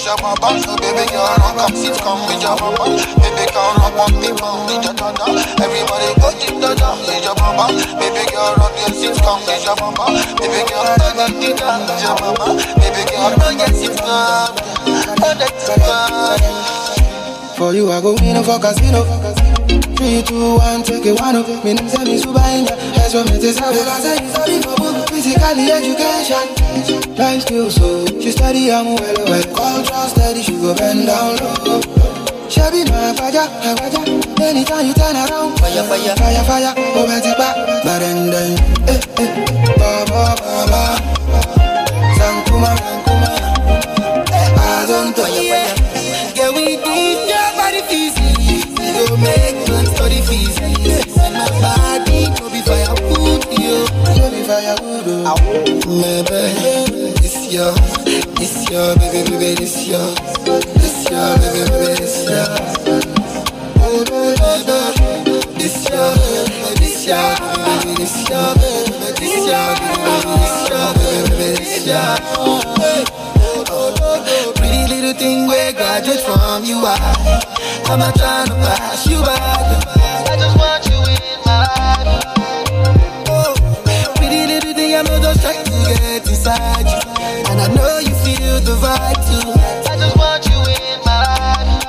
baby girl, rock up, sit come with your bang Baby girl, rock me bang with your da Everybody go in the with your bang Baby girl, rock your come with your bang Baby girl, rock up, me bang with your bang Baby girl, rock your sit come, rock your sit For you, I go in a casino. Three, two, one, take it one. Oh. Me name say me Subainda. That's what me say sabi. Because I a big book, physically education, life skills. So she study I'm well well. Culture study, she go bend down low. She be my fire, my fire. Anytime you turn around, fire, fire, fire, fire. Oh, man, take back, but then, then, eh, eh, ba, ba, ba, ba. Sankuma, sankuma. firewood. Maybe it's yours, it's yours, baby, baby, it's yours, it's yours, baby, baby, it's yours. It's your, it's your, baby, it's your, baby, it's your, baby, it's your, baby, it's your. Pretty little thing where graduate from you are. I'm not trying to pass you by. I just want you in my life. I'm just trying to get inside you. And I know you feel the vibe too. I just want you in my life.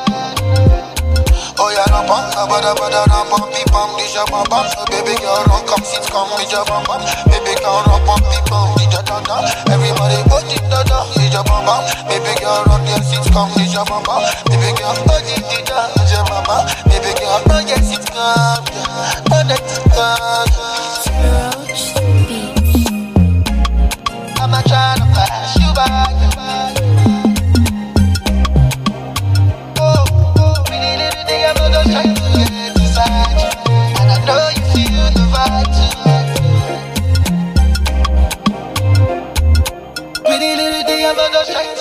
Oh yeah, no bum, no bada bada, no bum, be bum, di ja bum bum. So baby girl, run, come sit, come, di ja bum bum. Baby girl, run, bum, be bum, di ja da da. Everybody go di da da, di ja bum bum. Baby girl, run, your sit, come, di ja bum bum. Baby girl, go di di da, di ja mama. Baby girl, run, your sit, come, run, that sit, come. another just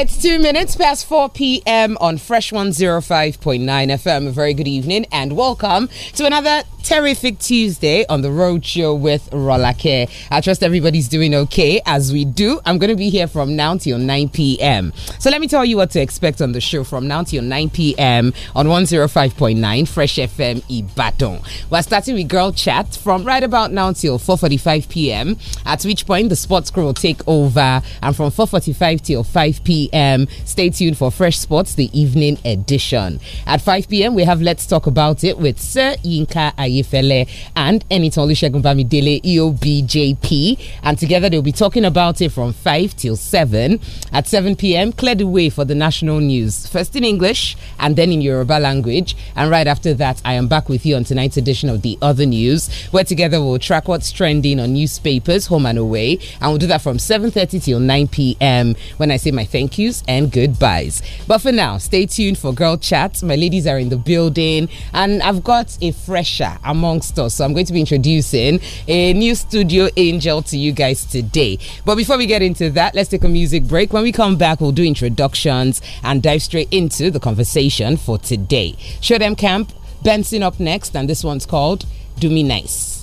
It's two minutes past 4 p.m. on Fresh 105.9 FM. A very good evening and welcome to another terrific Tuesday on the road show with Rolla Care. I trust everybody's doing okay as we do. I'm going to be here from now till 9 p.m. So let me tell you what to expect on the show from now till 9 p.m. on 105.9 Fresh FM Baton. We're starting with Girl Chat from right about now till 4.45 p.m. At which point the sports crew will take over and from 4.45 till 5 p.m p.m. Stay tuned for Fresh Sports, the evening edition. At 5 p.m., we have Let's Talk About It with Sir Yinka Ayefele and Eniton Olusegun Bamidele, EOBJP. And together they'll be talking about it from 5 till 7. At 7 p.m., clear the way for the national news, first in English and then in Yoruba language. And right after that, I am back with you on tonight's edition of The Other News, where together we'll track what's trending on newspapers, home and away. And we'll do that from 7.30 till 9 p.m. When I say my thank you yous and goodbyes. But for now, stay tuned for Girl Chat. My ladies are in the building, and I've got a fresher amongst us. So I'm going to be introducing a new studio angel to you guys today. But before we get into that, let's take a music break. When we come back, we'll do introductions and dive straight into the conversation for today. Show them camp, Benson up next, and this one's called Do Me Nice.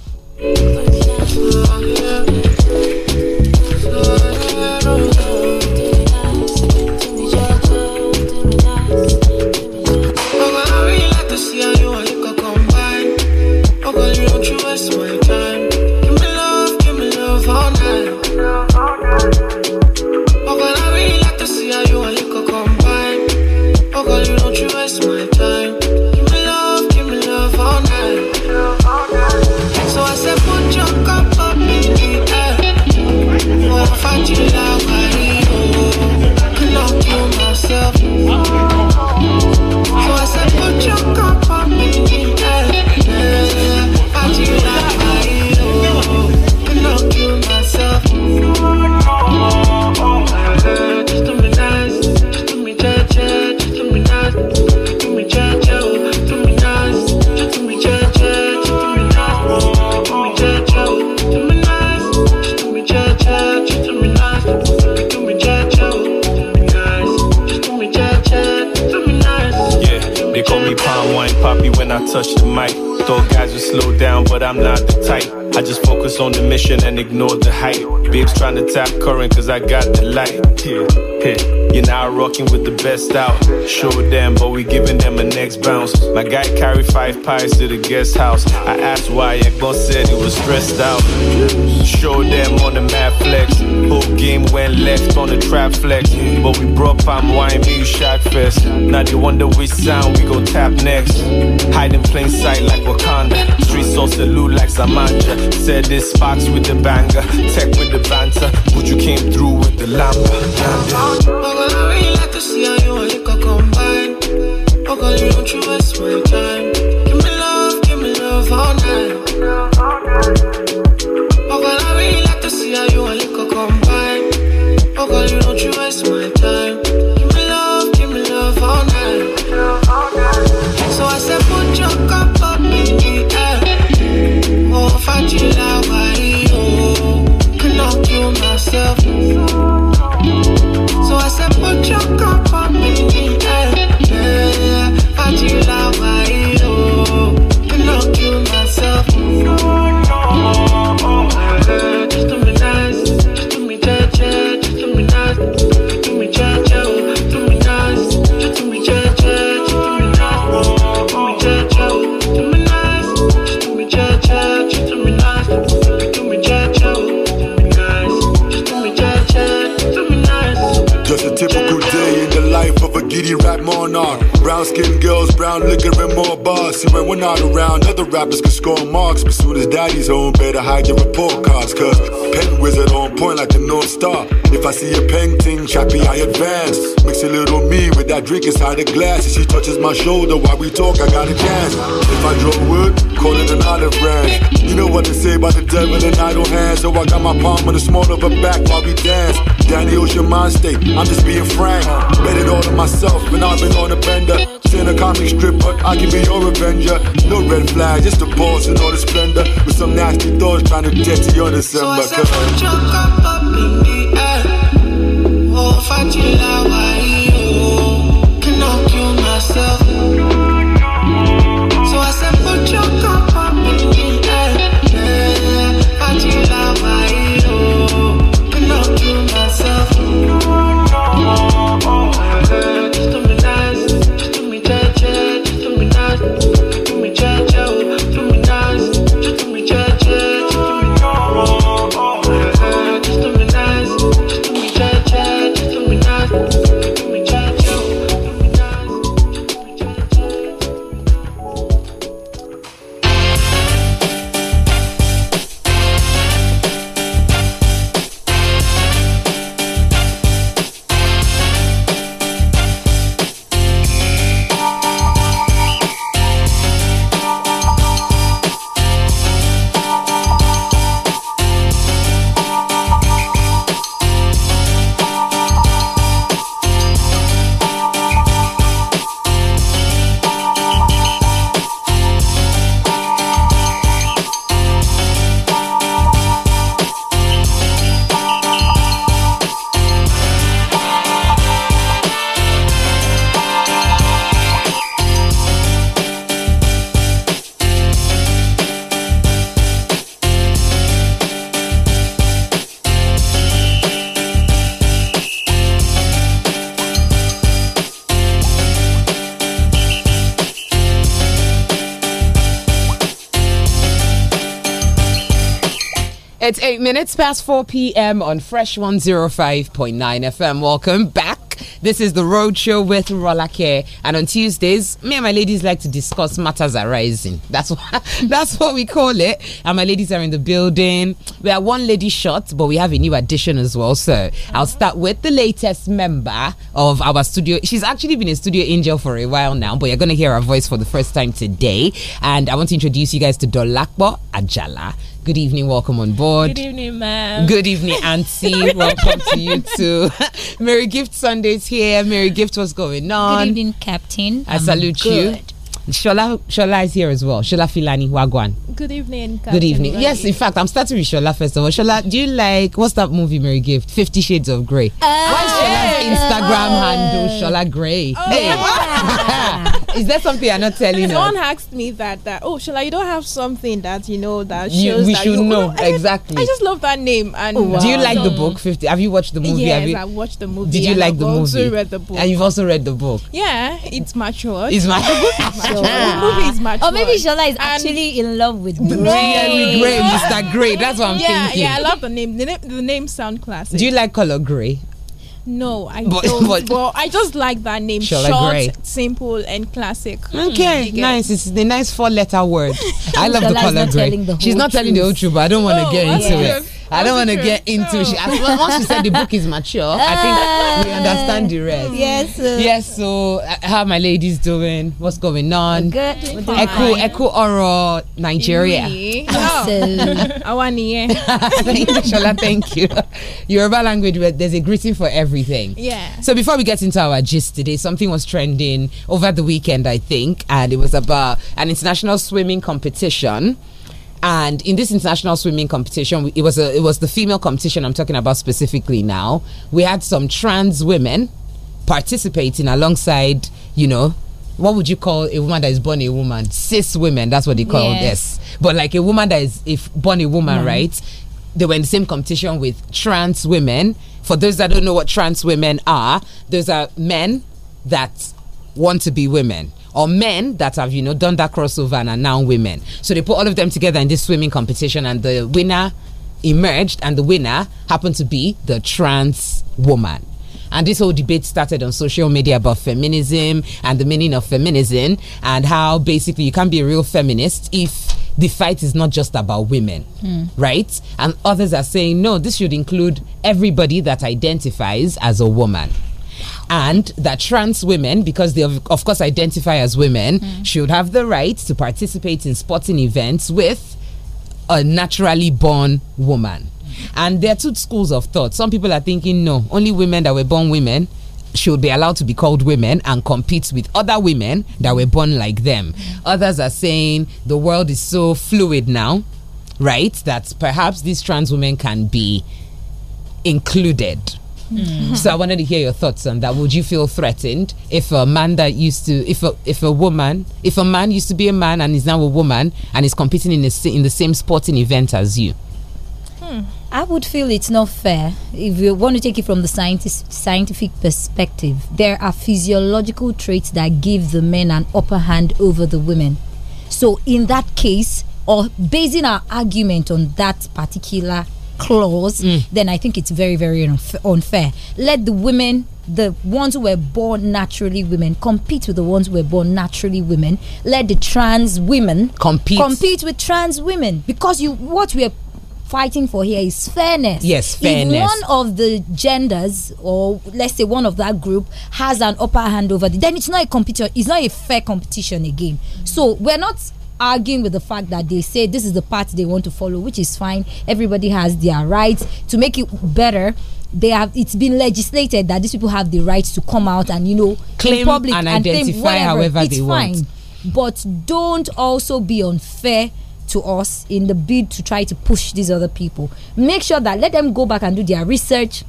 Thank you. poppy when I touch the mic. Thought guys would slow down, but I'm not the type. I just focus on the mission and ignore the hype. Babes trying to tap current cause I got the light. Yeah, You're now rocking with the best out. Show them, but we giving them a next bounce. My guy carried five pies to the guest house. I asked why, Ekbon said he was stressed out. Show them on the mad flex. Whole game went left on the trap flex. But we brought palm wine, me shot fest. Now they wonder which sound we go tap next. Hide in plain sight like Wakanda. Street sauce that look like Samanja. Said this box with the banger, tech with the banter, but you came through with the lamper. Give me love, give me love all night. Brown girls, brown liquor, and more bars. See, when we're not around, other rappers can score marks. But soon as daddy's home, better hide your report cards. Cause pen wizard on point like the North Star. If I see a painting, chappy, I advance. Mix a little me with that drink inside a glass. If she touches my shoulder while we talk, I got a chance. If I draw wood, call it an olive branch. You know what they say about the devil in idle hands. So I got my palm on the small of her back while we dance. Daniel's your mind state, I'm just being frank. Bet it all to myself, when I've been on a bender. Seen a comic strip, but I can be your avenger. No red flag, just the balls and all the splendor. With some nasty thoughts trying to get to your December. So I said, up, up in the air. Oh, past 4 p.m. on Fresh 105.9 FM. Welcome back. This is the Road Show with Rolake, and on Tuesdays, me and my ladies like to discuss matters arising. That's what that's what we call it. And my ladies are in the building. We are one lady short, but we have a new addition as well. So I'll start with the latest member of our studio. She's actually been a studio angel for a while now, but you're gonna hear her voice for the first time today. And I want to introduce you guys to Dolakbo Ajala. Good evening, welcome on board. Good evening, ma'am. Good evening, Auntie. welcome to you too. Merry Gift Sundays here. Merry Gift, what's going on? Good evening, Captain. I I'm salute good. you. Shola, Shola is here as well. Shola Filani Wagwan. Good evening. Captain Good evening. Yes, in fact, I'm starting with Shola first of all. Shola, do you like what's that movie Mary Gift? Fifty Shades of Grey. Uh, Why is Shola's ah. Instagram uh, handle Shola Grey? Oh, hey. Yeah. is there something you're not telling Someone one asked me that that oh, Shola, you don't have something that you know that shows you, we that should you know, oh, I exactly. Just, I just love that name. And oh, wow. do you like the um, book? Fifty? Have you watched the movie? Yes, you, I watched the movie. Did you like I've the also movie? read the book. And you've also read the book. Yeah, it's mature. It's mature. the book is mature. the movie is mature. Or oh, maybe Shola is actually in love with Gray. Gray, Mr. Gray. That's what I'm yeah, thinking. Yeah, I love the name. The name, the name sound classic. Do you like color gray? No, I but, don't. But, I just like that name. Short, Gray. simple, and classic. Okay, mm, nice. It's the nice four-letter word. I love the color gray. The She's not telling the whole truth, but I don't want to oh, get into it. I don't want to get into. She, well, once she said the book is mature, uh, I think ah. we understand the rest. Yes. Uh, yes. So, uh, how my ladies doing? What's going on? Good. Echo, Echo Oro, Nigeria. Awaniye. Thank you, Thank you. Yoruba language, there's a greeting for everything. Yeah. So before we get into our gist today, something was trending over the weekend, I think, and it was about an international swimming competition and in this international swimming competition it was a it was the female competition i'm talking about specifically now we had some trans women participating alongside you know what would you call a woman that is born a woman cis women that's what they call yes, yes. but like a woman that is if born a woman mm. right they were in the same competition with trans women for those that don't know what trans women are those are men that want to be women or men that have you know done that crossover and are now women. So they put all of them together in this swimming competition, and the winner emerged, and the winner happened to be the trans woman. And this whole debate started on social media about feminism and the meaning of feminism, and how basically you can't be a real feminist if the fight is not just about women, mm. right? And others are saying, no, this should include everybody that identifies as a woman and that trans women, because they of, course identify as women, mm. should have the right to participate in sporting events with a naturally born woman. Mm. And there are two schools of thought. Some people are thinking, no, only women that were born women should be allowed to be called women and compete with other women that were born like them. Mm. Others are saying the world is so fluid now, right? That perhaps these trans women can be included Mm. So I wanted to hear your thoughts on that. Would you feel threatened if a man that used to, if a if a woman, if a man used to be a man and is now a woman and is competing in the in the same sporting event as you? Hmm. I would feel it's not fair if you want to take it from the scientist, scientific perspective. There are physiological traits that give the men an upper hand over the women. So in that case, or basing our argument on that particular clause, mm. then I think it's very, very unfair. Let the women the ones who were born naturally women compete with the ones who were born naturally women. Let the trans women compete compete with trans women because you what we are fighting for here is fairness. Yes, fairness. If one of the genders or let's say one of that group has an upper hand over the, then it's not a competition. It's not a fair competition again. So we're not arguing with the fact that they say this is the path they want to follow, which is fine. Everybody has their rights to make it better. They have it's been legislated that these people have the right to come out and you know claim public and, and identify whatever. however it's they fine. want. But don't also be unfair to us in the bid to try to push these other people. Make sure that let them go back and do their research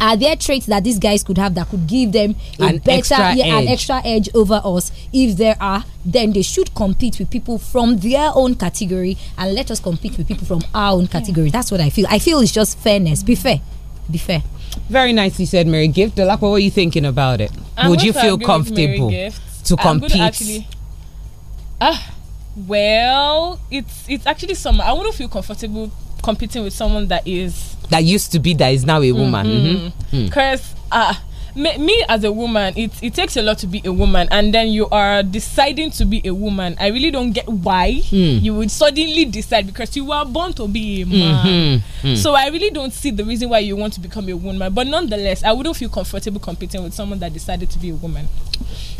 are there traits that these guys could have that could give them a an better extra yeah, an extra edge over us if there are then they should compete with people from their own category and let us compete with people from our own category yeah. that's what i feel i feel it's just fairness be fair be fair very nicely said mary gift Delacqua, what were you thinking about it I'm would you feel comfortable to compete ah well it's it's actually some i wouldn't feel comfortable competing with someone that is that used to be that is now a woman because mm-hmm. mm-hmm. mm -hmm. mm. uh, me as a woman, it, it takes a lot to be a woman, and then you are deciding to be a woman. I really don't get why mm. you would suddenly decide because you were born to be a man. Mm -hmm. mm. So I really don't see the reason why you want to become a woman. But nonetheless, I wouldn't feel comfortable competing with someone that decided to be a woman.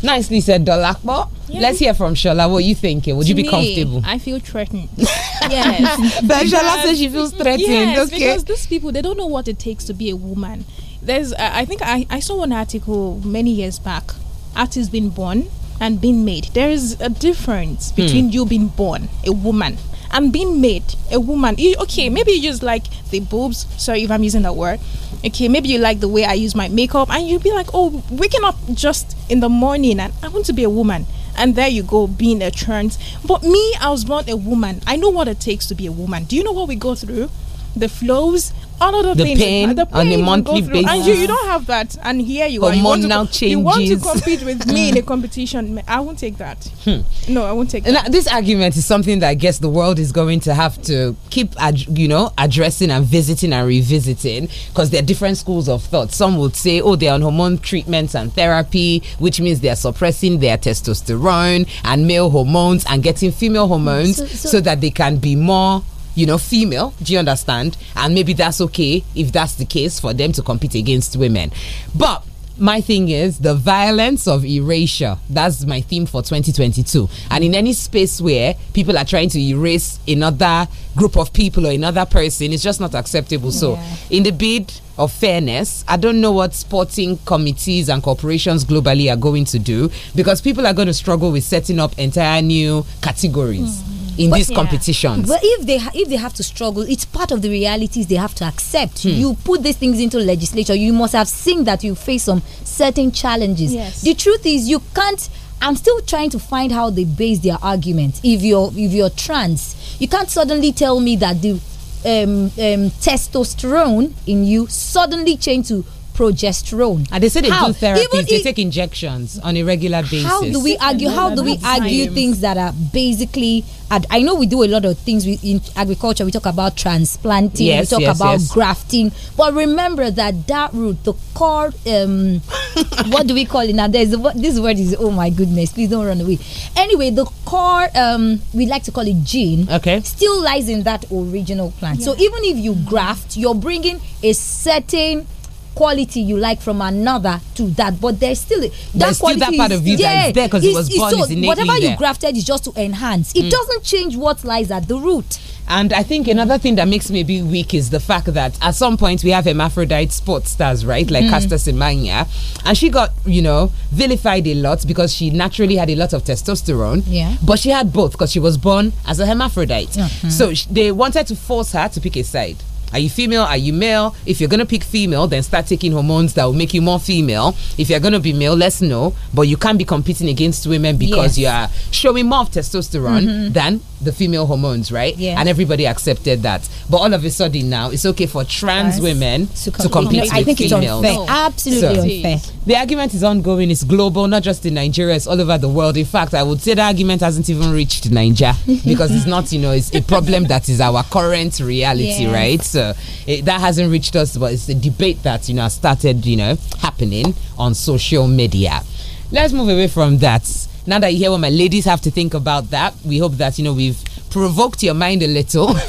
Nicely said, Dolakbo. Yeah. Let's hear from Shola. What are you thinking? Would to you be me, comfortable? I feel threatened. yes. but Shola says she feels threatened. Yes, okay. because these people they don't know what it takes to be a woman there's, uh, I think I, I saw one article many years back. Artists being born and being made. There is a difference hmm. between you being born, a woman, and being made, a woman. You, okay, maybe you just like the boobs. Sorry if I'm using that word. Okay, maybe you like the way I use my makeup, and you would be like, oh, waking up just in the morning, and I want to be a woman. And there you go, being a trans. But me, I was born a woman. I know what it takes to be a woman. Do you know what we go through? The flows all of the, the things, pain, uh, the pain on a monthly basis, and you, you don't have that, and here you are. You want, to, changes. you want to compete with me in a competition? I won't take that. Hmm. No, I won't take. That. this argument is something that I guess the world is going to have to keep, you know, addressing and visiting and revisiting because there are different schools of thought. Some would say, oh, they're on hormone treatments and therapy, which means they're suppressing their testosterone and male hormones and getting female hormones so, so, so that they can be more you know, female. Do you understand? And maybe that's okay if that's the case for them to compete against women. But my thing is the violence of erasure. That's my theme for 2022. And in any space where people are trying to erase another group of people or another person, it's just not acceptable. Yeah. So, in the bid of fairness, I don't know what sporting committees and corporations globally are going to do because people are going to struggle with setting up entire new categories. Mm in but, these yeah. competitions. But if they if they have to struggle, it's part of the realities they have to accept. Hmm. You put these things into legislature. You must have seen that you face some certain challenges. Yes. The truth is, you can't. I'm still trying to find how they base their argument. If you're if you're trans, you can't suddenly tell me that the um, um, testosterone in you suddenly changed to progesterone. And they say they how? do therapies, they take injections on a regular basis. How do we argue? How do we argue things that are basically? I know we do a lot of things in agriculture. We talk about transplanting, yes, we talk yes, about yes. grafting, but remember that that root, the core, um, what do we call it now? There's a, this word is oh my goodness, please don't run away. Anyway, the core, um, we like to call it gene, okay, still lies in that original plant. Yeah. So even if you graft, you're bringing a certain quality you like from another to that, but there's still that there's quality. Still that part is, of you yeah, that's there because it was born so is whatever you there. grafted is just to enhance. It mm. doesn't change what lies at the root. And I think another thing that makes me a bit weak is the fact that at some point we have hermaphrodite sports stars, right? Like mm. Castor Semenya. And she got, you know, vilified a lot because she naturally had a lot of testosterone. Yeah. But she had both because she was born as a hermaphrodite. Mm -hmm. So they wanted to force her to pick a side. Are you female? Are you male? If you're going to pick female, then start taking hormones that will make you more female. If you're going to be male, let's know. But you can't be competing against women because yes. you are showing more of testosterone mm -hmm. than the female hormones, right? Yeah. And everybody accepted that. But all of a sudden now, it's okay for trans yes. women to, com to compete no, I think females. it's unfair. No. Absolutely so, unfair. The argument is ongoing. It's global, not just in Nigeria. It's all over the world. In fact, I would say the argument hasn't even reached Nigeria because it's not, you know, it's a problem that is our current reality, yeah. right? So so it, that hasn't reached us, but it's a debate that you know started you know happening on social media. Let's move away from that. Now that you hear what my ladies have to think about that, we hope that you know we've provoked your mind a little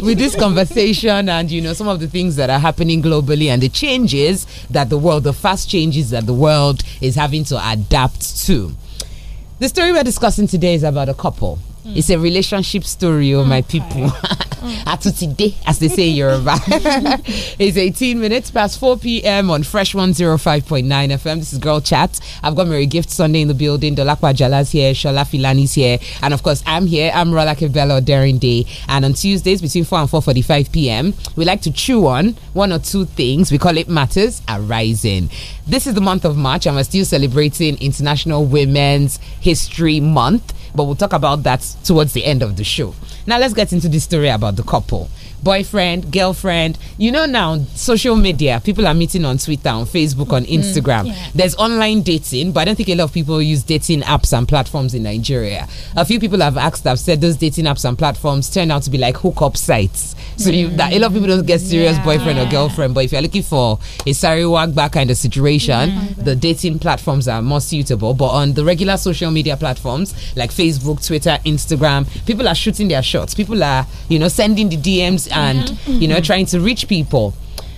with this conversation and you know some of the things that are happening globally and the changes that the world the fast changes that the world is having to adapt to the story we're discussing today is about a couple mm. it's a relationship story oh my people Mm. At today, as they say in Yoruba. it's 18 minutes past 4 p.m. on Fresh 105.9 FM. This is Girl Chat. I've got Mary Gift Sunday in the building. Dolakwa Jala's here, Shola Filani's here. And of course, I'm here. I'm Rola Kebello during day. And on Tuesdays between 4 and 4.45 p.m., we like to chew on one or two things. We call it Matters Arising. This is the month of March and we're still celebrating International Women's History Month but we'll talk about that towards the end of the show. Now let's get into the story about the couple boyfriend, girlfriend. You know now, social media, people are meeting on Twitter, on Facebook, on mm-hmm. Instagram. Mm, yeah. There's online dating, but I don't think a lot of people use dating apps and platforms in Nigeria. A few people have asked, I've said those dating apps and platforms turn out to be like hookup sites. So mm. you, that, a lot of people don't get serious yeah. boyfriend or girlfriend, but if you're looking for a work back kind of situation, mm. the dating platforms are more suitable. But on the regular social media platforms like Facebook, Twitter, Instagram, people are shooting their shots. People are, you know, sending the DMs and mm-hmm. you know trying to reach people.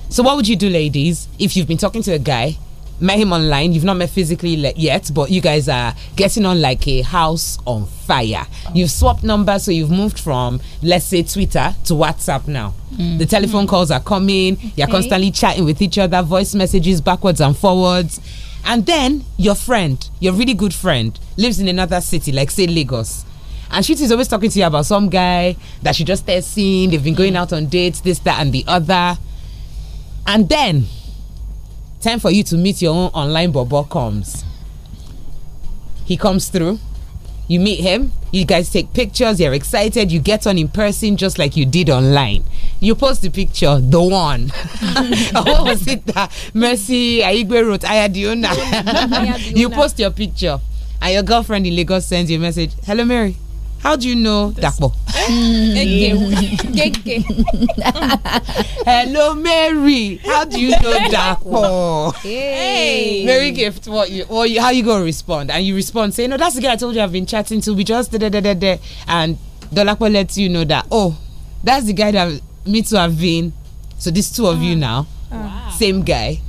So what would you do, ladies, if you've been talking to a guy? Met him online, you've not met physically le- yet, but you guys are getting on like a house on fire. You've swapped numbers, so you've moved from, let's say, Twitter to WhatsApp now. Mm. The mm-hmm. telephone calls are coming, okay. you're constantly chatting with each other, voice messages backwards and forwards. And then your friend, your really good friend, lives in another city, like say Lagos. And she is always talking to you about some guy that she just has seen. They've been going mm. out on dates, this, that, and the other. And then, time for you to meet your own online bobo comes. He comes through. You meet him. You guys take pictures. You're excited. You get on in person just like you did online. You post the picture, the one. what was it that Mercy Aigbe wrote? Ayadiona. you post your picture, and your girlfriend in Lagos sends you a message. Hello, Mary. How do you know Dapo? Hello, Mary. How do you know Dapo? Hey. Mary Gift, what you, what you, how you gonna respond? And you respond saying, "No, that's the guy I told you I've been chatting to. We just da da da da da." And Dolapo lets you know that, "Oh, that's the guy that me too have been." So these two of uh, you ah. now, uh, same guy.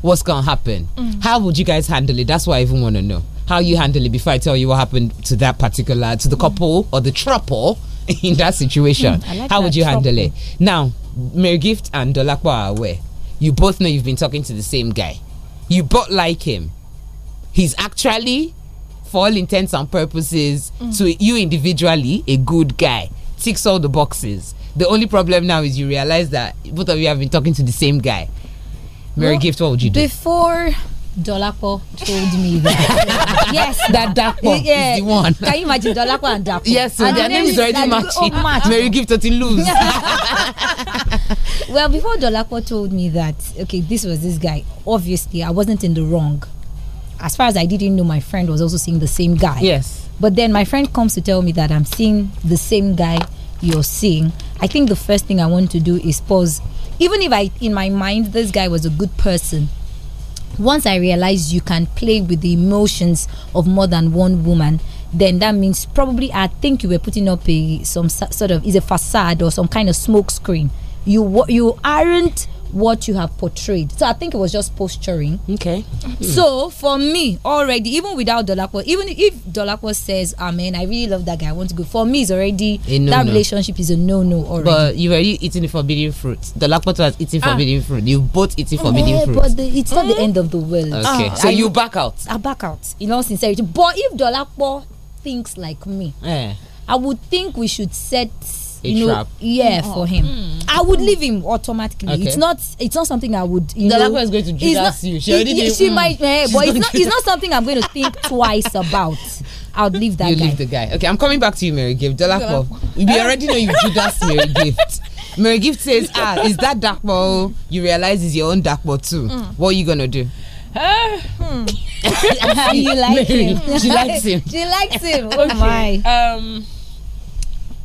What's gonna happen? Mm. How would you guys handle it? That's what I even want to know how you handle it before I tell you what happened to that particular to the mm. couple or the trouble in that situation. Mm, like how that would you trouble. handle it? Now, Mary Gift and Dolakwa are aware. You both know you've been talking to the same guy. You both like him. He's actually, for all intents and purposes, mm. to you individually, a good guy. Ticks all the boxes. The only problem now is you realize that both of you have been talking to the same guy. Mary well, Gift, what would you do? Before Dolapo told me that. yes, that Dapo yeah. is the one. Can you imagine Dolapo and Dapo? Yes, so and their is already matching. match. Mary Gift to lose. well, before Dolapo told me that, okay, this was this guy. Obviously, I wasn't in the wrong. As far as I didn't know, my friend was also seeing the same guy. Yes. But then my friend comes to tell me that I'm seeing the same guy you're seeing. I think the first thing I want to do is pause. Even if I, in my mind, this guy was a good person, once I realized you can play with the emotions of more than one woman, then that means probably I think you were putting up a some sort of is a facade or some kind of smoke screen. You you aren't what you have portrayed. So I think it was just posturing. Okay. Mm. So for me, already, even without Dolapo, even if Dolapo says, Amen, ah, I really love that guy, I want to go," for me, it's already no that no. relationship is a no-no already. But you've already eaten forbidden fruit. Dolapo has eaten ah. forbidden fruit. You both eating ah, forbidden yeah, fruit. But the, it's not the end of the world. Okay. Ah. So I, you back out. I back out in all sincerity. But if Dolapo thinks like me, eh. I would think we should set a you know, Yeah, oh. for him. Mm. I would leave him automatically. Okay. It's not. It's not something I would. You the know, is going to Judas not, you. She, did, she mm, might, eh, but it's not. It's not something I'm going to think twice about. I'll leave that. You guy. leave the guy. Okay, I'm coming back to you, Mary Gift. Dolapo, we already know you Judas Mary Gift. Mary Gift says, "Ah, is that dark ball? You realize it's your own dark ball too. Mm. What are you gonna do?" Uh, hmm. you like Mary, him. She likes him. she likes him. Okay. Oh my. Um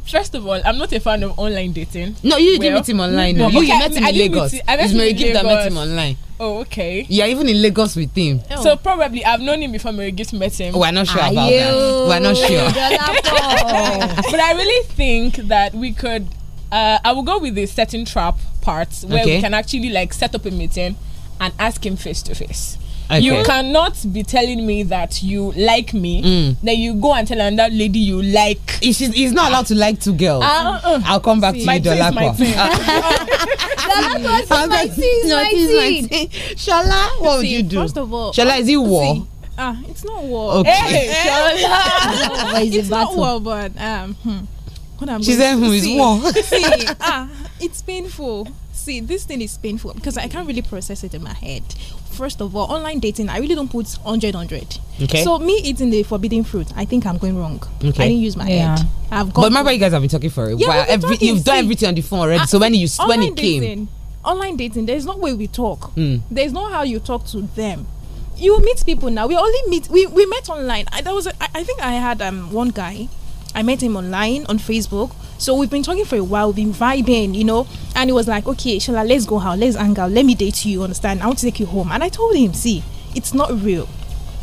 First of all, I'm not a fan of online dating. No, you well, didn't meet him online. No, you, okay, met him I in Lagos. I met it's Mary Gift that met him online. Oh, okay. Yeah, even in Lagos with him. Oh. So probably I've known him before Mary Gift met him. Oh, we're not sure Are about you? that. We're not sure. but I really think that we could. Uh, I will go with the setting trap part where okay. we can actually like set up a meeting and ask him face to face. Okay. You cannot be telling me that you like me, mm. then you go and tell another lady you like. He's, he's not allowed to like two girls. Uh, uh, I'll come back see, to you, Dolakwa. Dolakwa, my tea, my tea. Shala, what see, would you do? First of all, Shala, is it war? See, Ah, it's not war. Okay. Hey, Shola. it's, not war, but um, hmm. what i "Who is war?" see, ah, it's painful see, this thing is painful because I can't really process it in my head. First of all, online dating, I really don't put 100 100. Okay. So, me eating the forbidden fruit, I think I'm going wrong. Okay. I didn't use my yeah. head. I've got. But remember, you guys have been talking for a yeah, while. Every, talking, you've see, done everything on the phone already. I, ah, so, when you when it came. Dating, online dating, there's no way we talk. Mm. There's no how you talk to them you meet people now. We only meet we, we met online. I, there was a, I, I think I had um one guy I met him online on Facebook. So we've been talking for a while, we've been vibing, you know. And he was like, okay, shala, let's go out, let's hang out, let me date you, understand? I want to take you home. And I told him, see, it's not real.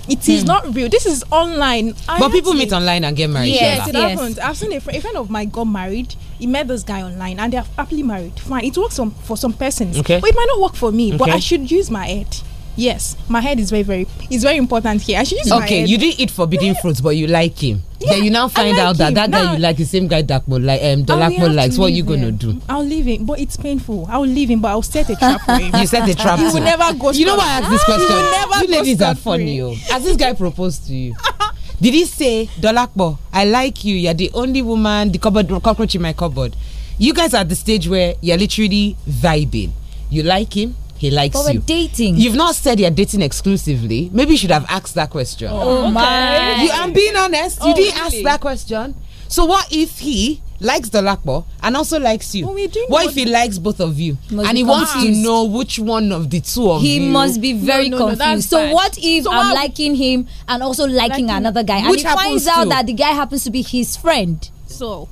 It is hmm. not real. This is online. I but people meet online and get married. Yes, it yes. happens. I've seen a, fr a, friend of mine got married. He met this guy online, and they are happily married. Fine, it works on, for some persons, okay. but it might not work for me. Okay. But I should use my head. Yes, my head is very, very. It's very important here. I should use okay. You didn't eat forbidden fruits, but you like him. Yeah, then you now find like out him. that that now, guy you like the same guy Dakmo like um Dolakmo likes. What are you him. gonna do? I'll leave him, but it's painful. I'll leave him, but I'll set a trap for him. you set a trap. You will never go. You know why I ask this question? You, never you ladies are funny. Yo. Oh. Has this guy proposed to you? Did he say Dolakbo? I like you. You're the only woman. The cupboard cockroach in my cupboard. You guys are at the stage where you're literally vibing. You like him he likes but you. But dating. You've not said you're dating exclusively. Maybe you should have asked that question. Oh, my. You, I'm being honest. Oh, you didn't really? ask that question. So what if he likes the lakbo and also likes you? Well, what if he likes both of you must and he wants to know which one of the two of he you? He must be very no, no, confused. No, so bad. what if so I'm what liking him and also liking, liking another guy, and he finds out to? that the guy happens to be his friend? So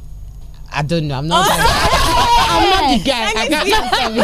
I don't know. I'm not. Oh, I'm not the guy. I can't No,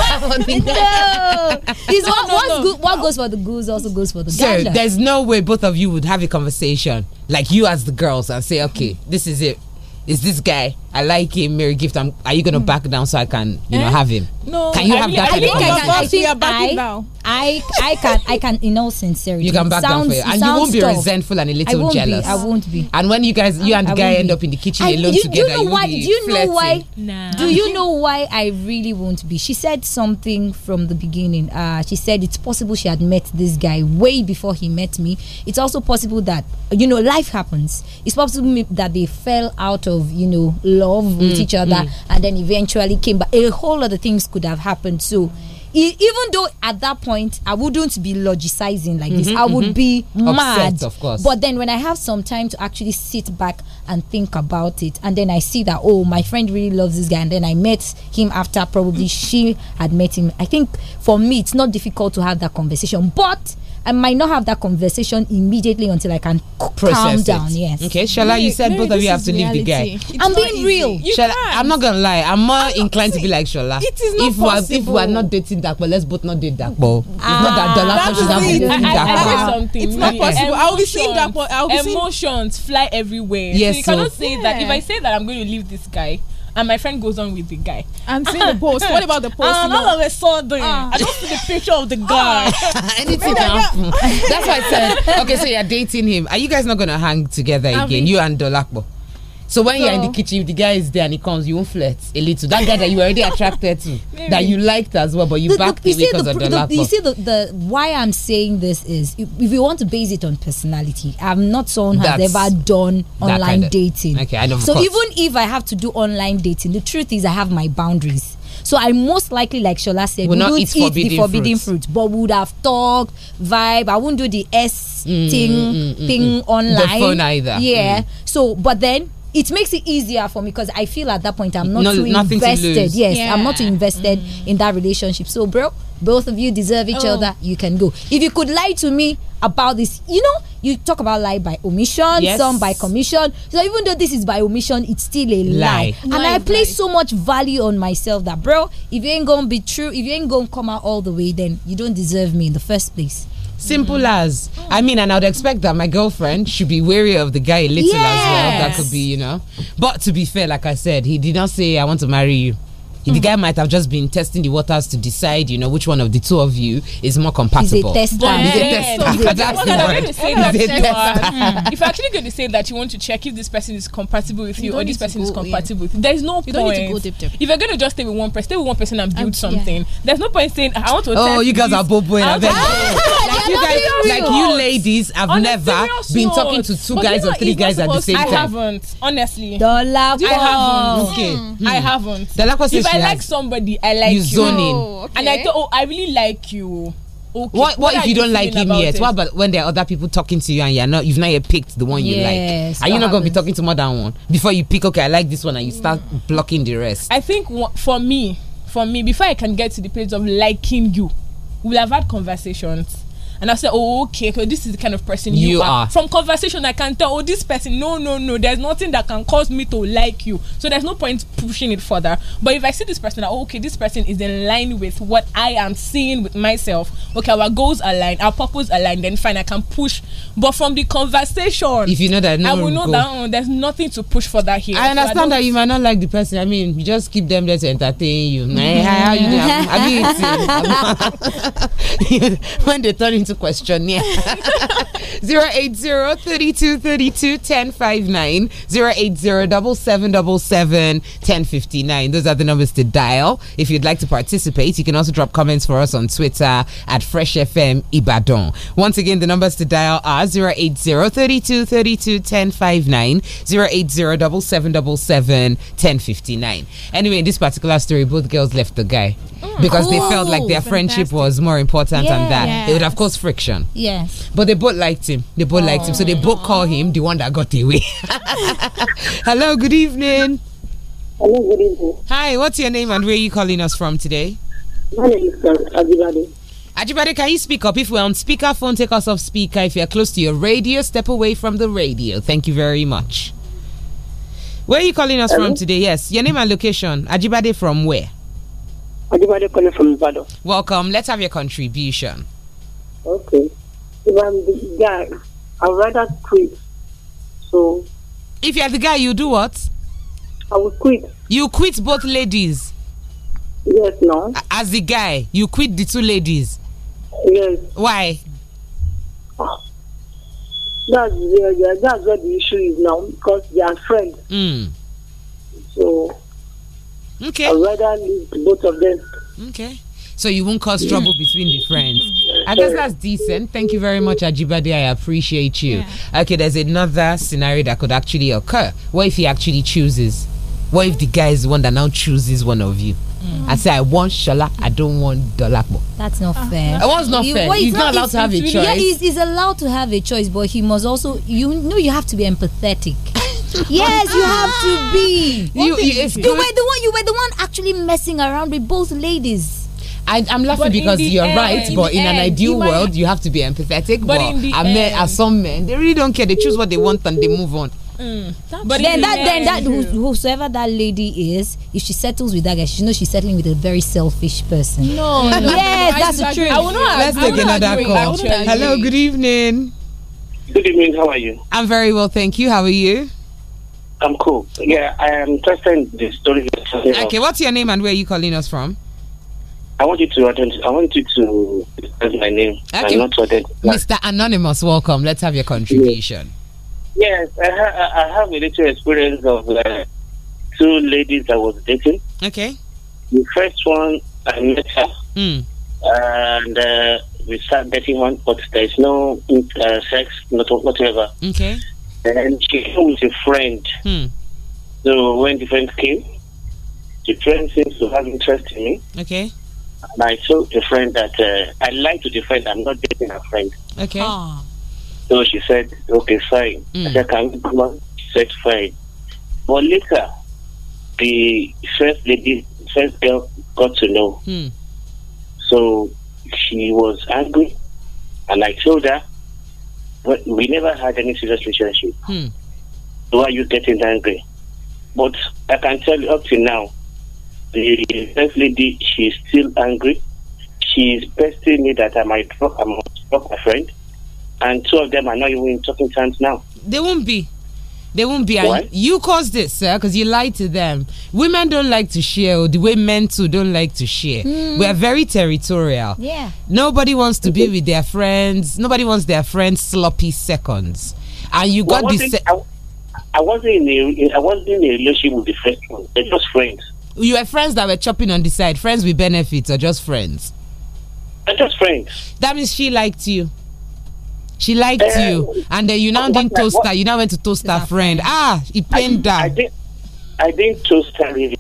what, no, no. Good, what goes for the goose also goes for the guy. So there's no way both of you would have a conversation like you as the girls and say, okay, this is it. Is this guy? I like him, Mary Gift. I'm, are you gonna mm. back down so I can, you eh? know, have him? Eh? No, can you I have that? I think I can. I, think I, I, I, can. I can. In all sincerity, you can back sounds, down for you, and you won't be tough. resentful and a little I won't jealous. Be, I won't be. And when you guys, you and the guy end up in the kitchen and alone you, together, you know why? Do you know why? Nah. Do you know why I really won't be? She said something from the beginning. Uh, she said it's possible she had met this guy way before he met me. It's also possible that you know life happens. It's possible that they fell out of you know love love mm, with each other mm. and then eventually came back a whole lot of things could have happened so even though at that point I wouldn't be logicizing like mm -hmm, this, mm-hmm, I would mm -hmm. be mad. Upset, of course. But then when I have some time to actually sit back and think about it, and then I see that oh, my friend really loves this guy, and then I met him after probably she had met him. I think for me, it's not difficult to have that conversation, but I might not have that conversation immediately until I can Process calm it. down. Yes. Okay, Shala, you said both Mary, of you have to reality. leave the guy. It's I'm being easy. real. You Shala, can't. I'm not gonna lie. I'm more I'm inclined to be like Shola. It is not if possible. We're, if we're not dating that, well, let's both not date that. Well, it's not that ah. dollar that she's not dating that. It's not possible. I'll be seeing that. I'll be Emotions fly everywhere. Yes. So you cannot say that. If I say that I'm going to leave this guy and my friend goes on with the guy. And seeing the post. What about the post? Um, all of a sudden, uh, I just see the picture of the ah. guy. Anything can happen. That's why I said. Okay, so you're dating him. Are you guys not gonna hang together again? You and Dolakbo. So when so, you're in the kitchen, if the guy is there and he comes, you won't flirt a little. That guy that you already attracted to, that you liked as well, but you the, backed the, away because the, of the, the lack You see, the, the why I'm saying this is if, you want to base it on personality, I'm not someone who has ever done online kind of, dating. Okay, I know. So course. even if I have to do online dating, the truth is I have my boundaries. So I most likely, like Shola said, would not eat, eat forbidden the forbidden fruit. fruit, but would have talked, vibe. I wouldn't do the S mm, thing mm, mm, mm thing online. Mm. The phone either. Yeah. Mm. So, but then it makes it easier for me because I feel at that point I'm not no, too invested. To yes, yeah. I'm not too invested mm. in that relationship. So, bro, both of you deserve each oh. other. You can go. If you could lie to me about this, you know, you talk about lie by omission, yes. some by commission. So even though this is by omission, it's still a lie. lie. And lie, I place lie. so much value on myself that, bro, if you ain't gonna be true, if you ain't gonna come out all the way, then you don't deserve me in the first place. Simple mm. as. I mean, and I would expect that my girlfriend should be wary of the guy a little yes. as well. That could be, you know. But to be fair, like I said, he did not say, I want to marry you. Mm. The guy might have just been testing the waters to decide, you know, which one of the two of you is more compatible. He's a tester. Mm. If you're actually going to say that you want to check if this person is compatible with you, you or this person go, is compatible yeah. with you, there's no you point. Don't need to go deep, deep. If you're going to just stay with one person, stay with one person and build um, something. Yeah. There's no point saying ah, I want to. Oh, you guys are boboing. Ah, like you guys, like you ladies, I've never been talking to two guys or three guys at the same time. I haven't, honestly. Dollar. I haven't. Okay. I hmm. haven't. lack of. I like somebody, I like you. Zoning. Oh, okay. And I thought, oh, I really like you. Okay. What, what, what if you, don't like him yet? It? What about when there are other people talking to you and you're not you've not yet picked the one you yes, like? Are you not going to be talking to more than one before you pick? Okay, I like this one, and you mm. start mm. blocking the rest. I think for me, for me, before I can get to the place of liking you, we'll have had conversations and I said, oh, okay, okay, this is the kind of person you, you are. are. From conversation, I can tell, oh, this person, no, no, no, there's nothing that can cause me to like you. So there's no point pushing it further. But if I see this person, oh, okay, this person is in line with what I am seeing with myself. Okay, our goals align, our purpose align, then fine, I can push. But from the conversation, if you know that, no I will know go. that oh, there's nothing to push for that here. I understand so I that you might not like the person. I mean, you just keep them there to entertain you. Mm -hmm. How you doing? when they turn into into question. Yeah. 3232 80 1059 Those are the numbers to dial. If you'd like to participate, you can also drop comments for us on Twitter at Fresh FM Ibadan. Once again, the numbers to dial are 80 1059 80 Anyway, in this particular story, both girls left the guy oh, because oh, they felt like their oh, fantastic. friendship was more important yeah, than that. Yeah. They would, of course, friction. Yes. But they both liked him. They both liked him. So they both call him the one that got away. Hello, good evening. Hello, good evening. Hi, what's your name and where are you calling us from today? My name is uh, Ajibade. Ajibade, can you speak up? If we're on speakerphone, take us off speaker. If you're close to your radio, step away from the radio. Thank you very much. Where are you calling us Hello? from today? Yes, your name and location. Ajibade from where? Ajibade calling from Ibadan. Welcome. Let's have your contribution. Okay. If I'm the guy, I'd rather quit. So. If you're the guy, you do what? I will quit. You quit both ladies? Yes, no. As the guy, you quit the two ladies? Yes. Why? That's, that's what the issue is now because they are friends. Mm. So. Okay. I'd rather leave both of them. Okay so you won't cause trouble between the friends. I guess that's decent. Thank you very much, Ajibade. I appreciate you. Yeah. Okay, there's another scenario that could actually occur. What if he actually chooses? What if the guy is the one that now chooses one of you? Mm. I say I want Shola, I don't want Dolapo. That's not uh-huh. fair. I was not you, fair. Well, he's not, not allowed to have a choice. Yeah, he's, he's allowed to have a choice, but he must also you know you have to be empathetic. yes, you have to be. You, you, you, were the one. You were the one actually messing around with both ladies. I, am laughing but because you're end, right, but in, an ideal world, you have to be empathetic. But, but in men, as uh, some men, they really don't care. They choose what they want and they move on. Mm, but then that, then that then that whosoever that lady is, if she settles with that guy, she knows she's settling with a very selfish person. No, no yes, no, that's the truth. I will not. Let's take another call. Hello, good evening. Good evening. How are you? I'm very well, thank you. How are you? I'm cool. Yeah, I am testing the story. Okay, what's your name and where are you calling us from? I want you to attend. I want you to say my name okay. and not to Mr. Anonymous, welcome. Let's have your contribution. Yes, I, ha I have a little experience of uh, two ladies I was dating. Okay. The first one, I met her, mm. and uh, we started dating one, but there's no uh, sex, not whatever. Okay. And she came with a friend. Mm. So when the friend came, the friend seems to have interest in me. Okay. And I told the friend that uh, I like to defend. I'm not dating a friend. Okay. Aww. Ah. So she said, okay, fine. Mm. I said, can come on? She said, fine. But later, the first lady, first girl got to know. Mm. So she was angry. And I told her, well, we never had any serious relationship. Mm. Why are you getting angry? But I can tell you up to now, the first lady, she's still angry. She's pestering me that I might drop, I might drop my friend. And two of them are not even in talking terms now. They won't be. They won't be. Why You caused this, sir, because you lied to them. Women don't like to share, the way men too don't like to share. Mm. We are very territorial. Yeah. Nobody wants to be with their friends. Nobody wants their friends sloppy seconds. And you well, got this. I, I wasn't in a, I wasn't in a relationship with the first one. They're just friends you were friends that were chopping on the side, friends with benefits, or just friends? just friends. That means she liked you. She liked uh, you, and then you now didn't toast her. You now went to toast her friend. Ah, it pained her. I didn't. I didn't toast her really.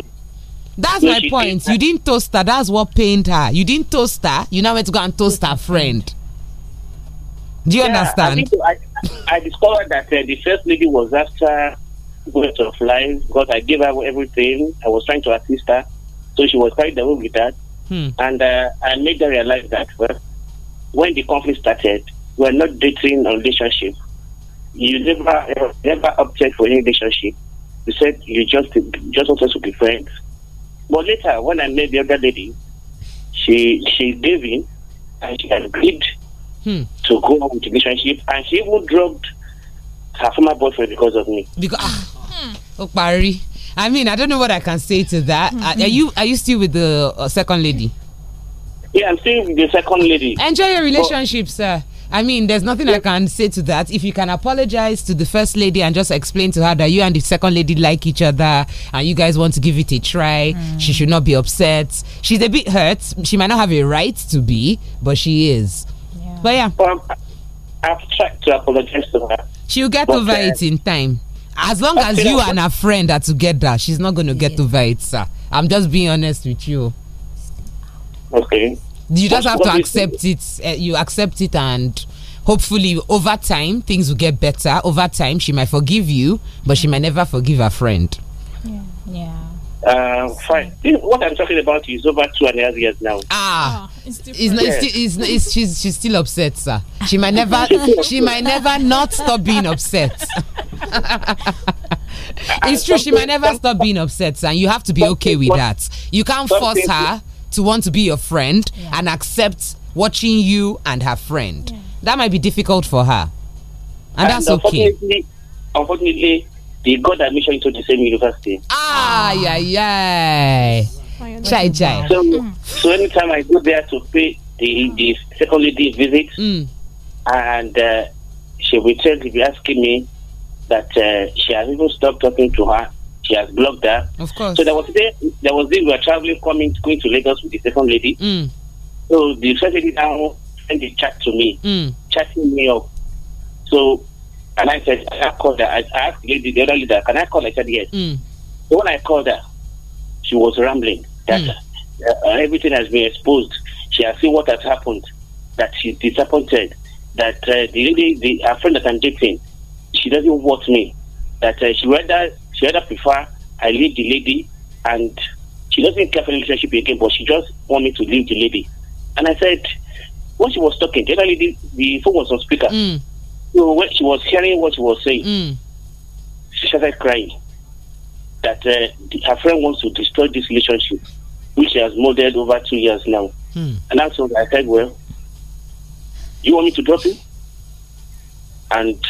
That's no, my point. Did you didn't toast her. That's what pained her. You didn't toast her. You now went to go and toast her friend. Do you yeah, understand? I, I, I, discovered that uh, the first lady was after ways of life because I gave her everything. I was trying to assist her, so she was quite away with that. Hmm. And uh, I made her realize that well, when the conflict started, we are not dating a relationship. You never never object for any relationship. You said you just just want us to be friends. But later, when I met the other lady, she she gave in and she agreed hmm. to go on with the relationship, and she even dropped her my boyfriend because of me. Because ah, hmm, oh, Barry. I mean, I don't know what I can say to that. Mm -hmm. Are you are you still with the uh, second lady? Yeah, I'm still with the second lady. Enjoy your oh. relationship, but, sir. I mean, there's nothing yeah. I can say to that. If you can apologize to the first lady and just explain to her that you and the second lady like each other and you guys want to give it a try, mm. she should not be upset. She's a bit hurt. She might not have a right to be, but she is. Yeah. But yeah. Um, have tried to apologize to her. She'll get but, over uh, it in time. As long as you and her friend are together, she's not going to get yeah. over it, sir. I'm just being honest with you. Okay. You just have to accept it. Uh, you accept it and hopefully over time things will get better over time she might forgive you but she might never forgive her friend yeah yeah uh, fine. What I'm talking about is over two and a half years now. Ah, ah it's, it's, yes. it's, it's, she's she's still upset, sir. She might never she might never not stop being upset. it's true. She might never stop being upset, sir. And you have to be okay with that. You can't force her to want to be your friend yeah. and accept watching you and her friend. Yeah. That might be difficult for her, and, and that's okay. Unfortunately, unfortunately he got admission to the same university. Ah, yeah, yeah. Chai, chai. So, mm. so anytime I go there to pay the, the second lady visit, mm. and uh, she will tell be asking me that uh, she has even stopped talking to her. She has blocked her. Of course. So there was there there was we were traveling, coming, going to Lagos with the second lady. Mm. So the second lady now sent a chat to me, mm. chatting me up. So and I said, I called her. I asked the other leader, can I call? I said, yes. Mm. So when I called her, she was rambling that mm. Uh, uh, everything has been exposed. She has seen what has happened, that she's disappointed, that uh, the lady, the, her friend that I'm dating, she doesn't want me, that uh, she rather she rather prefer I leave the lady and she doesn't care for the relationship again, but she just want me to leave the lady. And I said, when she was talking, the lady, the phone was on speaker. Mm. So when she was hearing what she was saying, mm. she started crying that uh, the, her friend wants to destroy this relationship, which she has molded over two years now. Mm. And that's when I said, well, you want me to drop him and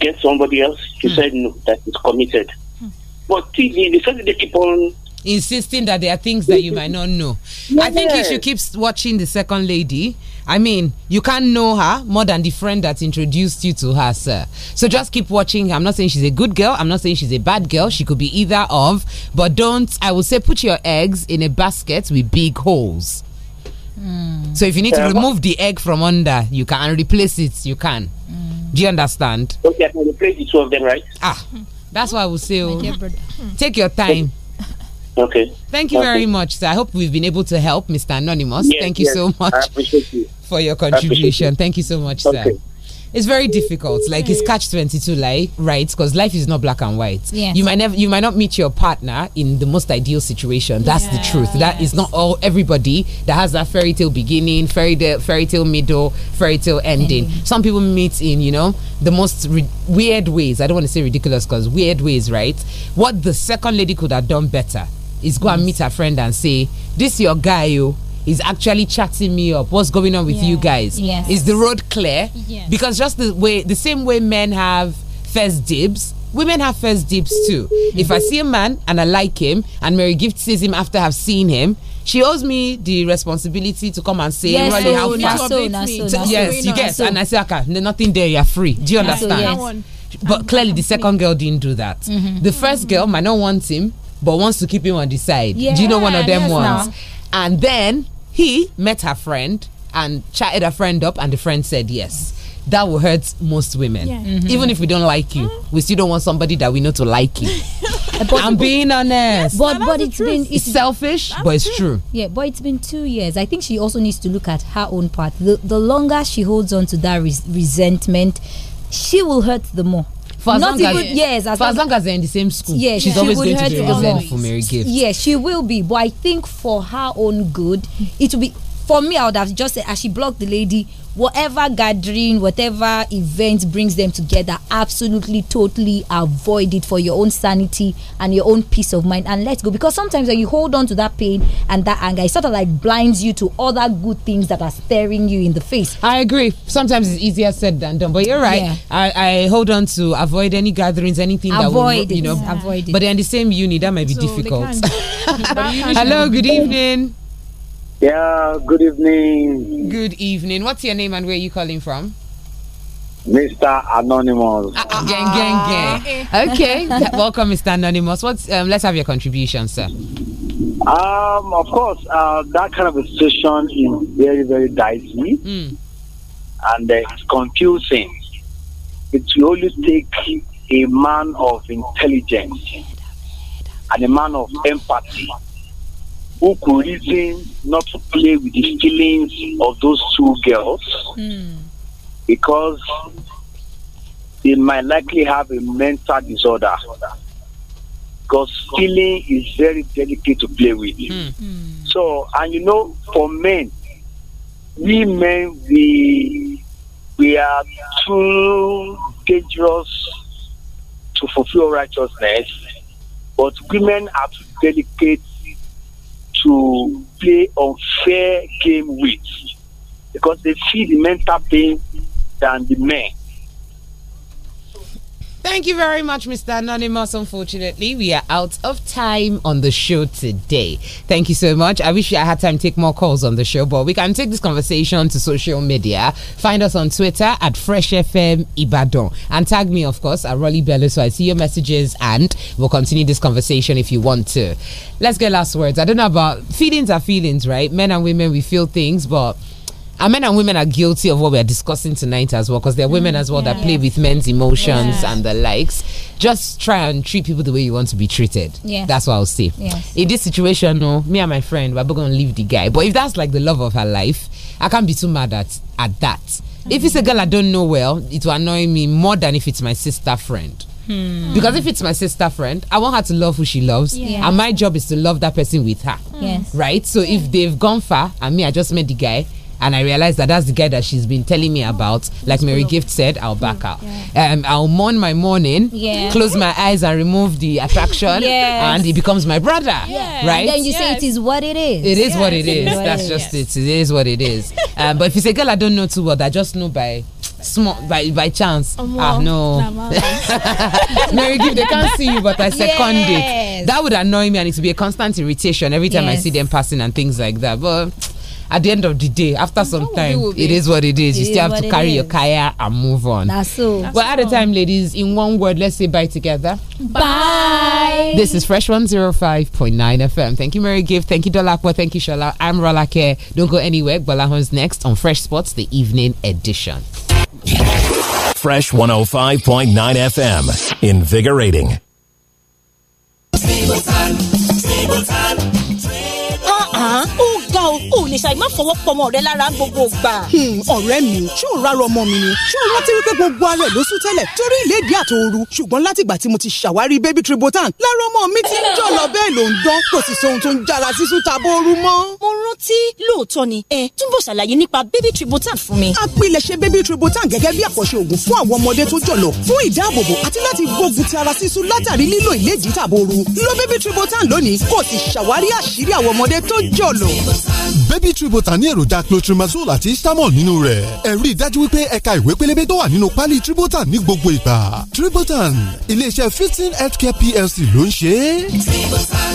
get somebody else? She mm. said, no, that is committed. Hmm. But the, the fact that they keep on insisting that there are things that you might not know. Yes. I think you should keep watching the second lady. I mean, you can't know her more than the friend that introduced you to her, sir. So just keep watching I'm not saying she's a good girl. I'm not saying she's a bad girl. She could be either of. But don't, I will say, put your eggs in a basket with big holes. Mm. So if you need to remove the egg from under, you can and replace it. You can. Mm. Do you understand? Okay, I can replace the two of them, right? Ah, that's what I will say. Oh. Take your time. Okay. Thank you okay. very much, sir. I hope we've been able to help, Mr. Anonymous. Yes, Thank you yes. so much you. for your contribution. You. Thank you so much, okay. sir it's very difficult. Like it's mm. catch twenty two, like right? Because life is not black and white. Yes. You might never, you might not meet your partner in the most ideal situation. That's yes. the truth. That is not all everybody that has that fairy tale beginning, fairy tale, fairy tale middle, fairy tale ending. ending. Some people meet in you know the most weird ways. I don't want to say ridiculous because weird ways, right? What the second lady could have done better is go and meet her friend and say, This your guy, you oh, is actually chatting me up. What's going on with yeah. you guys? Yes. Is the road clear? Yes. Because just the way the same way men have first dibs, women have first dibs too. Mm -hmm. If I see a man and I like him and Mary Gift sees him after I've seen him, she owes me the responsibility to come and say, yes, how fast? yes, you get. And I say, okay, nothing there, you're free. Do you understand? Yes. But clearly, the second girl didn't do that. Mm -hmm. The first girl might not want him, but wants to keep him on the side. Yeah, Do you know one of them yes, ones? No. And then he met her friend and chatted her friend up, and the friend said yes. That will hurt most women. Yeah. Mm -hmm. Even if we don't like you, mm-hmm. we still don't want somebody that we know to like you. but, I'm being honest. Yes, but but it's truth. been it's, it's selfish, but it's true. true. Yeah, but it's been two years. I think she also needs to look at her own part. The the longer she holds on to that res resentment, she will hurt the more for as not long even, as yes, as for as long as they're in the same school. Yes, she's yeah. always she going to be exempt Mary Gift. Yes, she will be. But I think for her own good, it will be for me, I would have just said, as ah, she blocked the lady, whatever gathering, whatever event brings them together, absolutely, totally avoid it for your own sanity and your own peace of mind and let go. Because sometimes when you hold on to that pain and that anger, it sort of like blinds you to other good things that are staring you in the face. I agree. Sometimes it's easier said than done, but you're right. Yeah. I, I, hold on to avoid any gatherings, anything avoid that will, you know, yeah. avoid it. But in the same unit, that might be so difficult. Hello, good evening. Yeah, good evening. Good evening. What's your name and where are you calling from? Mr. Anonymous. Uh, uh, gang, gang, gang. Ah. Okay, welcome, Mr. Anonymous. What's um, let's have your contribution, sir. Um, of course, uh, that kind of a situation is very, very dicey, mm. and uh, it's confusing. It will only take a man of intelligence and a man of empathy who could reason not to play with the feelings of those two girls mm. because they might likely have a mental disorder. Because feeling is very delicate to play with. Mm. So, and you know, for men, we men, we, we are too dangerous to fulfill righteousness, but women are too delicate to play unfair game with because they feel the mental pain than the men. Thank you very much, Mr. Anonymous. Unfortunately, we are out of time on the show today. Thank you so much. I wish I had time to take more calls on the show, but we can take this conversation to social media. Find us on Twitter at Fresh FM Ibadan and tag me, of course, at Rolly Bello so I see your messages and we'll continue this conversation if you want to. Let's get last words. I don't know about feelings are feelings, right? Men and women, we feel things, but and men and women are guilty of what we are discussing tonight as well because there are women mm, as well yeah. that play with men's emotions yeah. and the likes just try and treat people the way you want to be treated yeah that's what i'll say yes. in this situation no me and my friend we're both gonna leave the guy but if that's like the love of her life i can't be too mad at at that mm. if it's a mm. girl i don't know well it will annoy me more than if it's my sister friend Hmm. Because if it's my sister friend, I want her to love who she loves, yeah. and my job is to love that person with her. Yes. Right. So if they've gone far, and me, I just met the guy, and I realized that that's the guy that she's been telling me about. Like Mary Gift said, I'll back out. Yeah. Um, I'll mourn my morning, yeah. close my eyes and remove the attraction, yes. and he becomes my brother. Yeah. Right? And then you yes. say it is what it is. It is yes. what it is. that's just it. It is what it is. um, but if it's a girl I don't know too well, I just know by small by by chance. Um, ah no, Mary Gift, they can't see you, but I second yes. it. That would annoy me, and it would be a constant irritation every time yes. I see them passing and things like that. But at the end of the day, after some time, it is what it is. It you still is have to carry is. your kaya and move on. That's so. That's well, at the time, ladies, in one word, let's say bye together. Bye. This is Fresh 105.9 FM. Thank you, Mary Give. Thank you, Dolakwa. Thank you, Shola. I'm Rolake. Don't go anywhere. Balahon's next on Fresh Sports, the evening edition. Fresh 105.9 FM. Invigorating. Table time, time. ò lè ṣàì má fọwọ́ pọmọ rẹ lára gbogbo gbà. Hmm, ọ̀rẹ́ mi ṣé ò rárọ ọmọ mi ni ṣé o rántí wípé gbogbo ara ló sún tẹ́lẹ̀ torí ìlédìí àtòoru ṣùgbọ́n látìgbà tí mo ti ṣàwárí baby tributan, lára ọmọ mi ti ń jọ̀lọ̀ bẹ́ẹ̀ ló ń dán kò sì sóhun tó ń jára sísun tabooru mọ́. mo rántí lóòótọ́ ni ẹ túbọ̀ ṣàlàyé nípa baby tributan, fún mi. apilẹ̀ṣẹ̀ baby tribotan gẹ́gẹ́ bí àkọ́ṣe òògùn fún àwọn ọmọdé tó jọ̀lọ̀ fún ìdáàbòbò àti láti gbógun ti ara sísun látàrí lílo ìlédìí tàbooru lo baby tributan lónìí kò sì ṣàwárí àṣírí àwọn ọmọdé tó jọ̀lọ̀ baby tree butter ní èròjà clotrimazole àti istamol nínú rẹ̀ ẹ rí i dájú wípé ẹ̀ka ìwé pélébé tó wà nínú pálí tributan ní gbogbo ìgbà tributan iléeṣẹ́ fifteen healthcare plc ló ń ṣe é. tributan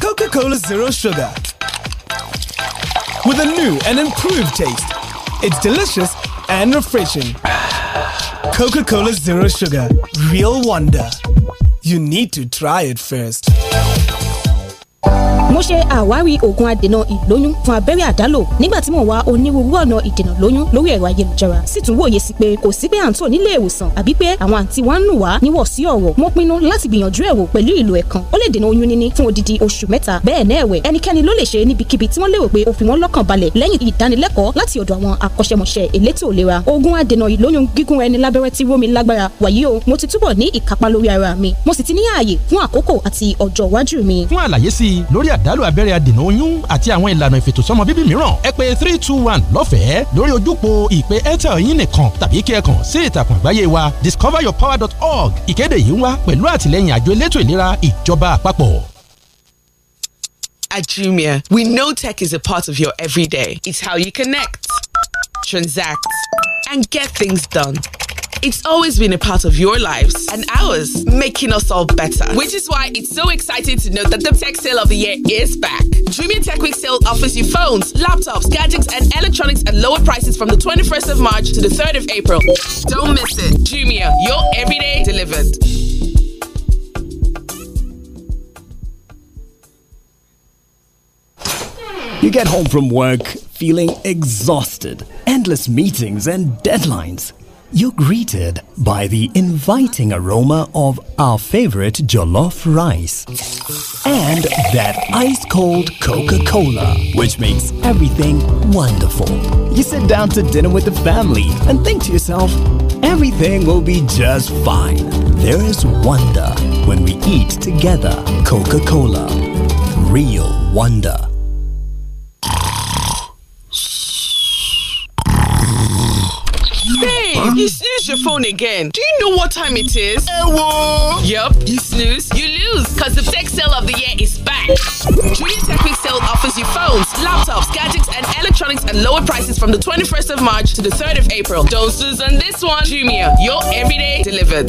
Coca Cola Zero Sugar. With a new and improved taste, it's delicious and refreshing. Coca Cola Zero Sugar, real wonder. You need to try it first. mo ṣe àwárí oògùn adènà ìlóyún fún abẹ́rẹ́ àdálò nígbà tí mo wá onírúurú ọ̀nà ìdènà lóyún lórí ẹ̀rọ ayélujára sì tún wòye sí pé kò sí pé à ń tò nílé ìwòsàn àbí pé àwọn àǹtí wa ń nù wá níwọ̀ sí ọ̀rọ̀ mo pinnu láti gbìyànjú ẹ̀wò pẹ̀lú ìlò ẹ̀kan ó lè dènà oyún níní fún odidi oṣù mẹ́ta bẹ́ẹ̀ náà ẹ̀wẹ̀ ẹnikẹ́ni ló lè ṣe níbikíbi tí wọ́n lérò pé ó fi wọ́n lọ́kàn balẹ̀ lẹ́yìn ìdánilẹ́kọ̀ọ́ láti ọ̀dọ̀ àwọn akọ́ṣẹ́mọṣẹ́ elétò ìlera oògùn adènà ìlóyún gígùn ẹni lábẹ́rẹ́ tí rómi lágbára wàyí o mo ti túbọ̀ ní ìkápá lórí ara mi sí lórí àdálù abẹ́rẹ́ adènà oyún àti àwọn ìlànà ìfètòsọ́mọ bíbí mìíràn ẹ pè three two one lọ́fẹ̀ẹ́ lórí ojúpo ìpè airtel yín nìkan tàbí kí ẹ kàn sí ìtàkùn àgbáyé wa discoveryourpower.org ìkéde yìí ń wá pẹ̀lú àtìlẹ́yìn àjọ elétò ìlera ìjọba àpapọ̀. At Jumia, we know tech is a part of your everyday. It's how you connect, transact, and get things done. It's always been a part of your lives and ours, making us all better. Which is why it's so exciting to know that the tech sale of the year is back. Dreaming Tech Week sale offers you phones, laptops, gadgets, and electronics at lower prices from the 21st of March to the 3rd of April. Don't miss it. Jumia, your everyday delivered. You get home from work feeling exhausted, endless meetings and deadlines you're greeted by the inviting aroma of our favorite jollof rice and that ice cold Coca Cola, which makes everything wonderful. You sit down to dinner with the family and think to yourself, everything will be just fine. There is wonder when we eat together Coca Cola. Real wonder. You snooze your phone again. Do you know what time it is? Ewo! Yep, you snooze, you lose. Because the tech sale of the year is back. Junior Tech Week sale offers you phones, laptops, gadgets, and electronics at lower prices from the 21st of March to the 3rd of April. Don't snooze on this one. Jumia, your everyday delivered.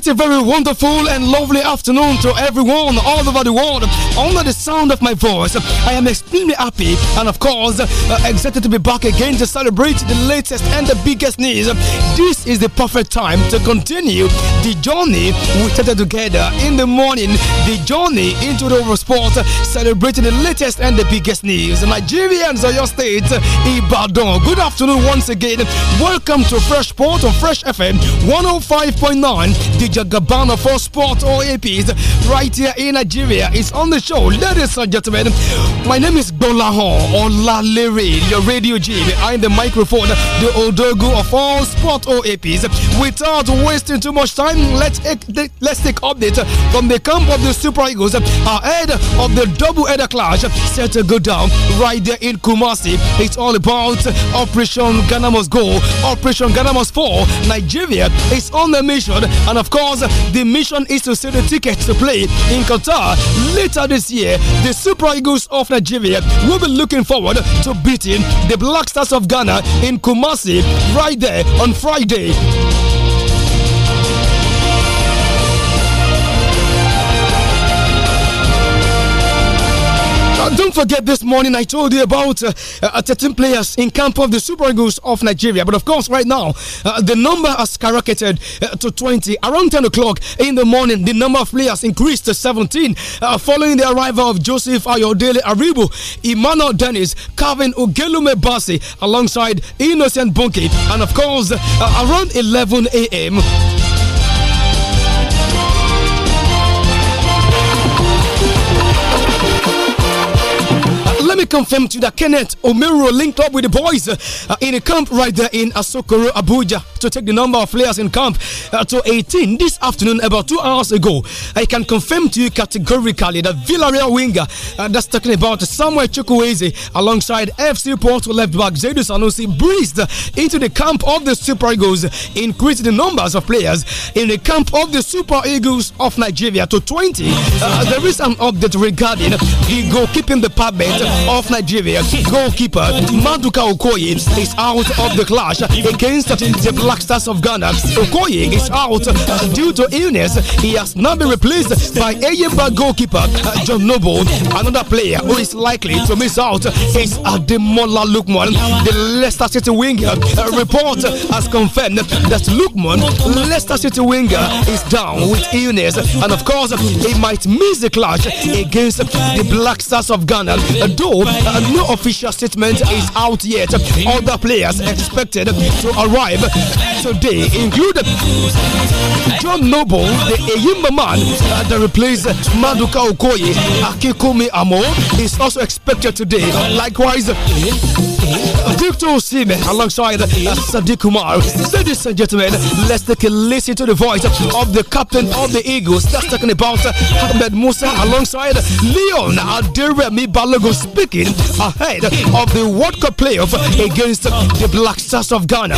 It's a very wonderful and lovely afternoon to everyone all over the world. Under the sound of my voice, I am extremely happy and, of course, uh, excited to be back again to celebrate the latest and the biggest news. This is the perfect time to continue the journey we started together in the morning, the journey into the world sport, celebrating the latest and the biggest news. Nigerians of your state, Ibadan. Good afternoon once again. Welcome to Fresh Port on Fresh FM 105.9. Gabana for Sport or APs right here in Nigeria is on the show. Ladies and gentlemen, my name is Dolahon Olalere, your radio G behind the microphone, the Odogu of all Sport or APs. Without wasting too much time, let's take, let's take update from the camp of the Super Eagles ahead of the double-header clash set to go down right there in Kumasi. It's all about Operation Ghana Must Go, Operation Ghana Must Fall. Nigeria is on the mission and of course because the mission is to sell the tickets to play in Qatar later this year. The Super Eagles of Nigeria will be looking forward to beating the Black Stars of Ghana in Kumasi right there on Friday. And don't forget this morning I told you about uh, uh, uh, 13 players in camp of the Super Eagles of Nigeria. But of course, right now, uh, the number has skyrocketed uh, to 20. Around 10 o'clock in the morning, the number of players increased to 17 uh, following the arrival of Joseph Ayodele Aribu, Emmanuel Dennis, Calvin Ugelume Basi, alongside Innocent Bunke. And of course, around 11 a.m., confirmed to you that Kenneth Omero linked up with the boys uh, in a camp right there in Asokoro, Abuja, to take the number of players in camp uh, to 18 this afternoon, about two hours ago. I can confirm to you categorically that Villarreal winger, uh, that's talking about Samuel Chukwueze, alongside FC Porto left back Jadon Sanusi, breezed into the camp of the Super Eagles, increasing the numbers of players in the camp of the Super Eagles of Nigeria to 20. Uh, there is an update regarding the goalkeeping department of of Nigeria goalkeeper Maduka Okoye is out of the clash against the Black Stars of Ghana. Okoye is out due to illness. He has now been replaced by Ayimba goalkeeper John Noble. Another player who is likely to miss out is Ademola Lukman, the Leicester City winger. A report has confirmed that Lukman, Leicester City winger, is down with illness and of course he might miss the clash against the Black Stars of Ghana. Though no official statement is out yet. Other players expected to arrive today include John Noble, the Eyimba man uh, that replaces Maduka Okoye. Akikumi Amo is also expected today. Likewise, Victor Sime alongside uh, Sadiq Kumar. Ladies and gentlemen, let's take a listen to the voice of the captain of the Eagles. That's talking about uh, Ahmed Musa alongside Leon Adiremi Balogo speaking ahead of the World Cup playoff against the Black Stars of Ghana.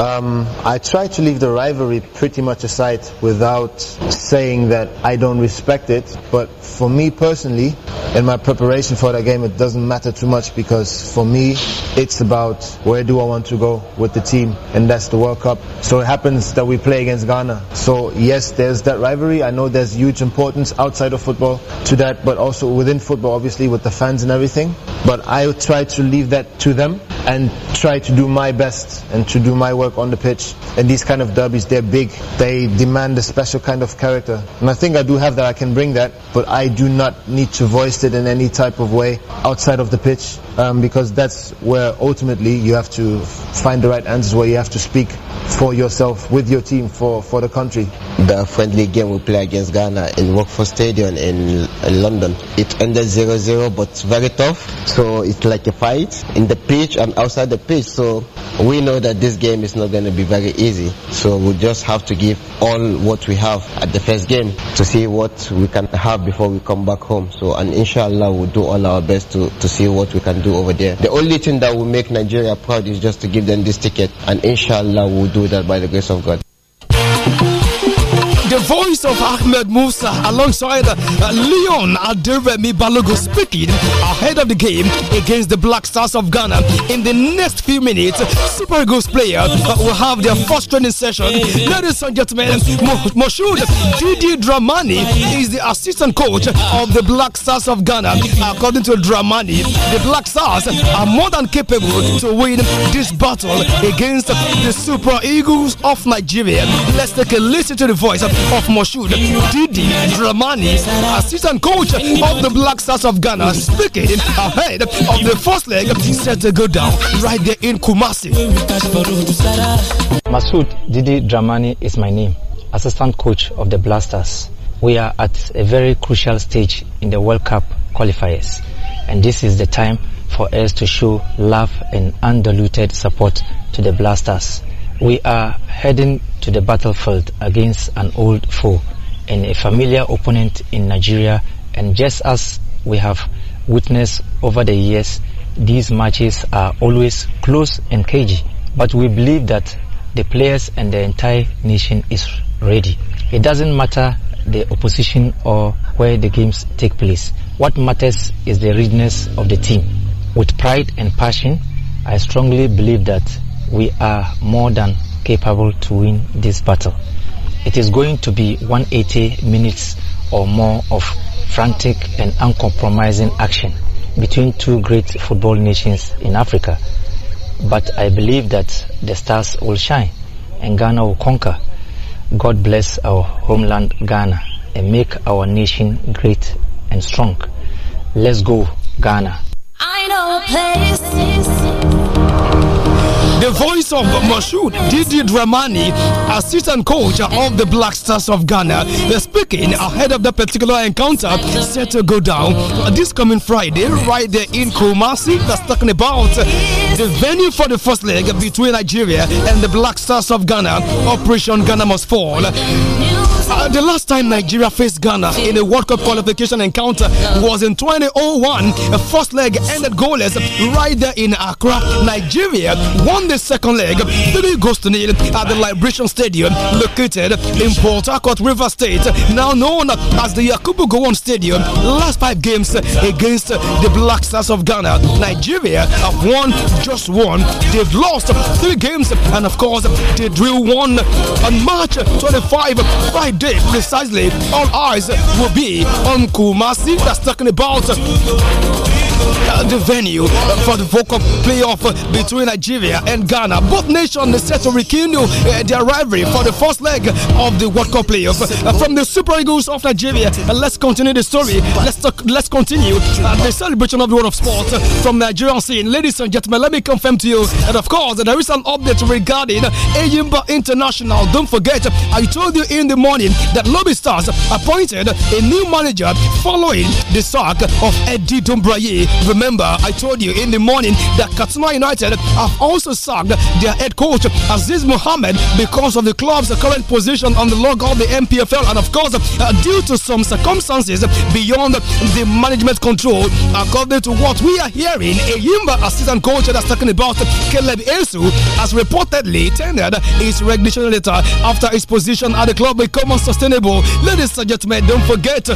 Um, I try to leave the rivalry pretty much aside without saying that I don't respect it. But for me personally, in my preparation for that game, it doesn't matter too much because for me, it's about where do I want to go with the team, and that's the World Cup. So it happens that we play against Ghana. So yes, there's that rivalry. I know there's huge importance outside of football to that, but also within football, obviously with the fans and everything. But I try to leave that to them and try to do my best and to do my work work on the pitch. And these kind of derbies, they're big. They demand a special kind of character. And I think I do have that. I can bring that. But I do not need to voice it in any type of way outside of the pitch um, because that's where ultimately you have to find the right answers, where you have to speak for yourself, with your team, for, for the country? The friendly game we play against Ghana in Workforce Stadium in, in London. It ended 0-0, but very tough. So it's like a fight in the pitch and outside the pitch. So we know that this game is not going to be very easy. So we just have to give all what we have at the first game to see what we can have before we come back home. So and inshallah we'll do all our best to, to see what we can do over there. The only thing that will make Nigeria proud is just to give them this ticket and inshallah we'll do do that by the grace of God the voice of Ahmed Musa alongside uh, Leon Aderemi Balogo speaking ahead of the game against the Black Stars of Ghana. In the next few minutes, Super Eagles player uh, will have their first training session. Ladies and gentlemen, Moshood Didi Dramani is the assistant coach of the Black Stars of Ghana. According to Dramani, the Black Stars are more than capable to win this battle against the Super Eagles of Nigeria. Let's take a listen to the voice of of Moshood, Didi Dramani, assistant coach of the Black Stars of Ghana, speaking ahead of the first leg set to go down right there in Kumasi. Masoud Didi Dramani is my name, assistant coach of the Blasters. We are at a very crucial stage in the World Cup qualifiers, and this is the time for us to show love and undiluted support to the Blasters. We are heading to the battlefield against an old foe and a familiar opponent in Nigeria. And just as we have witnessed over the years, these matches are always close and cagey. But we believe that the players and the entire nation is ready. It doesn't matter the opposition or where the games take place. What matters is the readiness of the team. With pride and passion, I strongly believe that we are more than capable to win this battle. It is going to be 180 minutes or more of frantic and uncompromising action between two great football nations in Africa. But I believe that the stars will shine and Ghana will conquer. God bless our homeland Ghana and make our nation great and strong. Let's go, Ghana. I know the voice of Moshu Didi Dramani, assistant coach of the Black Stars of Ghana. is speaking ahead of the particular encounter set to go down this coming Friday, right there in Kumasi. That's talking about the venue for the first leg between Nigeria and the Black Stars of Ghana. Operation Ghana must fall. Uh, the last time Nigeria faced Ghana in a World Cup qualification encounter was in 2001. First leg ended goalless right there in Accra. Nigeria won the second leg, three goals to nil at the Liberation Stadium, located in Port Harcourt River State, now known as the Yakubu Gowon Stadium. Last five games against the Black Stars of Ghana, Nigeria have won just one. They've lost three games, and of course, they drew one on March 25 today, precisely, all eyes will be on Kumasi. That's talking about the venue for the vocal playoff between Nigeria and Ghana. Both nations set to rekindle eh, their rivalry for the first leg of the World Cup playoff. Eh, from the Super Eagles of Nigeria, eh, let's continue the story. Let's talk, let's continue the celebration of the world of sport from Nigerian scene. Ladies and gentlemen, let me confirm to you that of course there is an update regarding Ayimba International. Don't forget, I told you in the morning that Lobby Stars appointed a new manager following the sack of Eddie Dombraye. Remember, I told you in the morning that Katsuma United have also sacked their head coach Aziz Mohammed because of the club's current position on the log of the MPFL and, of course, uh, due to some circumstances beyond the management control. According to what we are hearing, a Yimba assistant coach that's talking about Caleb Ensu has reportedly tendered his resignation letter after his position at the club become unsustainable. Ladies and gentlemen, don't forget.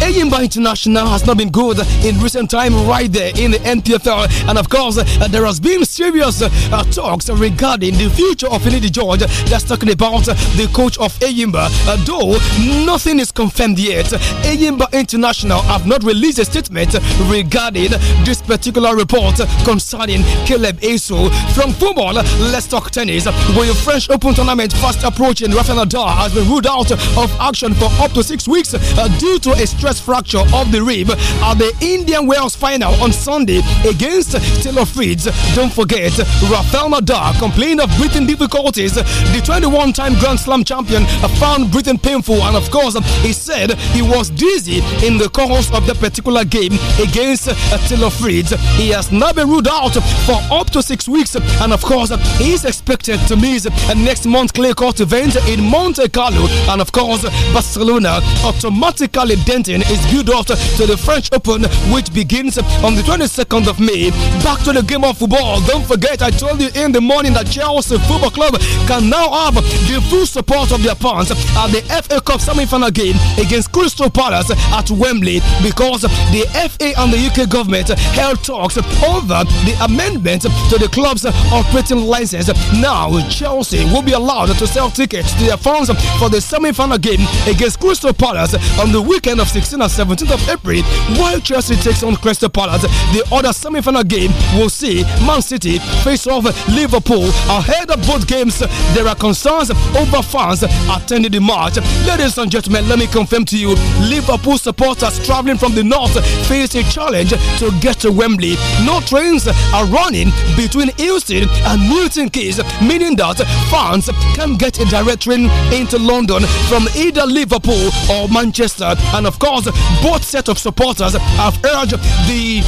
Ayimba International has not been good in recent time right there in the NPFL. And of course, uh, there has been serious uh, talks regarding the future of Finidi George. That's talking about the coach of Ayimba. Uh, though nothing is confirmed yet, Ayimba International have not released a statement regarding this particular report concerning Caleb Aso. From football, let's talk tennis. With the French Open tournament fast approaching, Rafael Nadal has been ruled out of action for up to six weeks due to a stress stress fracture of the rib at the Indian Wells final on Sunday against Taylor Fritz. Don't forget, Rafael Nadal complained of breathing difficulties. The 21 time Grand Slam champion found breathing painful, and of course, he said he was dizzy in the course of the particular game against Taylor Fritz. He has now been ruled out for up to six weeks, and of course, he is expected to miss next month's clay court event in Monte Carlo, and of course, Barcelona automatically denting preparation is built up to the French Open, which begins on the 22nd of May. Back to the game of football. Don't forget, I told you in the morning that Chelsea Football Club can now have the full support of their fans at the FA Cup semi-final game against Crystal Palace at Wembley because the FA and the UK government held talks over the amendment to the club's operating license. Now, Chelsea will be allowed to sell tickets to their fans for the semi-final game against Crystal Palace on the weekend of 16 16th and 17th of April, while Chelsea takes on Crystal Palace. The other semi final game will see Man City face off Liverpool. Ahead of both games, there are concerns over fans attending the match. Ladies and gentlemen, let me confirm to you Liverpool supporters traveling from the north face a challenge to get to Wembley. No trains are running between Euston and Milton Keys, meaning that fans can get a direct train into London from either Liverpool or Manchester. And of course, both set of supporters have urged the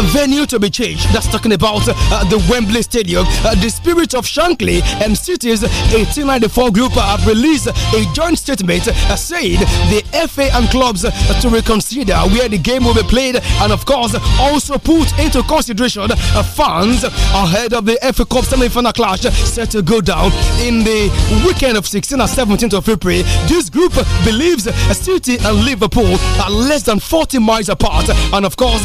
venue to be changed. That's talking about uh, the Wembley Stadium. Uh, the spirit of Shankly and City's 1894 group have released a joint statement uh, saying the FA and clubs uh, to reconsider where the game will be played and, of course, also put into consideration uh, fans ahead of the FA Cup semi final clash set to go down in the weekend of 16 and 17th of February. This group believes uh, City and Liverpool are less than 40 miles apart, and, of course,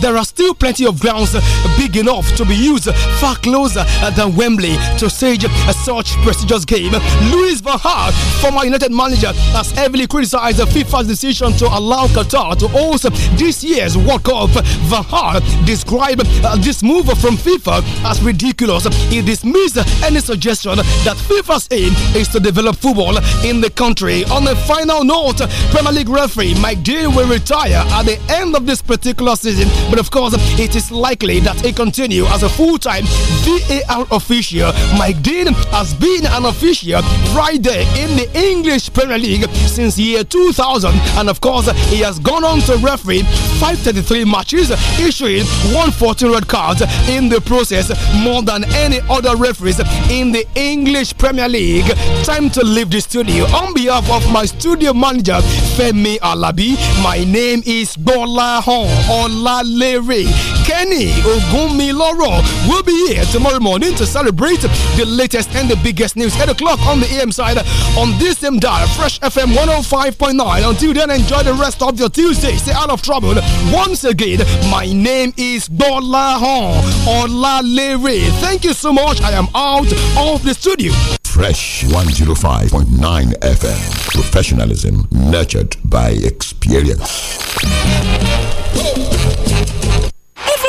there are still still plenty of grounds big enough to be used far closer than Wembley to stage such prestigious game. Louis Van Gaal, former United manager, has heavily criticized FIFA's decision to allow Qatar to host this year's World Cup. Van Gaal described uh, this move from FIFA as ridiculous. He dismissed any suggestion that FIFA's aim is to develop football in the country. On a final note, Premier League referee Mike Dean will retire at the end of this particular season, but of course, it is likely that he continue as a full-time VAR official. Mike Dean has been an official right there in the English Premier League since year 2000 and of course he has gone on to referee 533 matches issuing 114 red cards in the process more than any other referees in the English Premier League. Time to leave the studio. On behalf of my studio manager Femi Alabi, my name is Bola Hon Olalere. Kenny Ogumiloro will be here tomorrow morning to celebrate the latest and the biggest news. 8 o'clock on the AM side on this same dial, Fresh FM 105.9. Until then, enjoy the rest of your Tuesday. Stay out of trouble. Once again, my name is Dola Hon Olalere. Thank you so much. I am out of the studio. Fresh 105.9 FM. Professionalism nurtured by experience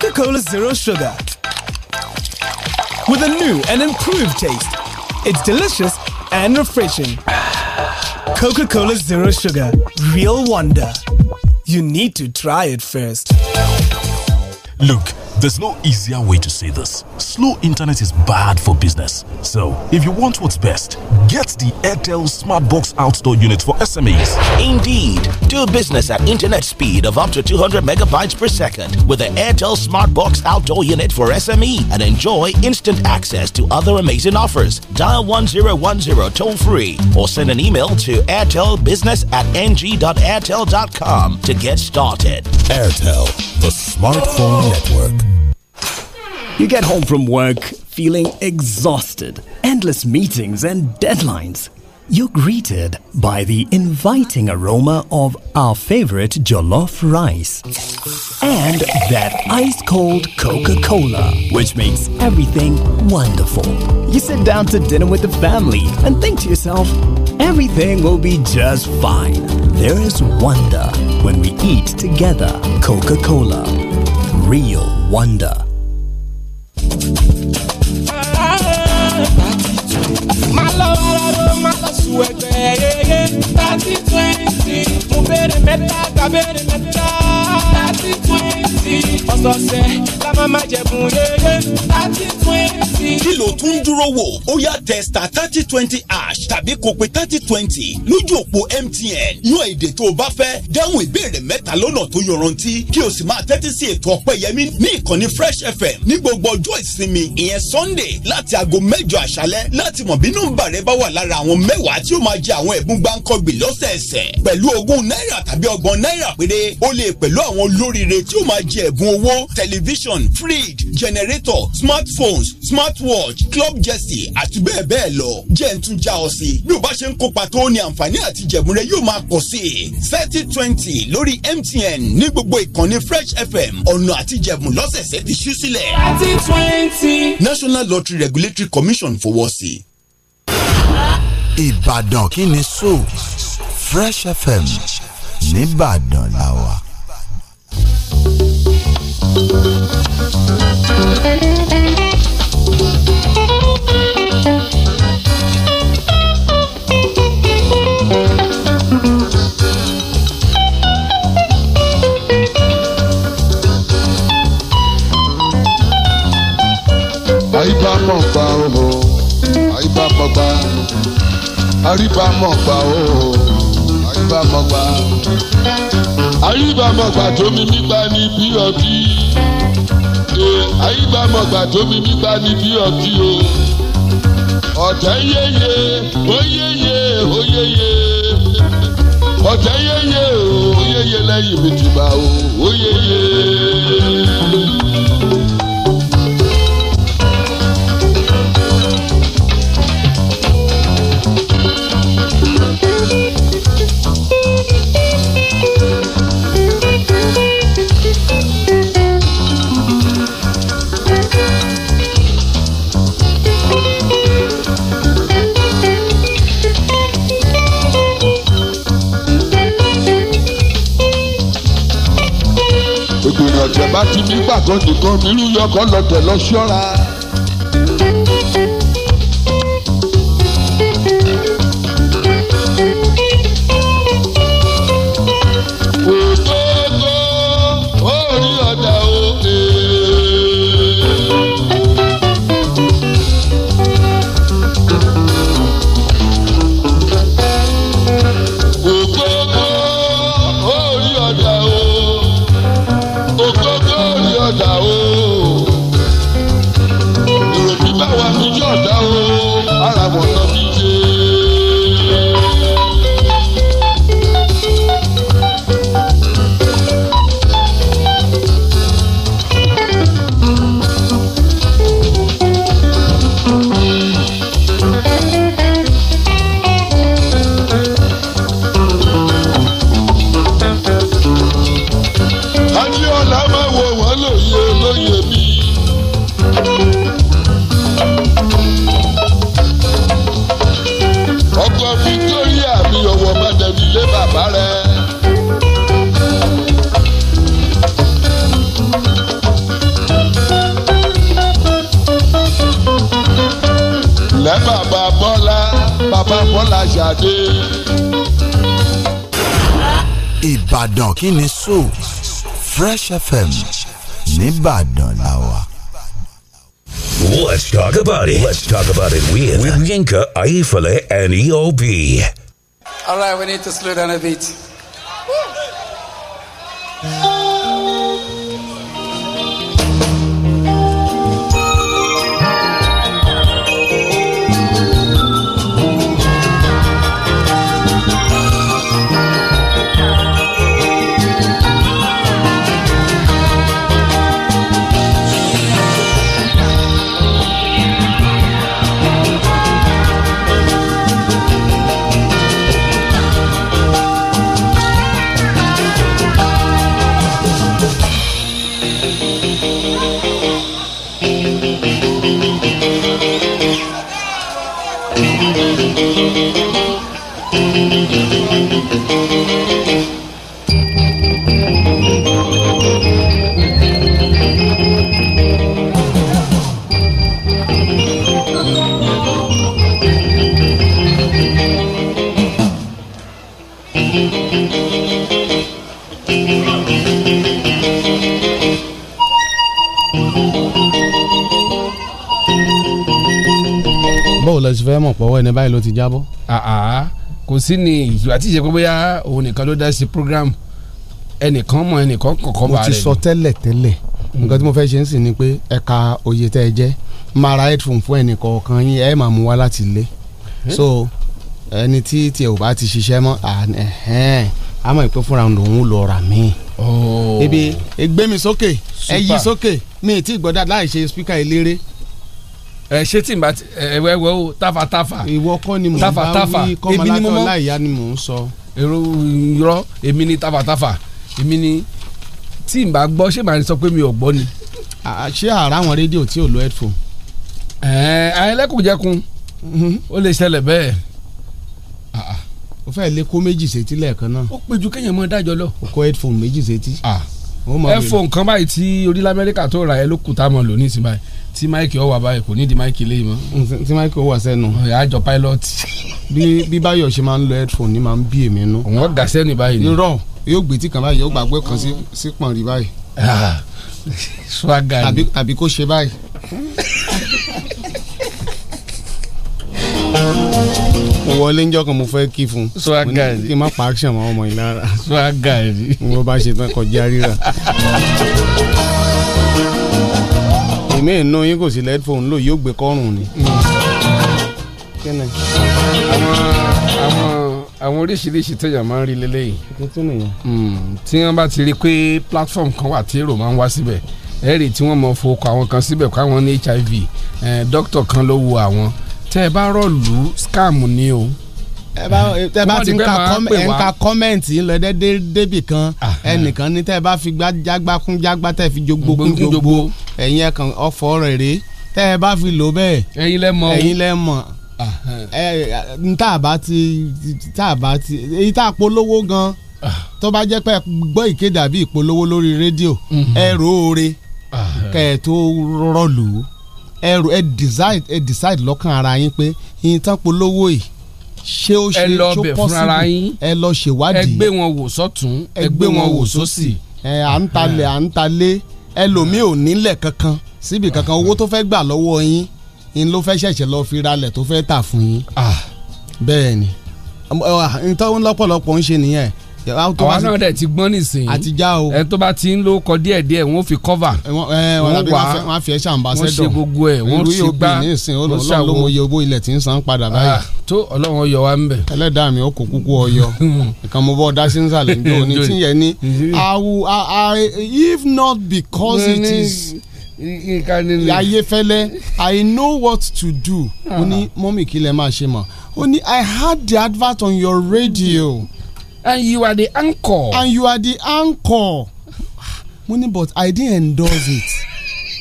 Coca Cola Zero Sugar. With a new and improved taste, it's delicious and refreshing. Coca Cola Zero Sugar, real wonder. You need to try it first. Look. There's no easier way to say this. Slow internet is bad for business. So, if you want what's best, get the Airtel Smartbox outdoor unit for SMEs. Indeed, do business at internet speed of up to 200 megabytes per second with the Airtel Smartbox outdoor unit for SME and enjoy instant access to other amazing offers. Dial 1010 toll free or send an email to airtelbusiness at ng.airtel.com to get started. Airtel, the smartphone network. You get home from work feeling exhausted, endless meetings and deadlines. You're greeted by the inviting aroma of our favorite jollof rice and that ice cold Coca Cola, which makes everything wonderful. You sit down to dinner with the family and think to yourself, everything will be just fine. There is wonder when we eat together. Coca Cola, real wonder. My love, my love, my love, sweat, yeah, yeah, twenty. mo béèrè mẹ́ta gba béèrè mẹ́ta. thirty twenty. ọ̀sọ̀ọ̀sẹ̀ la máa ma jẹ̀bùn rere. thirty twenty. kí ló tún dúró wò ó yá testa thirty twenty ash tàbí kope thirty twenty lójú òpó MTN yan èdè tó o bá fẹ́ dáhùn ìbéèrè mẹ́ta lọ́nà tó yọrantí kí o sì máa tẹ́tí sí ètò ọpẹ́yẹmí ní ìkànnì Fresh FM ní gbogbo ọjọ́ ìsinmi ìyẹn Sunday láti aago mẹ́jọ àṣálẹ́ láti mọ̀ bí nọ́mbà rẹ bá wà lára àwọn mẹ́wàá tí ó máa jẹ àwọn ẹ̀bùn gbáǹkọ́gbìn lọ́sẹ̀ẹsẹ̀ rẹ̀ pẹ̀lú ogún náírà tàbí ọgbọ̀n náírà péré o lè pẹ̀lú àwọn olóríire tí ó máa jẹ ẹ̀bùn owó tẹlifíṣàn fridge generator smartphones smartwatch club jersey àti bẹ́ẹ̀ bẹ́ẹ̀ lọ jẹ́ ń tún já ọ sí bí o bá ṣe ń kópa tó ní àǹfààní àti jẹ̀bùn rẹ yóò máa pọ̀ sí thirty twenty lórí MTN ní gbogbo ìkànnì Fresh FM ọ̀nà àti jẹ̀bùn lọ́sẹ̀ẹ̀sẹ̀ ti ṣú sílẹ̀. thirty twenty. National Lottery Regulatory Commission fowọ́ sí i. Ìbàdàn kí ni so Fresh FM nìbàdàn la wà. àyíbámọ̀ gbà ó àyíbámọ̀ gbà àríbámọ̀ gbà ó àyíbàmọ̀gbà àyíbàmọ̀gbà tó mi nígbà ní bí ọtí àyíbàmọ̀gbà tó mi nígbà ní bí ọtí o ọ̀tẹ̀ yéye oyéye oyéye ọ̀tẹ̀ yéye oyéye lẹ́yìn mi ti bá o oyéye. gbàgbọ́ nìkan nírú yọkọ lọ́tẹ̀ lọ ṣọ́ra. Ìbàdàn kí ni so Fresh FM nìbàdàn la wà. Let's talk about it. Let's talk about it with, with Yinka Ayifale and EOB. All right, we need to slow down a bit. ẹni báyìí ló ti jábọ́. Ah, ah, kò sí ni ìjọba tí ìṣe pé bóyá òun nìkan ló dá sí program ẹnìkan mọ ẹnìkan kọ̀ọ̀kan bá rẹ̀. mo ti sọ tẹ́lẹ̀ tẹ́lẹ̀ hmm. nǹkan tí mo fẹ́ ṣe ń sìn ni pé ẹ̀ka òye tẹ́ ẹ jẹ́ máa ra headphone fún ẹnìkọ̀ọ̀kan yín ẹ máa mú wá láti ilé hmm. so ẹni tí tiẹ̀ ò bá ti ṣiṣẹ́ mọ́ àmọ́ ìpè fúnra òun lọ rà míì ebi oh. gbé mi sókè ẹ sókè mi ì gbọ́dá láì ṣe spíkà eléré ẹ ṣé tí n bá ẹ wẹ́wẹ́ o tafatafa. ìwọ kọ́ ni mò ń bá wí kọ́mọlátọ́ láìyá ni mò ń sọ. èrò irọ́ èmi ni tafatafa èmi ni tí n bá gbọ́ ṣé màá sọ pé mi ò gbọ́ ni. ṣé àrà àwọn rédíò tí ò lo headphone. ẹ ẹ ẹlẹ́kùnjẹkùn mhm. ó lè ṣẹlẹ̀ bẹ́ẹ̀. o fẹ́ lè kó méjì sétí lẹ́ẹ̀kan náà. ó péjú kéèyàn mọ dájọ́ lọ. o kó headphone méjì sétí. headphone kan báyìí tí orílẹ̀ Amẹ́ríkà tó ra ẹ ló kùtà mọ́ lò ní báyìí tí máìkì ọwà báyìí kò nídìí máìkì lé mọ. tí máìkì ọwà sẹ́nu. àjọ pilot. bí bí báyọ̀ ṣe máa ń lo headphone ni máa ń bí èmi nú. òun ọ̀gá sẹ́nu báyìí ni. irọ́ yóò gbé tí kan báyìí yóò gbàgbé kan sí pọ̀n rí báyìí. Ah, swaga ni. àbí kó ṣe báyìí. mo wọlé ń jọkàn mo fẹ́ kí fún un. swaga ni. kí n má pa action mọ́ ọmọ ìlara. swaga ni. mo bá ṣe tán kọjá ríra èmi ìnú yín kò sí headphone lò yóò gbé kọ́rùn ni. Mm. kíni. àwọn àwọn àwọn oríṣiríṣi téèyàn máa ń rí lélẹ́yìn. tuntun nìyẹn. Mm. tí wọ́n bá ti rí i pé platform kan wà tí èrò máa ń wá síbẹ̀ ẹ̀rì tí wọ́n mọ̀ fowókọ àwọn kan síbẹ̀ káwọn ní HIV eh, dókítà kan ló wo àwọn tẹ́ ẹ bá rọ̀lú scam ni o tẹ bá ti ń ka kọ́mẹ̀ntì ń lọ débì kan ah, ah. ẹnìkan ní tẹ bá fi jágbá kún jágbá tẹ fi jogbo kún jogbo ẹ̀yin ẹ̀ kan ọ̀fọ̀ rẹ̀ tẹ bá fi lò bẹ́ẹ̀ ẹ̀yin lẹ mọ̀ ẹ̀yin lẹ mọ̀ ah, ẹ ti tá ti èyí tá a polówó gan tó bá jẹ́ pé gbọ́ ìkéde àbí ìpolówó lórí rédíò mhm. ẹ róore kẹ ẹ tó rọlù ẹ ẹ decide lọ́kàn ara yín pé ìyìn tán polówó yìí ṣé ó ṣe tó possible ẹ lọ ṣèwádìí ẹ gbé wọn wò sọ́tún ẹ gbé wọn wò sósì. ẹ à ń talẹ̀ à ń talẹ̀ ẹlòmíì ò nílẹ̀ kankan síbi kankan owó tó fẹ́ gbà lọ́wọ́ yín in ló fẹ́ ṣẹ̀ṣẹ̀ lọ fi ralẹ̀ tó fẹ́ tà fún yín. Ah. bẹ́ẹ̀ ni ntọ́ lọ́pọ̀lọpọ̀ ń ṣe nìyẹn àwa náà dẹ̀ ti gbọ́n nísìnyí àtijá tó bá ti ń lóko díẹ̀ díẹ̀ wọ́n fi cover. wọ́n wá wọ́n fi ẹ̀ṣà ambassador wọ́n ṣe gbogbo ẹ̀ wọ́n ṣe gbá wọ́n ṣe àwọn olóye owó ilẹ̀ tí ń san padà báyìí. Ah, tó ọlọ́run ọyọ wa ń bẹ̀. ẹlẹ́dàá mi ó kó kúkú ọyọ nǹkan mo bọ́ ọ̀dá sí nsàlẹ̀ ní tí yẹn ní if not because it is i know what to do ó ní ah. mọ́mì kí lẹ máa i heard the advert on your radio and you are the anchor. and you are the anchor. mo ní but I didn't endorse it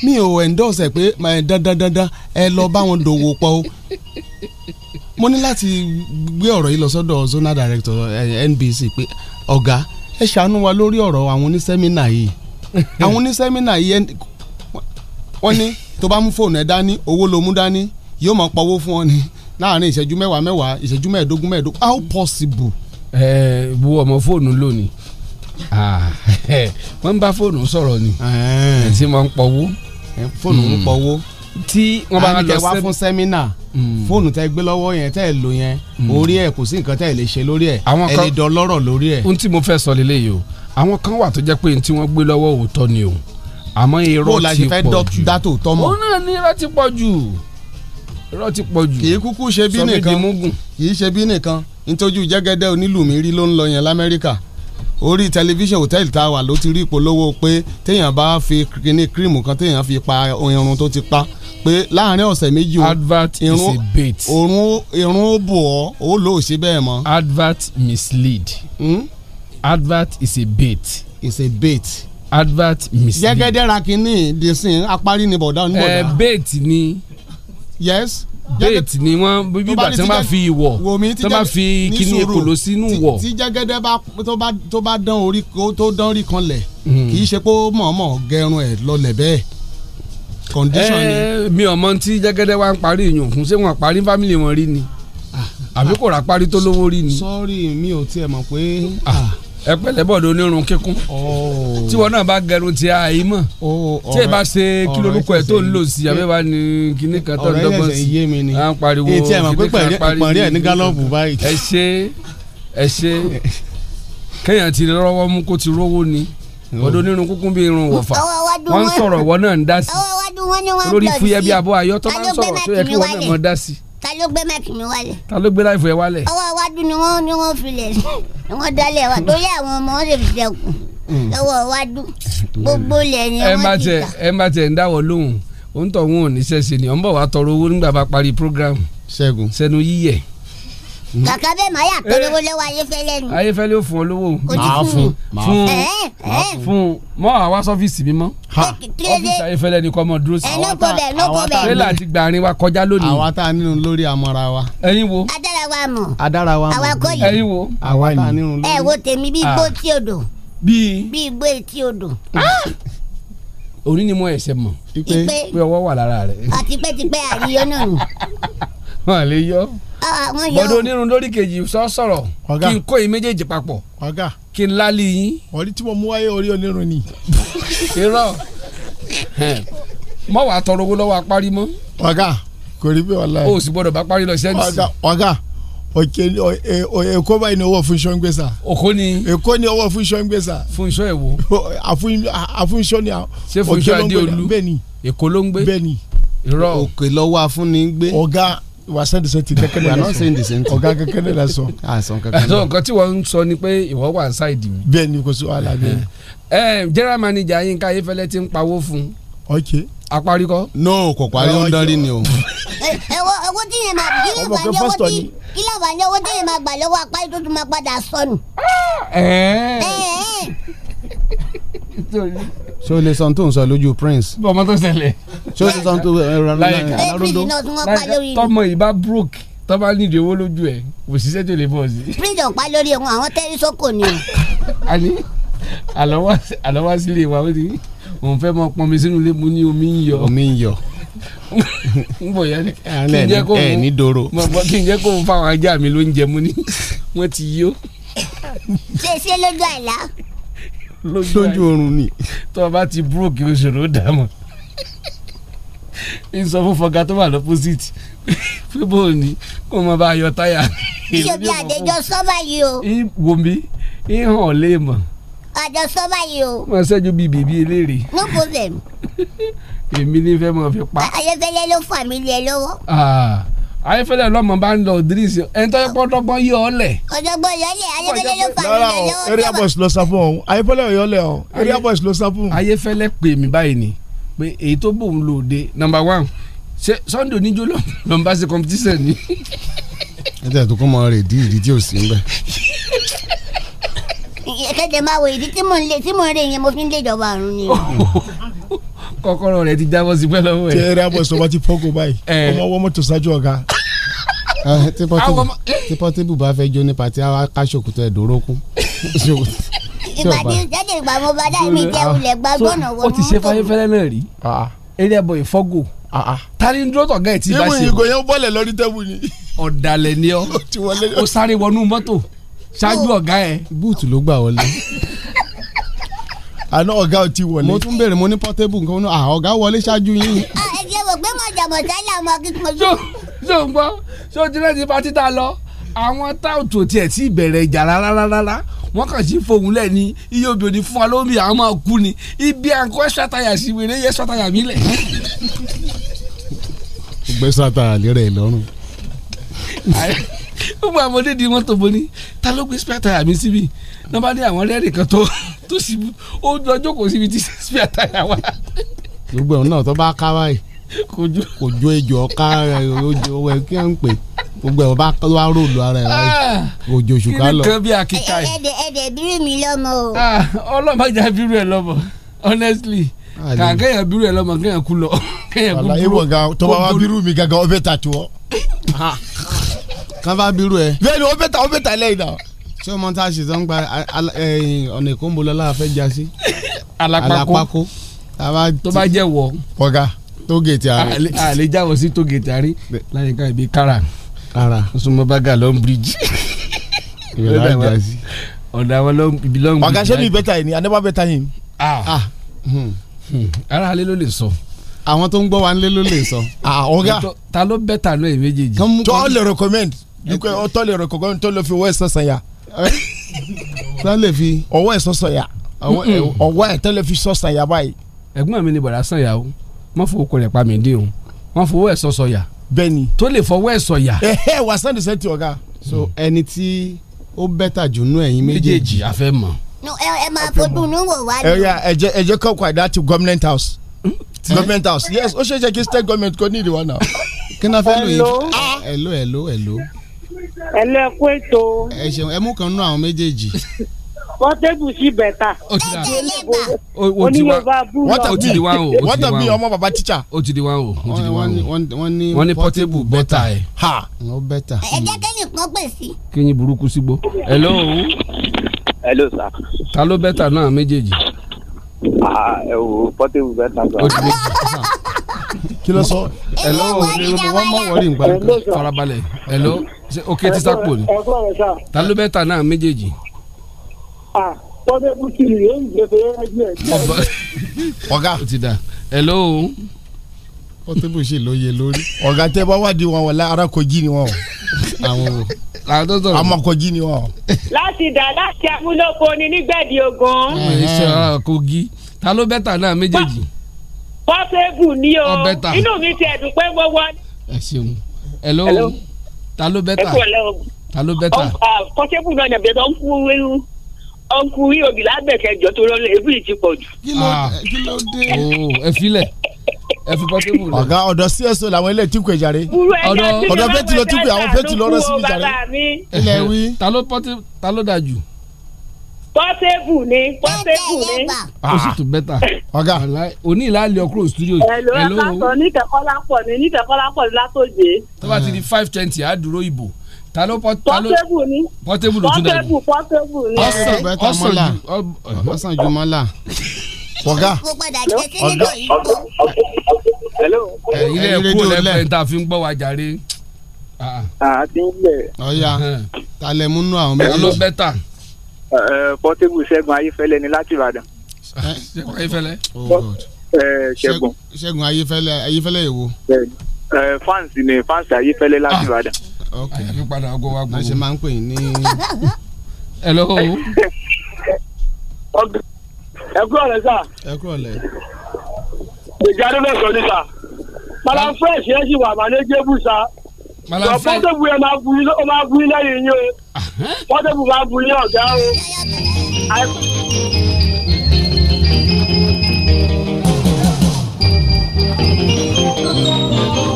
mi ò endorse ẹ pé dandandandan ẹ lọ bá wọn dòwò pọ̀ o mo ní láti gbé ọ̀rọ̀ yìí lọ sọ́dọ̀ zonal director NBC pé ọ̀gá ẹ ṣàánú wa lórí ọ̀rọ̀ àwọn onísẹ́mínà yìí àwọn onísẹ́mínà yìí wọ́n ní tó bá mú fóònù ẹ dání owó ló mú dání yóò máa pawó fún ọ ní láàrin ìṣẹ́jú mẹ́wàá mẹ́wàá ìṣẹ́jú mẹ́ẹ̀ẹ́dógún mẹ́ẹ̀ẹ́dógún how possible bu ọmọ fóònù lónìí wọ́n ń bá fóònù sọ̀rọ̀ ni tí wọ́n ń pọ̀wó. fóònù ń hmm. pọ̀wó tí wọ́n bá lọ wá fún sẹ́mínà hmm. fóònù tẹ́ gbé lọ́wọ́ yẹn tẹ́ lò yẹn hmm. orí ẹ̀ kò sí nǹkan tẹ́ lè ṣe lórí ẹ̀ ẹ lè dán lọ́rọ̀ lórí ẹ̀. ohun tí mo fẹ́ sọ lélẹ́yìí o àwọn kan wà tó jẹ́ pé tí wọ́n gbé lọ́wọ́ òótọ́ ni o àmọ́ irọ́ ti pọ̀ jù dátò tọ́mọ̀. òun náà ní irọ́ ti pọ̀ jù irọ́ ti pọ̀ jù. kì í kúkú ṣe bí nìkan kì í ṣe bí nìkan nítorí jẹ́gẹ́dẹ́ onílùmí rí ló ń lọ yẹn lamẹ́ríkà orí tẹlifíṣàn hòtẹ́ẹ̀lì tá a wà ló ti rí ìpolówó pé téèyàn bá fi kíní kírìmù kan téèyàn fi pa irun tó ti pa pé láàrin ọ̀sẹ̀ méjì advert is a bait irun irun ó bò ọ́ ó lò ó ṣe bẹ́ẹ̀ mọ́. advert mislead hmm? advert is a bait. is a bait advert mislead. jẹ́gẹ́dẹ́ ra kínní dísìn apárí ni bọ̀dá oníbọ̀dá. ẹ eh, bait ni. yes déètì ni wọ́n bí bàtí wọ́n bá fi ìwọ̀ tó bá fi kíní ekòló sínú wọ̀. tí jẹ́gẹ́dẹ́ tó bá dán orí tó dán orí kan lẹ̀ hmm. kì í ṣe pé mọ̀ọ́mọ̀ gẹrun ẹ̀ lọlẹ̀ bẹ́ẹ̀ condition ni. Eh, mi ò mọ tí jẹ́gẹ́dẹ́ wa ń parí ìyàn fún ṣé wọ́n parí fámìlì wọn rí ni ah, àbí ah. kò rà parí tó lówó rí ni. sọ́ọ̀rì mi ò tiẹ̀ mọ̀ pé ah ẹ pẹ̀lẹ́ bọ̀dọ̀ onírun kíkún oh. tí wọn náà bá gẹrun ti àyè mọ̀ oh, tí ẹ bá ṣe kí lorúkọ ẹ tó ń lò sí àbẹ́ bá ní kíní kan tó ń dọ́gbọ́n sí à ń pariwo kíní kan pariwo ẹ ṣe ẹ ṣe kéèyàn ti rọwọ́ mú kó ti rówó ni bọ̀dọ̀ oh. onírun kíkún bí irun wọ̀fà wọ́n ń sọ̀rọ̀ wọ́n náà ń dá sí lórí fúyẹ́ bí abọ́ ayọ́tọ́ bá ń sọ̀rọ̀ tó yẹ kí wọ́n náà mọ̀ dá sí ta ló gbé máìkì mi wálẹ̀. ta ló gbé láìfù ẹ wálẹ̀. ọwọ́ iwájú ni wọ́n ni wọ́n filẹ̀ ni wọ́n dálẹ̀ wa torí àwọn ọmọ wọn sì fi sẹ́kù mm. lọ́wọ́ iwájú gbogbo ilẹ̀ ni wọ́n ti ta. ẹ má tẹ ẹ ń dáwọ́ lóhùn òǹtọ̀ wọn ò ní sẹ́sẹ̀ ni ọ̀ ń tọrọ owó nígbà bá parí program. ṣẹ́gun sẹ́nu yíyẹ. Hmm? kàkà bẹ́ẹ̀ máa yà tọ́lówó eh. lọ́wọ́ ayéfẹ́lẹ́ ni. ayéfẹ́lẹ́ ò fún ọ lówó. máa fún fún eh, eh, fún mọ́ àwa sọ́fíìsì mi mọ́. ọ́fíìsì ayéfẹ́lẹ́ ni kò mọ̀ dúró sí. ẹnu kò bẹ̀ ẹnu kò bẹ̀. tẹ́lẹ̀ àti gbàrin wa kọjá lónìí. àwa tá a nínú lórí amọ̀ra wa. ẹ̀yin wo. adára wa mọ̀. adára wa mọ̀. àwa kọ́ yìí. ẹ̀yin wo. àwa tá a nínú lórí. ẹ wo tèmi bí ah. gbó tí odò. bíi. bíi gbó tí odò òní ah! ni mo ẹsẹ mọ pé ọwọ́ wà lára rẹ. àti ah, pẹ́tipẹ́ àríyọ náà. wọn lè yọ. Ah, ah, bọ́dọ̀ onírun lórí kejì sọ kí n kó yín méjèèjì papọ̀ kí n lálé yín. orí tí mo mú wáyé orí onírun ni. irọ́ mọ wàá tọrọ owó lọ́wọ́ apárí mọ́. ọ̀gá kò rí bí ọ̀la yìí. o sì gbọ́dọ̀ bá parí lọ sẹ́ǹsì. ọ̀gá òkè èkó báyìí ni owó fún iṣan gbèsà. òkó ni. èkó ni owó fún iṣan gbèsà. fún iṣan èwo. àfúnṣọ ni. ṣé fún iṣan adé olú èkó ló ń gbé. bẹ́ẹ̀ni. irọ́ òkè lọ́wọ́ afúnni ń gbé. ọ̀gá wà á sẹ́ the same thing kẹ́kẹ́ sọ we are not saying the same thing ọ̀gá kẹ́kẹ́ náà sọ. àṣọ ah, ah, nǹkan tí wọ́n ń sọ ni pé ìwọ wà ṣáìdì mi. bẹ́ẹ̀ ni kò sí wàhálà bẹ́ẹ̀. ẹ eh, eh, general manager Yínká Ayéfẹ́lẹ́ ti ń pawó fún un. ok apari kọ. no kò parí ó ń darí ni o. ẹwọ eh, owó tí yẹn máa kí ló bá ní owó tí kí ló bá ní owó tí yẹn máa gbà lọ́wọ́ apari tó tún máa padà sọnù. ẹ̀ẹ́ ṣé le lè sọ tó ń sọ lójú prince. bọ́mọ tó ṣẹlẹ̀. ṣé o lè sọ tó ẹ̀rọ alárúndó. tọmọ ìbá broke tọ́ bá nídìí owó lójú ẹ̀ kò sí sẹ́jọ́ lè bọ̀ sí. prince ọ̀pá lórí ohun àwọn tẹ́rí sóko ni o. àní àlọ́wọ́ sílé wa ó ní òun fẹ́ mọ pọnmi sínú ilé mu ní omi ń yọ. omi ń yọ. n bọ̀ yẹn kí n jẹ́ kó ẹ ní doro. kí n jẹ́ kó fáwọn ajá mi ló ń jẹ mu ní wọ́n ti yó. ṣe ṣe lójú àlá lójú oorun ni. tó o bá ti búròkì òṣèré ó dààmú n sọ fún fọgá tó wà lọ́pọ́sìtì pé bó o ní kó o mọ bá yọ táyà. ìṣòbí àdéjọ sọ́ba yìí o. wo mi ìhàn ọ̀ lè mọ̀. àjọ sọ́ba yìí o. mo ṣẹ́jú bíi bèbí eléèrè. no problem. èmi ní fẹ́ mọ̀ fi pa. ayẹfẹ́lẹ́ ló fà mí lé lọ́wọ́. Ah ayéfẹ́lẹ́ lọ́mọ bá ń lọ òdìrísì ẹni tó yẹ kó dọ́gbọ́n yí ọ lẹ̀. ọ̀dọ́gbọ́n yọlẹ̀ ayéfẹ́lẹ́ ló fà mí lọ́wọ́. area boys ló sá fún ọ̀hún ayéfẹ́lẹ́ yọlẹ̀ ọ̀hún area boys ló sá fún. ayéfẹ́lẹ́ pè mí báyìí ni pé èyí tó bòun lò dé number one ṣé sunday oníjó lọ́nba ṣe competition ni. ẹ tẹ̀ tó kọ́ mọ rè dí ìdí tí ò sí ń bẹ̀. kẹ́tẹ̀ máa wo ìdí tí mò ń lé tí mò ń rè yẹn mo fi ń lé ìjọba àrùn ni kọ́kọ́rọ́ rẹ ti jábọ́ sí pẹ́ lọ́wọ́ ẹ. tí ẹ rí abọ́ sọ wá ti fọ́gò báyìí ọmọ ọwọ́ mọ́tò ṣáájú ọ̀gá Ah, eh, tí Portable bá fẹ́ jó ní pati àwa ká ṣòkòtò ẹ̀ dòró kún. ìbàdí jáde ìgbà mo bá dá mi jẹ́ olè gbàgbọ́nà wọ́n. ó ti ṣe fẹ́rẹ́fẹ́rẹ́ náà rí ah, ah. area boy fọ́gò tani ń dúró tọ̀gá ẹ̀ tí bá ṣe. ìgò yẹn bọ́lẹ̀ lórí tẹ́bù ni. ọ̀dàlẹ̀ ni ọ́ ó sáré wọnú mọ́tò ṣáájú ọ̀gá ẹ̀. búùtù ló gbà wọlé àná ọ̀gá ò ti wọlé. mo tún bèrè mo ní Portable nǹkan náà ọ̀gá wọlé ṣáájú yín. ẹ jẹ́ wò pé mo jàmọ̀ sálẹ̀ ọmọ kí mo ṣó ń gbọ́ ṣó ti rẹ́ẹ̀dì pátí tá a lọ àwọn táwùtò tiẹ̀ tí ìbẹ̀rẹ̀ ìjà rárá rárá wọn kàn sí fòun lẹ ní iye obì òní fún wa lómi àwọn máa kú ni ibi àǹkó ṣàtàyà sí wèrè yẹ ṣàtàyà mi lẹ. gbé sátà lérè lọ́rùn. gbogbo àwọn ọmọdé di mọ́tò bo ni ta ló gbé sátàyà mi síbi náà bá ní àwọn rẹ́rìn kan tó tó síbi ó lọ jókòó síbi tí sátàyà wà. gbogbo ẹ̀hún náà tó bá ká báyìí kò jó ejò ọ̀ka rẹ̀ ojú owó ẹ̀ kí ẹ̀ ń pè gbogbo ẹ̀ bá kọ́ wá róòlù ara ẹ̀ wáyé òjò ṣùkà lọ. kí bí akíkà yìí. ẹ̀ẹ́dẹ̀ ẹ̀ẹ́dẹ̀ bírú mi lọ́mọ o. Ah, ọlọ́mọ ajá bírú ẹ̀ lọ́mọ honestly ah, kà kéèyàn bírú ẹ̀ lọ́mọ kéèyàn kú lọ. wàlá ìwọ ga tó bá wá bírú mi gangan ọbẹ̀ tà tó. kàn bá bírú ẹ. bẹ́ẹ̀ni ọbẹ̀ tà ọbẹ̀ tà lẹ́yìn náà. ṣé o mọ tá a ṣe sọ́n gba ọ̀nà ìkóńbó lọ́lá àfẹ́jà sí. alápákó tó bá jẹ́ wọ̀. ọ̀gá tógètì àárín. àlè jáwọ́ sí tógètì àárín láyìíká ibi kára kára súnmọ́ bága long bridge. ìrọ̀lá ìjà sí. ọ̀dà àwọn long bridge. ọ̀gá ṣé mi bẹ́tà yìí ni i never bẹ́tà yìí. Ah. Ah. Hmm. Hmm. ara alẹ́ ló lè sọ. àwọn tó ń gbọ́ wa nílé ló lè sọ. Ah, ọ̀gá ta ló bẹ́tà náà ẹ̀ méjèèjì. tó lè recommend eh. tó lè recommend tó lè fi owó ẹ̀ sọ̀sọ̀ yà. tó lè fi. owó ẹ̀ sọ̀sọ̀ yà ọwọ́ hmm. ẹ̀ tó lè fi sọ̀sọ̀ yà báyìí. ẹ̀gbọ́n mi ni bọ̀dá sàn yà o wọ́n fowó kọ rẹ̀ pa mí dé o wọ́n fowó ẹ̀ sọ sọ̀yà. bẹ́ẹ̀ni tó lè fọwọ́ ẹ̀ sọ̀yà. ẹ wà sunday sẹ ti so hmm. ẹni tí ó bẹ́tà jù nú ẹ̀yin méjèèjì a fẹ́ mọ̀. ẹ máa fojú nù wò wá. ẹ ẹ jẹ ẹ jẹ àdá to government house hmm? government house yes ó ṣeé ṣe kí state government kò ní ìdíwọ́ náà kí náà fẹ́ lò yìí ah, hello hello hello. hello ẹ kú ètò. ẹ ṣeun ẹ mú kan nú àwọn méjèèjì. pọtébù sí bẹta. o ti da o ti wa o ti di wa o. wọ́n tẹ̀ bí ọmọ bàbá tíṣà. o ti di wa o o ti di wa o. wọ́n ní pọtébù bẹta ẹ̀. ha o bẹta. ẹ jẹ́ kẹ́yìn kan pè sí. kẹ́yìn burúkú sígbó. hello. hello sir. ta ló bẹ́tà náà méjèèjì. Ah, ẹ wo pọtébù bẹ́tà sọ. o ti di kí ló sọ. hello wọ́n mọ̀ wọ́rí nǹkan farabalẹ̀ hello ok tíṣà pò ní. ta ló bẹ́tà náà méjèèjì pọ́nẹ́bùsì rèé ń gbèsè ẹgbẹ́ ẹgbẹ́. ọ̀gá ó ti dà hello pọ́tébù ṣì ló yẹ lórí. ọ̀gá tẹ́ bá wádìí wọn wọlé ara kojí ni wọn. àwọn o àwọn tó sọ̀rọ̀ àmọ́ kojí ni wọn. láti dà láti amúlòpó ni nígbẹ̀dì ogun. ṣe ọ̀rọ̀ kogi ta ló bẹ́tà náà méjèèjì. pọ́tébù ni o inú mi ti ẹ̀dùn pé mo wọ. ẹ ṣeun hello ta ló bẹ́tà ta ló bẹ́tà. pọ́tébù náà ni àbẹ̀dọ̀ ń kú ewu ọkù iobi lágbẹ̀kẹjọ tó rọlẹ̀ ebí ti pọ̀ jù. kí ló ah. dé. Oh, ẹ filẹ̀ ẹ fi pọ́tébù rẹ. ọ̀gá ọ̀dọ̀ cso làwọn ilé ìtìkù ìjàre. ọ̀dọ̀ bẹ́ẹ̀ ti lọ tìkù àwọn bẹ́ẹ̀ ti lọ rẹ́ síbi ìjàre. Eh, ilẹ̀ wí. ta ló dájú. pọ́tébù ni pọ́tébù ni. ó sì tún bẹ́tà. ọ̀gá òní ìlàlẹ̀ ọkùnrin studio. ẹ̀lò ẹ̀ka sọ ní kẹ̀kọ́ lápọ̀ ní ní kẹ̀kọ́ lápọ̀ ní látòjé. tó bá ti di five twenty àdúró ìbò ta ló pọ ta ló pọtébù ni pọtébù ló tún dẹ pọtébù pọtébù ni. ọsàn ọsàn ju ọsàn ju mọ́là. ọ̀gá ọ̀gá ilé ẹ̀kú lẹ́pẹ̀ tá a fi ń gbọ́ wa jàre. Ah, ah. àti ilẹ̀. ọ̀ya ta lẹ mú nú àwọn méjì. ló bẹ́tà. pọtébù ṣẹ́gun ayífẹ́lẹ́ ni láti ìbàdàn. ṣẹ́gun ayífẹ́lẹ́. Oh, ṣẹ́gun ayífẹ́lẹ́ ayífẹ́lẹ́ èwo. fans ni fans ayífẹ́lẹ́ láti ah. ìbàdàn àyàfi padà ọgọ wa gbogbo. lọ́sẹ̀ máa ń pè ní. ẹ lọ́wọ́ ẹ kúrò lẹ sá. ẹ kúrò lẹ. gbèjà adúlẹ̀ sọ ní sá. malam fresh yẹn sì wà mànéjébù sá. malam fresh. pọ́tẹ́bù yẹn máa bu yín lẹ́yìn yín o. pọ́tẹ́bù máa bu yín ọ̀gá o thank you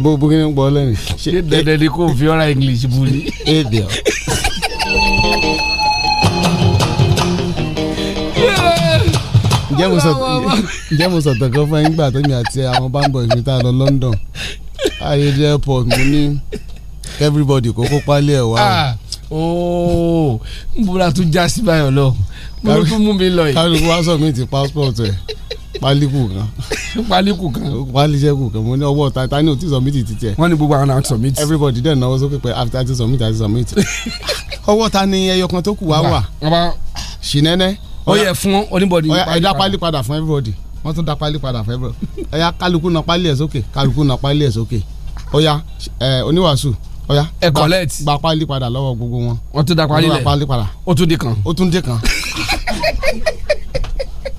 gbọ́ bókí ní ń gbọ́ lẹ́nu. ni kò fi ọ̀rá english bu ni. èdè ọ. ǹjẹ́ mo sọ̀tọ̀ kan fún ẹ̀yìngbà tó mi àti àwọn bámbọ̀ ìlú tá a lọ London ayédè airport mo ní everybody kó kó pálí ẹ̀ wá. Ah ooo n bóra tún já sí báyọ̀ lọ mo ló tún mú mi lọ yìí. kálukú wá sọ mi ti passport ẹ pálíkù kan. pálíkù kan. pálíṣẹ́kù kan mo ní ọwọ́ ta ta ni o ti submit ti tiẹ̀. wọ́n ní gbogbo àwọn náà submit. everybody dẹ̀ náwó sókè pé after i ti submit i ti submit. ọwọ́ ta ni ẹyọ kan tó kù wá wà. ṣìnẹ́nẹ́. ó yẹ fún oníbọ̀dì. ẹ dá pálí padà fún everybody wọ́n tún dá pálí padà fún everybody. ẹ̀yà kálukú náà pálí ẹ̀ sókè kálukú náà pálí ẹ̀ sókè. ó yá oníwàásù ọ̀ya ẹ collect gba pálí padà lọ́wọ́ gbogbo wọn. wọ́n tún da pálí lẹ̀ pálí padà. ó tún di kan. ó tún di kan.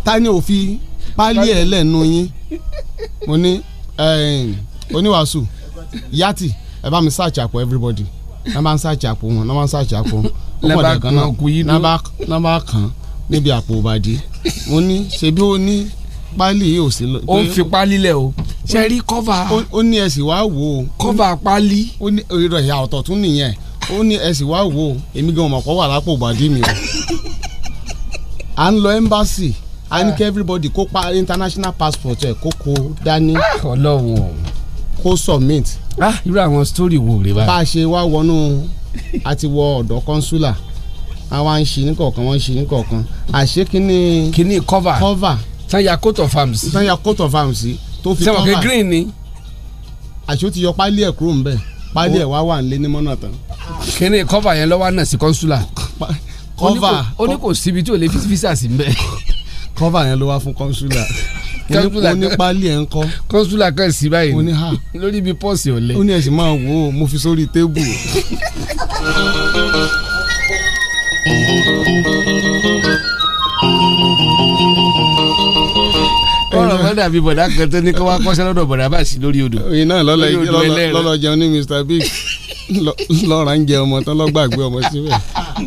ta ni òfin pálí ẹ̀ lẹ́nu yín mo ní oníwàásù yàtì ẹ bá mi search àpò everybody náà bá ń search àpò wọn náà bá ń search àpò wọn lẹ́bàá kan náà kú yín dún náà bá kan níbi àpò òbàdí mo ní ṣebí ó ní páálí yìí ò sí. ó ń fi páálí lẹ̀ o ṣe rí kọ́fà. ó ní ẹ wá wò ó. kọ́fà páálí. ó ní ìrọ̀ ìyá ọ̀tọ̀ tún nìyẹn ó ní ẹ wá wò ó èmi gan mọ̀ kọ́ wà lápò ìbàdí mi o. à ń lọ ẹ́mbásì a ní kí everybody kó pa international passport ẹ̀ kó kó dání. Ah, ọlọ́run kó submit. Ah, irú àwọn story wo rè báyìí. bá a ṣe wá wọnú àti wọ ọ̀dọ̀ consular àwa ń ṣe ní kọ̀ọ̀kan wọ́n ń ṣe ní kọ̀ọ̀kan àṣé kíní. kíní cover. cover sanya coat of arms. sanya coat of arms tó fi cover. sẹ́wọ̀n kẹ́ green ni. àṣọ ti yọ pálí ẹ̀ kúrò ńbẹ̀ pálí ẹ̀ wá wà nílé ní mọ́nà tán. kíni cover yẹn lọ́wọ́ náà sí consular. cover ó ní kò síbi tí ò lè fi visa sí ńbẹ̀. cover yẹn ló wá fún consular kọ́nsúlà kan oní pálí ẹ̀ ń kọ́. kọ́nsúlà kan sí báyìí oní ha lórí ibi pọ́ọ̀sì ọ̀lẹ́. ó ní ẹ̀sìn máa wò ó mo fi sórí tébù. ọlọmọ dàbí bọ̀dá kan tó ní kó wá kọ́ṣẹ́ lọ́dọ̀ bọ̀dá bá sí lórí odò. iná lọ́lọ́ jẹun ní Mr Big, lọ́ra ń jẹ ọmọ tán lọ́gbàgbé ọmọ síbẹ̀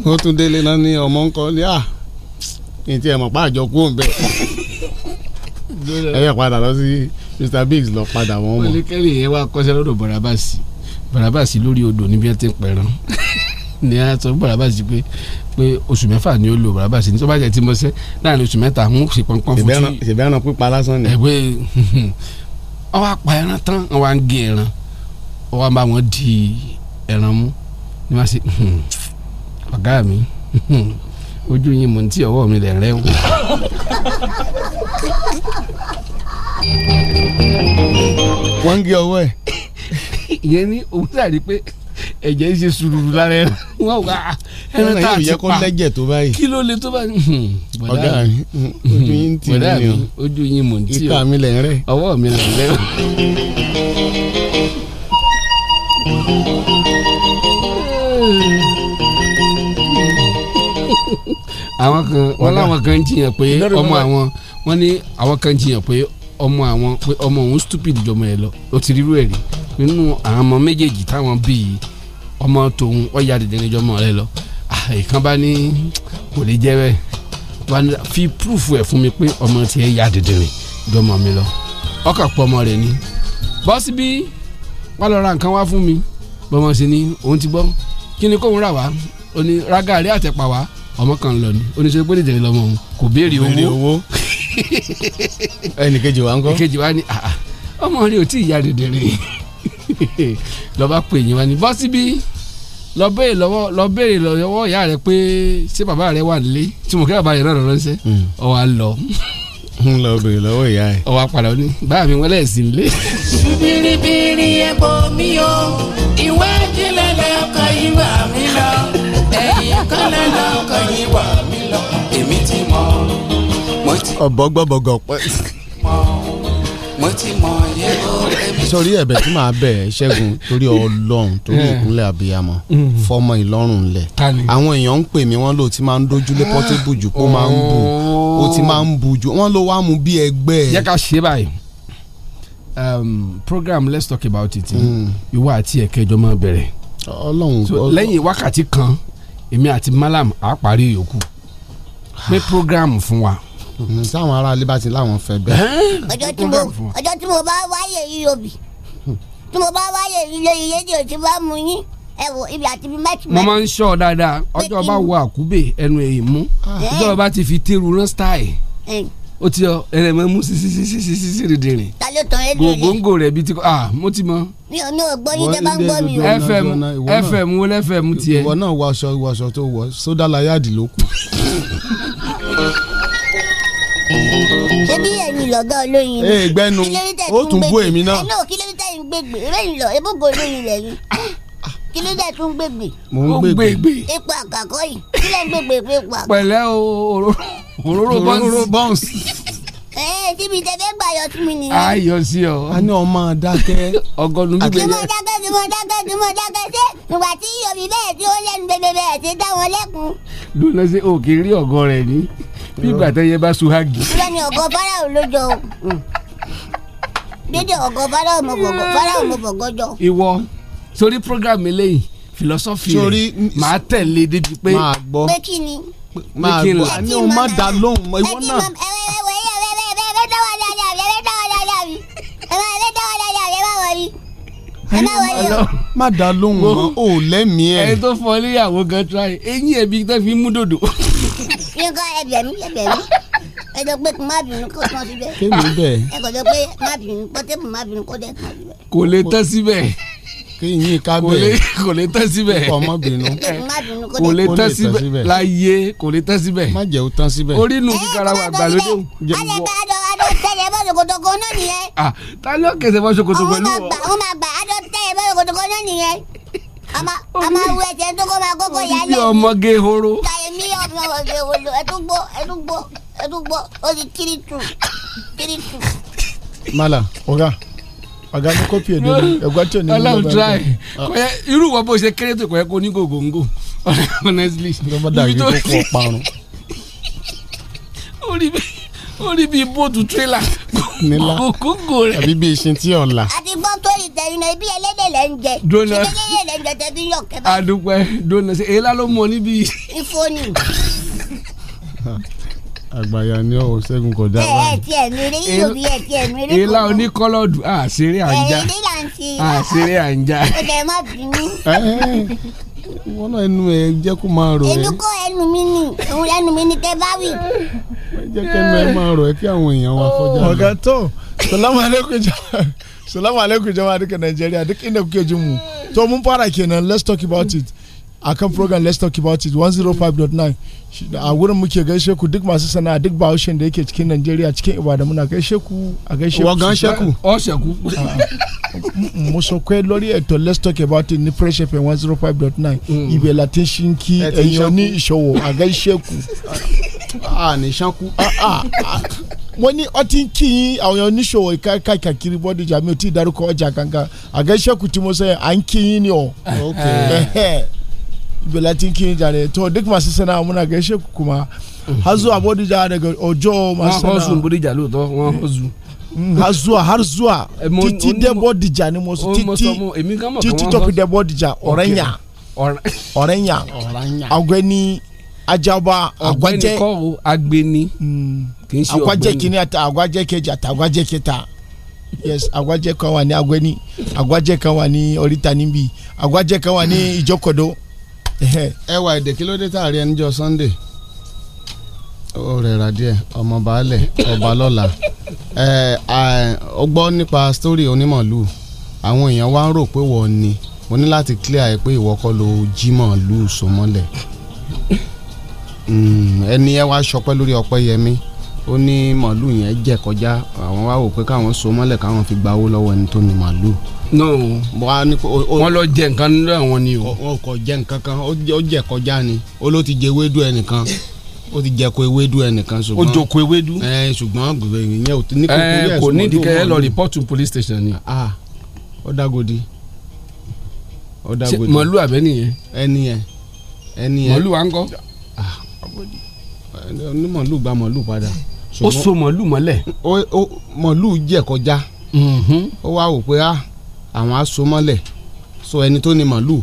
ó tún délé náà ní ọmọ ńkọ ní à ah, ní tí ẹ mọ̀ pa àjọ kú òun ẹ yẹ padà lọ sí Mr Biggs lọ padà wọ́n mọ̀. wọ́n yẹn wá kọ́ṣẹ́ lọ́dọ̀ bọ̀dá bá sí lórí odò níbi ẹ ti pẹ̀rán ni a sọ Barabas jí pé pé oṣù mẹ́fà ni ó lo Barabas ní tó bá tí mo ṣe láàrin oṣù mẹ́ta ń ṣe pọnpọ́n fún tí. ṣèbí ẹran pípa lásán ni. ẹgbẹ́ ọ wá ẹran tán ọ wá ń gé ẹran ọ wá bá wọn di ẹran mú ni wọ́n ṣe hmm, ọ̀gá mi hmm, ojú yín mò ń tí ọwọ́ mi lẹ̀ rẹ́ o. wọ́n ń gé ọwọ́ ẹ̀. ìyẹn ní òun sàrí ẹ̀jẹ̀ ń ṣe sùrùrù lára ẹ̀ wọ́n wá ah, ẹran tá a ti pa kí ló le tó báyìí. Hmm, ọ̀gá mi ojú yín tì mí ni ojú yín mò ń tì o ìka mi lẹ̀ ń rẹ̀ ọwọ́ mi lẹ̀ ń rẹ̀. àwọn kan wọn láwọn kan ń jiyàn pé ọmọ àwọn wọn ní àwọn kan ń jiyàn pé ọmọ àwọn pé ọmọ òun stupid jọmọ ẹ lọ ó ti rírú ẹ rí nínú àwọn ọmọ méjèèjì táwọn bí yìí ọmọ tòun ọ̀yà dìdìrín jọmọ rẹ lọ ìkan ah, bá ní kò lè jẹ́ bẹ́ẹ̀ wá fi púrúfù ẹ̀ fún mi pé ọmọ tiẹ̀ yà dìdìrín jọmọ mi lọ ọkọ̀ pọ̀ ọmọ rẹ̀ ni bọ́sí bí wà lọ ra nǹkan wá fún mi bọ́mọ sí ni òun ti gbọ́ kí ni kóun rà wá ó ní àtẹ̀pà wá ọmọ kan lọ ni oníṣẹ́ pé dìdìrín lọmọ òun kò béèrè owó ẹnì kejì wa ń kọ́ ah, ah, ọmọ rẹ ò tí ì yá dìdìrín lọ́ba pè yín wá ní bọ́ síbí lọ béèrè lọ́wọ́ lọ béèrè lọ́wọ́ ìyá rẹ pé ṣé bàbá rẹ wà nílé tí mo kí bàbá yẹn náà ránṣẹ́ ọ hmm. wa lọ. n lọ béèrè lọ́wọ́ ìyá ẹ. ọ wa padà ní báyà mi wọlé ẹ̀sìn nílé. ṣùbìrìbìrì ẹ̀pọ̀ mi o ìwé ìjìnlẹ̀ lọ́kọ̀ yìí wà mí lọ ẹ̀yìn kọ́lẹ̀ lọ́kọ̀ yìí wà mí lọ èmi ti mọ̀. ọ̀bọ̀gbọ̀bọ̀gọ̀ pẹ́ mo ti mọ yẹ ó rẹmi. sọrí ẹ̀bẹ̀ tí màá bẹ̀ ṣẹ́gun torí Ọlọ́run torí eh. ìkúnlẹ̀ abiyamọ mm. fọmọ ìlọrun lẹ àwọn èèyàn ń pè mí wọn lò tí máa ń dojú lé pọtébù jù kó máa ń bù ó ti máa ń bù jù wọn ló wá mú bí ẹgbẹ́ yẹ ká ṣe báyìí um, program let's talk about it mm. ìwọ àti ẹkẹjọ máa bẹ̀rẹ̀ Ọlọ́run lẹ́yìn wákàtí kan èmi àti malam àá parí yòókù pé program fún wa. Hmm, táwọn ará ilé bá ti láwọn fẹ́ bẹ́ẹ̀. ọjọ́ tí mo ọjọ́ tí mo bá wáyé yíyọ̀bì tí mo bá wáyé ilé iye ni òtí bá mu yín ẹ wo ibi àti ibi mẹ́tì mẹ́tì. mo máa ń ṣọ́ dáadáa ọjọ́ bá wo àkúbè ẹnu èyí mú ọjọ́ bá ti fi téru rán style ó ti ọ ẹrẹ mọ mú sisi sisi sisi siri dirin. ta ló tán rédíò rẹ gògóńgò rẹ bíi ti kọ ah mo ti mọ. mi ò ní ògbó yín tẹ́ bá ń gbọ́ mi o. fm fm wo fm tiẹ̀. ìwọ náà wọ aṣọ ìwọ aṣọ tó wọ sódà láyàdì ló kù. ṣebí ẹ̀yin lọgá olóyin ni. ee gbẹnu o tún bú èmi náà. ẹnu kí ló dé tẹ̀yìn gbègbè ẹ̀yin lọ ebúgbò olóyin lẹ́yìn kí ló dé tún gbègbè. mo ń gbègbè. ipò àkàkọ́ yìí kí ló ń gbègbè fún ipò àkàkọ́. pẹ̀lẹ́ òróró bọ́ǹs. ee síbi tẹ fẹ́ gbà yọ sí mi nìyẹn. a yọ sí ọ. a ní ọmọ dákẹ́. ọgọ́dún gbígbé yẹn. tí mo dákẹ́ tí mo dákẹ́ tí mo dákẹ́ ṣé ìgbà tí yomi bẹ́ẹ̀ tí ó lẹ́nu bẹ́ẹ̀ bẹ́ẹ̀ ṣe dáwọn lẹ́kùn. dùn lọ sí òkè rí ọ̀gọ́ rẹ̀ ní bí ìgbà tẹ́yẹ bá so hagi. bẹ́ẹ̀ni ọ̀gọ́ fáráò ló jọ o hmm. dédé ọ̀gọ́ fáráò mo bọ̀gọ́ fáráò mo bọ̀gọ́ jọ. ìwọ sórí program eléyìí philosophy rẹ màá tẹ̀lé débi pé máa gbọ́ pé kí ni máa gbọ́ àní o má dá lóhùn ìwọ náà. má dá lóhùn mọ́ ò lẹ́mìí ẹ̀. ẹni tó fọ ilé ìyàwó gan try eyín ẹ̀bí tó fi mú dòdò ẹ̀yin kan ẹ̀bẹ̀ mi ẹ̀bẹ̀ mi ẹ jọ pé má bínú kó tán síbẹ̀. kémi bẹ́ẹ̀. ẹ kò jọ pé má bínú kó tẹ́ má bínú kó tẹ́ tán síbẹ̀. kò lè tán síbẹ̀. kéyìn ká bẹ́ẹ̀. kò lè tán síbẹ̀. kò má bínú. kò lè tán síbẹ̀ láyé kò lè tán síbẹ̀. má jẹ́ o tán síbẹ̀. orí inú kíkara wà gbàlódé. alẹ́ bá a dọ̀ a dọ̀ tẹ̀lé bọ́ ṣòkòtò kan náà nìyẹn. Ah, ta ló kẹsẹ̀ bọ́ ṣòkòtò pẹ̀lú wọ. àwọn máa gbà àwọn máa gbà a tẹ̀lé bọ́ ṣòkòtò náà nìyẹn àmà wo ẹ̀jẹ̀ tó kọ́ máa kókó yálẹ̀. bí ọmọge horo. tàyẹ̀mí ọmọ ọ̀gbẹ̀ wò lò ẹ̀dúgbò ẹ̀dúgbò ẹ̀dúgbò ó di kiri tù kiri tù. mala ọ̀gá ọ̀gá ní kópì èdè ni ẹ̀gbọ́n tí ò ní lọ́wọ́ bẹ́ẹ̀ kọ́. irú wọn bó ṣe kéré tó kọ́ yẹ kó ní gògóńgò honestly. lọ́mọdé àgbẹ̀ kó pọ̀ parun. orí bẹ́ẹ̀ ó rí bíi bóòtù tírélà kókó rẹ̀. àbí bíi iṣan tí ọ̀la. àti gbọ́ tó lè tẹ̀lé náà ibi ẹlẹ́dẹ̀ lẹ́ ń jẹ. dona ibi ẹlẹ́dẹ̀ lẹ́ ń jẹ tẹ̀bí yàn kẹ́bà. àdùpẹ́ dona ṣe èyí lálọ́ mọ níbí. ìfọ́nì. àgbàyà ni ọ̀ ṣẹ́gun kò dá wa. ẹ ti ẹ̀ mi rí yóò bí ẹ ti ẹ̀ mi rí. èyí la oníkọ́lọ́dù àṣírí àǹjá àṣírí àǹjá. ẹ̀ wọn náà ẹnu ẹ jẹ́ kó máa rọ̀ ẹ́. ẹnu kó ẹnu mi ni ẹnu mi ni tẹ bá wí. jẹ́ kẹ́nu ẹ máa rọ̀ ẹ́ kí àwọn èèyàn wa kọjá. ọ̀gá tó salamu alaikum jama'a salamu alaikum jama'a duka Najeriya duk inda kuke jin mu to mun fara kenan let's talk about it akan program let's talk about it 105.9 a wurin muke gaishe ku duk masu sana'a duk bahaushen da yake cikin Najeriya cikin Ibadan muna gaishe ku a gaishe ku wa gaishe ku o se ku mo sọ pé lórí ètò let's talk about it ní fresh fm 105.9 ibẹ̀ la ti ń ṣe kí ẹ̀yin ní ìṣòwò a gaishe ku a ní ṣanku wọ́n ní ọtí ń kí yín àwọn oníṣòwò káàkiri bọ́dí ìjà mi ò tí ì dárúkọ ọjà gangan a gaishe tí mo sẹ́yìn à ń kí ni ọ̀ belatin kin jare to duk na sana'a muna gaishe ku kuma har zuwa bodija daga ojo masu sana'a wọn hosu bodija lóòótọ́ wọn hosu mm, har zuwa eh, titi dẹ dija ni mo sọ titi titi tọpi dẹ bodija ọrẹnya ọrẹnya agbẹni ajaba agbajẹ agbẹni kọ mm. agbẹni kì í ata agbajẹ kejì ata agbajẹ kẹta yes agbajẹ kan wà ní agbẹni agbajẹ kan wà ní oríta níbí agbajẹ kan wà ní ìjọkọdọ ẹwà èdè kí ló dé tá a rí ẹni jọ Sunday ó rẹ̀ra díẹ̀ ọmọ baálẹ̀ ọba lọ́la ó gbọ́ nípa sítórì onímọ̀lù àwọn èèyàn wá ń rò pé wọ́n ni mo ní láti clear ẹ pé ìwọ kọ́ ló jí mọ̀lù sọmọ́lẹ̀ hmm, ẹni ẹ wá ṣọpẹ́ lórí ọpẹ́ yẹmí ó ní màálù yẹn jẹ kọjá àwọn wá wò pé káwọn so mọ́lẹ̀ káwọn fi gba owó lọ́wọ́ ẹni tó ní màálù náà mo wá ní. wọ́n lọ jẹ nǹkan nínú àwọn ni o. wọn kò jẹ nǹkan kan ó jẹ kọjá ni ó ló ti jẹ ewédú ẹnìkan ó ti jẹ ko ewédú ẹnìkan ṣùgbọ́n. ó jòkó ewédú. ẹ ṣùgbọ́n gbèrè o ò ní kókó yẹ ẹ̀sùn tó mọ́. kò ní ìdíkẹ́ ẹ lọ rìpọ́tù police station ni. Ah, ó dágodi. ó dágodi. mọ̀lú àbẹ́ nìyẹn. ẹni yẹn ẹni yẹn. mọ̀lú wa ń kọ́. Ah, ní mọ̀lú gba mọ̀lú padà. ó so mọ̀lú mọ́lẹ̀. mọ̀lú jẹ kọjá. Mm-hmm. ó wá wò pé ah àwọn asomọ́lẹ̀ so ẹni tó ni màálù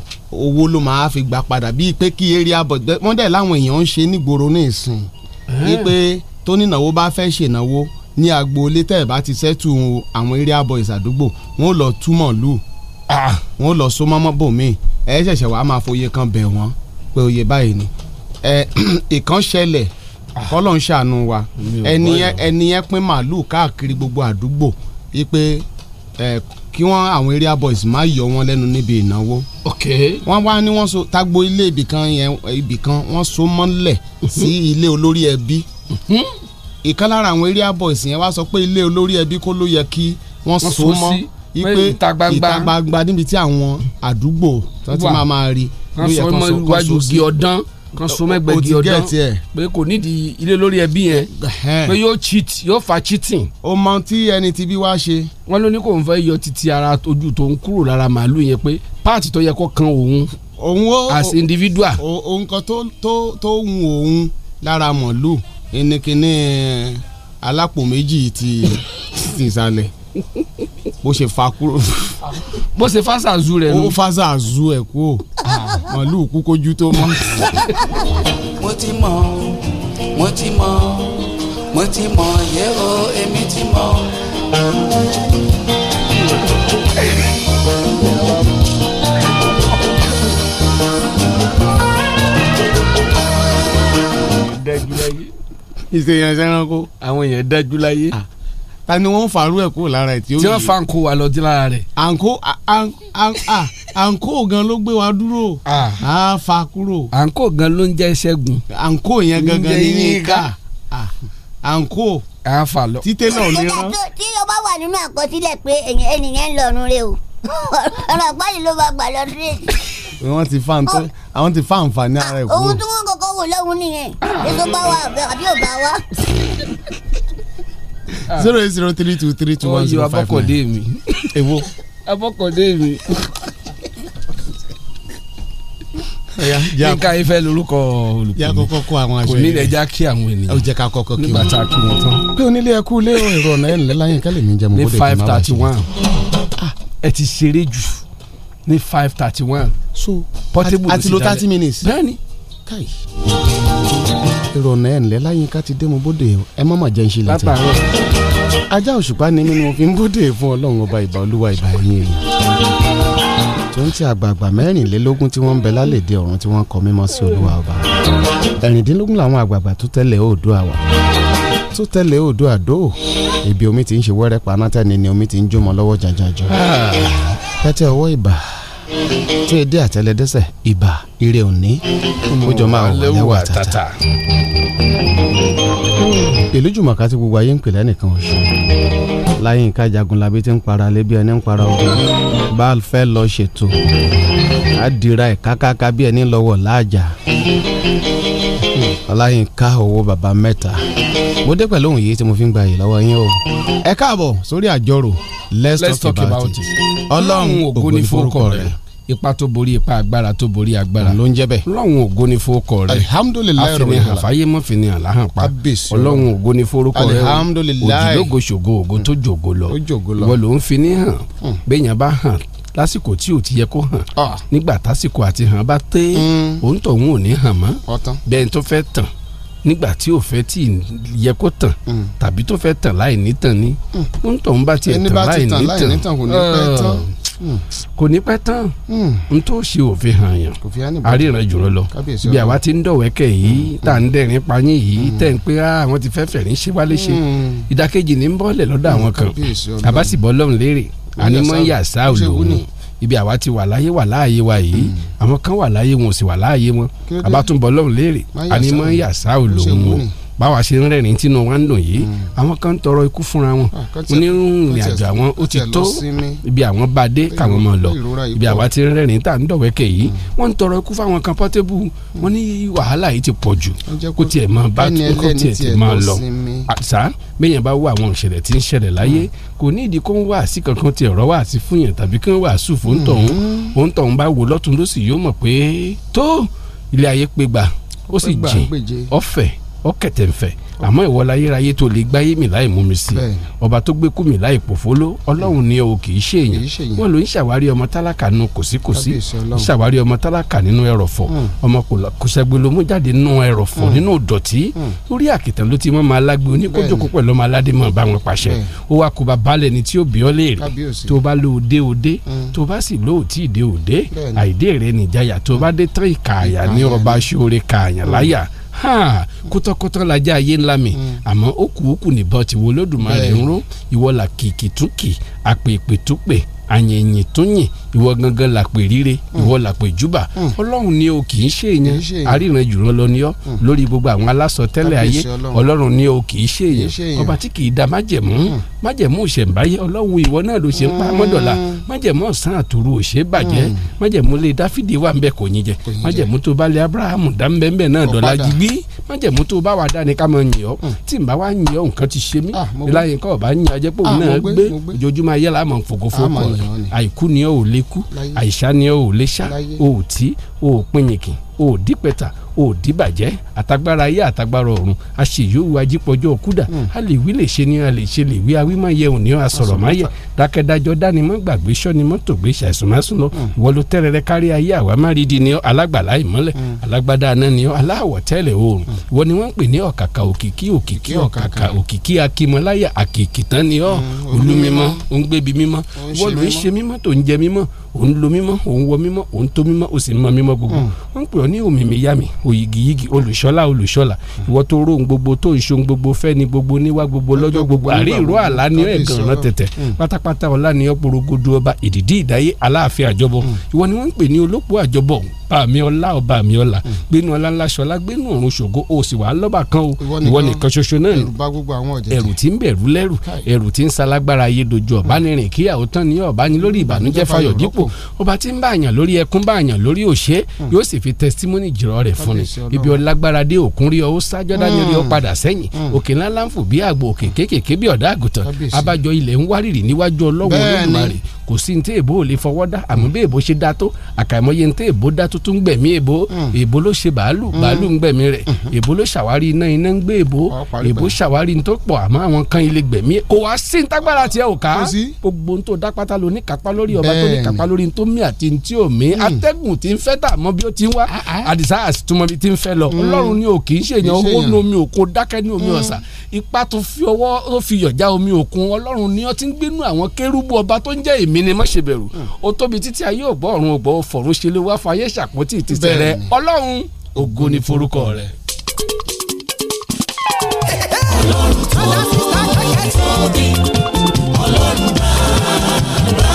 owó ló máa fi gbà padà bíi pé kí eré abọ̀dẹ́ wọ́n dẹ̀ láwọn èèyàn ń ṣe nígboro ní ìsìn wípé tó nínáwó bá fẹ́ ṣènáwó ní agboolé tẹ́ ẹ̀ bá ti ṣẹ́tù àwọn eré abọ̀ ìsàdúgbò wọ́n lọ tú màálù ah. wọ́n lọ so mọ́mọ́ bòmíì ẹ ṣẹ̀ṣẹ̀ wàá máa foyè kan bẹ̀ wọ́n pé oyè báyìí ni ìkan ṣẹlẹ̀ ah. kọ́lọ̀ ń ṣàánú wa ẹni yẹn pín màálù káàkiri gbogbo àdúgbò wípé kí wọ́n àwọn area boys má yọ wọn lẹ́nu níbi ìnáwó. ok wọ́n wá ní wọ́n so tagbo ilé ibìkan yẹn ibìkan wọ́n so mọ́lẹ̀ sí mhm. ilé olórí ẹbí. Mhm. ìkan lára àwọn area boys yẹn wá sọ pé ilé olórí ẹbí kọ́ ló yẹ kí wọ́n so mọ́ ipe ìta gbangba níbi tí àwọn àdúgbò tó ti máa máa rí. wọ́n so mọ́ iwájú gi ọdán kan so mẹgbẹgi ọdán pé kò nídìí ilé lórí ẹbí yẹn pé yóò cheat yóò fa cheating. o mọ tí ẹni tí bí wá ṣe. wọn ló ní kò ń fẹ́ yọ títí ara ojú tó ń kúrò lára màálù yẹn pé páàtì tó yẹ kó kan òun as individual. òun kan tó tó tó hun òun lára màálù ẹnikẹ́ni eh, alápò méjì ti ti bó ṣe fa kúrò. bó ṣe fa ṣàzú rẹ nù. ó fa ṣàzú ẹ kú o màálù kú kojú tó mọ. mo ti mọ mo ti mọ mo ti mọ yẹ èmi ti mọ. dájú láyé. ìṣèyàn àwọn èèyàn dájú láyé. Ah ta ni wọ́n farú ẹ̀ kúrò lára ẹ̀ tí ó yẹ. tí wọ́n fa nko wa lọ di lára rẹ̀. ànko ànko gan ló gbé wa dúró a fa kúrò. ànko gan ló ń jẹ́ ṣẹ́gun. ànko yẹn gangan ni yínká ànko títẹ́ náà lè rán. tí o bá wà nínú àkọsílẹ̀ pé ènìyàn ń lọ ọ̀run rẹ o ọ̀rọ̀ àgbáyé ló bá gbà lọ sí wọ́n ti fa ntọ́ àwọn ti fa àǹfààní ara ẹ̀ kúrò. ohun tí wọ́n kọ́kọ́ wò lọ́hùn nìyẹn èso bá wa àbí ò bá wa. Ah. zero eight zero three two three two oh, one zero five nine. ọyọ abọ́kọ̀dé mi. èwo. abọ́kọ̀dé mi. nǹkan ifẹ̀ lorúkọ olùkọ́ yà kọ́kọ́ kó àwọn aṣọ yìí onílé ẹja kí àwọn ènìyàn ó jẹ ká kọ́kọ́ kí wọn nígbà tá a kí wọn tán. pé onílé ẹkú lé ẹ̀rọ ọ̀nà ẹ̀ ńlẹ́ láyé kálí mi jẹ́ mo bóde kí n máa wá ṣe. ẹ ti ṣeré jù ní five thirty one. so portable àti lo thirty minutes. bẹ́ẹ̀ni. káyì ìrọ̀nà ẹ̀ ńlẹ́ láyínká ti dé mu bóde ẹ má má jẹ́ ń ṣe láti ẹ̀. ajá òṣùpá ni mímu fi ń bóde fún ọlọ́run ọba ìbà olúwa ìbà yín èyí. tó àgbààgbà mẹ́rìnlélógún tí wọ́n ń bẹ lálẹ́dẹ ọ̀run tí wọ́n kọ mímọ́ sí olúwa ọba. ẹ̀rìndínlógún làwọn àgbààgbà tó tẹ̀lé oòdùà wà tó tẹ̀lé oòdùà dó ibi omi ti ń ṣe wẹ́rẹ́ panátẹ́ni ni omi ti ń jómọ lọ́wọ́ jàjàjọ. pẹ́tẹ́ ọwọ́ ìbà tó yẹ dé àtẹlẹdẹsẹ ìbà ire òní ó jọ máa wà lẹ́wà tàtà ìlújùmọ̀ká tí gbogbo ayé ń pè lẹ́nìkan ọ̀ṣun láyínká jagunlabi ti ń para lé bí ẹni ń para ogun bá fẹ́ lọ ṣètò á dira bí ẹni lọ́wọ́ láàjà hmm, ọláyínká owó bàbá mẹ́ta mo dé pẹ̀lú òun yìí tí mo fi ń gba yìí lọ́wọ́ yín o ẹ káàbọ̀ sórí àjọrò let's talk about it ọlọ́run ògo ni forúkọ rẹ̀ ipa tó borí ipa agbára tó borí agbára ló ń jẹ́ bẹ́ẹ̀ ọlọ́run ògo ni fowókọ rẹ alihamudulilayi rẹ àfihàn àfáyémọ́ fìhàn làhàn pa ọlọ́run ògo ni forúkọ rẹ òjìlógo ṣògo ògo tó jògo lọ ìwọ ló ń fi ní hàn hmm. bẹ́ẹ̀ yẹn bá hàn lásìkò tí ò ti yẹ kó hàn ah. nígbà tásìkò àti hàn bá tẹ hmm. òun tọ̀hún ò ní hàn mọ́ bẹ́ẹ̀ tó fẹ́ tàn nígbà tí ò fẹ́ tí yẹ kó tàn hmm. tàbí tó fẹ́ tàn láì ní tàn ni òun tọ̀hún bá tiẹ̀ tàn láì ní tàn ah kò ní pẹ́ tán hmm. n tó ṣe òfin hàn yàn àríran jùlọ lọ bí àwa ti ń dọ̀wẹ́kẹ̀ yìí hmm. tá à ń dẹ̀rín payín yìí hmm. tẹ̀ ń pé àwọn ah, ti fẹ́ fẹ̀rín ṣé wálé ṣe ìdákejì ní ń bọ́lẹ̀ lọ́dọ̀ àwọn kan àbá sì bọ́ lọ́run léèrè ànímọ́ yà sáà lòun ibi àwa ti wà láyé wà láàyè wa yìí àwọn kan wà láyé wọn ò sì wà láàyè wọn àbá tún bọ́ lọ́run léèrè ànímọ́ yà sáà lòun báwa ṣe ń rẹ́rìn tínú wa ń dùn yìí mm. àwọn kan ń tọrọ ikú fúnra wọn ah, onírúurú ìrìn àjò àwọn ó ti tó ibi àwọn bá dé káwọn máa lọ ibi àwa ti ń rẹ́rìn tá à ń dọ̀wẹ́kẹ̀ yìí mm. wọ́n ń tọrọ ikú fáwọn kan pọ́tébù mm. wọ́n ní wàhálà yìí ti pọ̀ jù kó tiẹ̀ máa bá kó tiẹ̀ ti máa lọ àṣà bẹ́yẹn bá wọ àwọn ìṣẹ̀lẹ̀ tí ń ṣẹlẹ̀ láyé kò ní ìdí kó ń wá sí kankan tiẹ̀ rọ́ wá sí fún ilé ayé pé gbà ó sì jìn ọ̀fẹ́ ọ̀kẹ̀tẹ̀ ń fẹ́ àmọ́ ìwọ láyéráyé tó lè gbáyé mi láì mú mi sí i ọba tó gbé kú mi láì pòfóló ọlọ́run ni o kì í ṣe èèyàn wọn ló ń ṣàwárí ọmọ tálákà nínú kòsíkòsí ń ṣàwárí ọmọ tálákà nínú ẹrọ̀fọ̀ hmm. ọmọ kòṣẹ́gbé ló mú jáde nínú ẹrọ̀fọ̀ hmm. nínú dọ̀tí lórí hmm. àkìtàn ló ti mọ́ máa lágbe oníkójókòó pẹ̀lú ọmọ aládé mọ̀ bá wọn pàṣẹ ó wá kó ba balẹ̀ ni tí ó bí ọ léèrè tó bá lo òde òde tó bá sì lo òtí ìdè òde àìdè rẹ nìjáyà tó bá dé tán ìkààyà ní ọba aṣọ kótọ́kótọ́ lajá ayé ńlá mi hmm. àmọ́ ó kù ó kù nìbọn tìwọ́ Olódùmarè ń ró ìwọ́là kìkì tún kì àpèpè tún pè àyìnyìn ìwọ gangan làpè ríre mm. ìwọ làpè júbà mm. ọlọ́run ni o kì í ṣe èèyàn àríran jùlọ lọ ni ọ mm. lórí gbogbo àwọn alásọtẹ́lẹ̀ ayé ọlọ́run ni o kì í ṣe èèyàn ọba tí kì í da májẹ̀mú májẹ̀mú òṣèǹbáyé ọlọ́run ìwọ náà ló ṣe ń pa mọ́dọ̀la májẹ̀mú ọ̀sán àtòru òṣè bàjẹ́ májẹ̀mú lé dáfídì wà ńbẹ kò ní jẹ májẹ̀mú tó bá lé abrahamu dá ńbẹ ńbẹ náà dọ̀la jigbí májẹ̀mú tó bá wà dání ká máa yìn ọ́ tí kú àìsàn ni o ò lè ṣá o ò tí o ò pín òdìpẹ̀tà òdìbàjẹ́ àtagbára ayé àtagbára ọ̀run àṣeyòwò ajípọ̀jọ́ kúdà hmm. a lè wí lè ṣe ni a lè ṣe lè wí awí máa yẹ òní àsọ̀rọ̀ máa yẹ dákẹ́dájọ́ dánimọ̀ gbàgbé sọ́nimọ̀ tògbé ṣàìsùnmásùn lọ hmm. wọ́n tẹ́rẹ̀rẹ́ kárí ayé àwa má rí di ni ọ́ alágbàlá ìmọ́lẹ̀ hmm. alágbádá aná ni ọ́ aláwọ̀ tẹ́lẹ̀ oòrùn wọ́n ni wọ́n ń pè ní ọ̀kàkà òkìkí òkìkí ọ̀kàkà òkìkí akímọ̀láyà àkìkìtán ni ọ́ olúmímọ́ ó ń gbébi mímọ́ wọ́n ló ń ṣe mímọ́ tó ń jẹ mímọ́ òun lo mímọ́ òun wọ mímọ́ òun tó mímọ́ ó sì sọ̀rọ̀ ní òmìmíyàmì òyìgìyìgì olùṣọ́lá olùṣọ́lá ìwọ tó rohun gbogbo tó ń ṣohun gbogbo fẹ́ni gbogbo níwá gbogbo lọ́jọ́ gbogbo àrí ìró àlàníọ́ ẹ̀gàn náà tẹ̀tẹ̀ hmm. pátápátá ọ̀làníọ́ porogodo ọba ìdìdí ìdáyé aláàfin àjọbọ hmm. ìwọ ni wọ́n ń pè ní olópò àjọbọ bàmí ọlá ọba mi ọlá hmm. gbénu ṣọlá gbénu ọ̀run ṣògo o sì wà lọ́ba kan o ìwọ nìkan ṣoṣo náà ẹ̀rù tí ń bẹ̀rù lẹ́rù ẹ̀rù tí ń salágbára ayé dojú ọ̀bánirin kíyàwó tán ní ọ̀bánin lórí ìbànújẹ́ fayọ̀ dípò ọba tí ń bàyàn lórí ẹkún bàyàn lórí òṣè yóò sì fi tẹ testimony jìrọ̀ rẹ̀ fún ni ibi ọlágbára dé òkun rí ọ ó sájọ́ dání rí ọ hmm. padà sẹ́yìn hmm. òkè ńlá láǹfò bí àgbò òkè kéékèèké bí ọ̀dà àgùntàn abájọ ilẹ̀ ń wárìrì níwájú ọlọ́wọ́ olódùmarè kò sí ní tí èbó ò lè fọwọ́ dá àmọ́ bí èbó ṣe dá tó àkàìmọye ní tí èbó dá tó tún gbẹ̀mí èbó hmm. èbó ló ṣe bàálù bàálù ń gbẹ̀mí rẹ̀ èbó ló ṣàwárí iná iná ń gbé èbó èbó ṣàwárí ní pọ̀ àmọ́ àwọn kan ilé gbẹ̀mí kò wá sí ní tágbára tiẹ̀ ò ká gbogbo ní tó dá kápá lórí ọba tó kápá lórí ní tó àti ní tí atẹ́gùn tí ń fẹ́ tà mọ́ bí ó ti ń wá ah. Ah, ah. àdìsá àsìtúmọ̀ bíi ti ń fẹ́ lọ mm. ọlọ́run ni ò kì í ṣèyàn owó ní omi òkun dákẹ́ ní omi mm. ọ̀sà ipa tó fi ọwọ́ tó fi yọ̀já omi òkun ọlọ́run ni ó ti ń gbénu àwọn kérúbù ọba tó ń jẹ́ èmi ni má ṣe bẹ̀rù mm. ó tóbi títí ayé ògbọ́ ọ̀run ògbọ́ fọ̀run ṣe lè wá fún ayé ṣàpótì títí rẹ ọlọ́run ògo ni forúkọ rẹ. ọlọ́run tó tóbi ọlọ́run bàbá.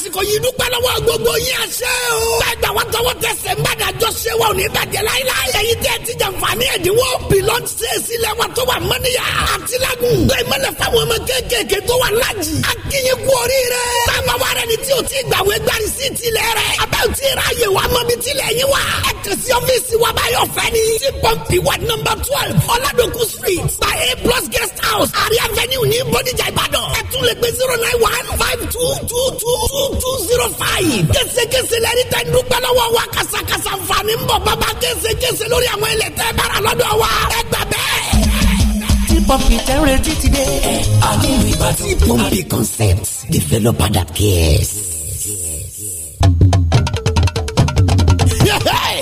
lásìkò yìí dúpẹ́ lọ́wọ́ gbogbo yín àṣẹ o. gbàgbà wa tọwọ́ tẹsẹ̀ nbàdà jọ ṣe wa ò ní bàjẹ́ láíláí. èyí tẹ́ ti jàǹfààní ẹ̀dínwó. pilọ́n ṣe sílẹ̀ wa tó wà mọ́níyà. àti lagun. gbé mọ́lẹ̀ fáwọn ọmọ kéékèèké tó wà lájì. a kì í kú oríire. bàbá wa rẹ ni tí o ti gbàwé gbari sí tilẹ̀ rẹ. a bẹ́ẹ̀ ti ra yè wa mọ́ tilẹ̀ yín wa. ẹ kàn sí ọ́fíìsì wa bá fẹ́ ni. ti pọ́ǹpì wa nọmba twelve ọ̀làdọ̀kú street by a plus guest house àrí avenue ní bọ́díjà ìbàdàn. ẹ tún lè gbé zero nine one five two two two two two zero five. kẹsẹkẹsẹ lẹ́ni tẹ́ dúpẹ́ lọ́wọ́ wa kàṣàkàṣà nfààní ń bọ̀ bàbá kẹsẹkẹsẹ lórí àwọn ilẹ̀ tẹ́ bára lọ́dọ̀ wa. ẹ gbà bẹ́ẹ̀ pọ́ǹpì tẹ́ ń retí ti dé. àní ìbàdàn. tí pọ́ǹpì concepts developer that cares.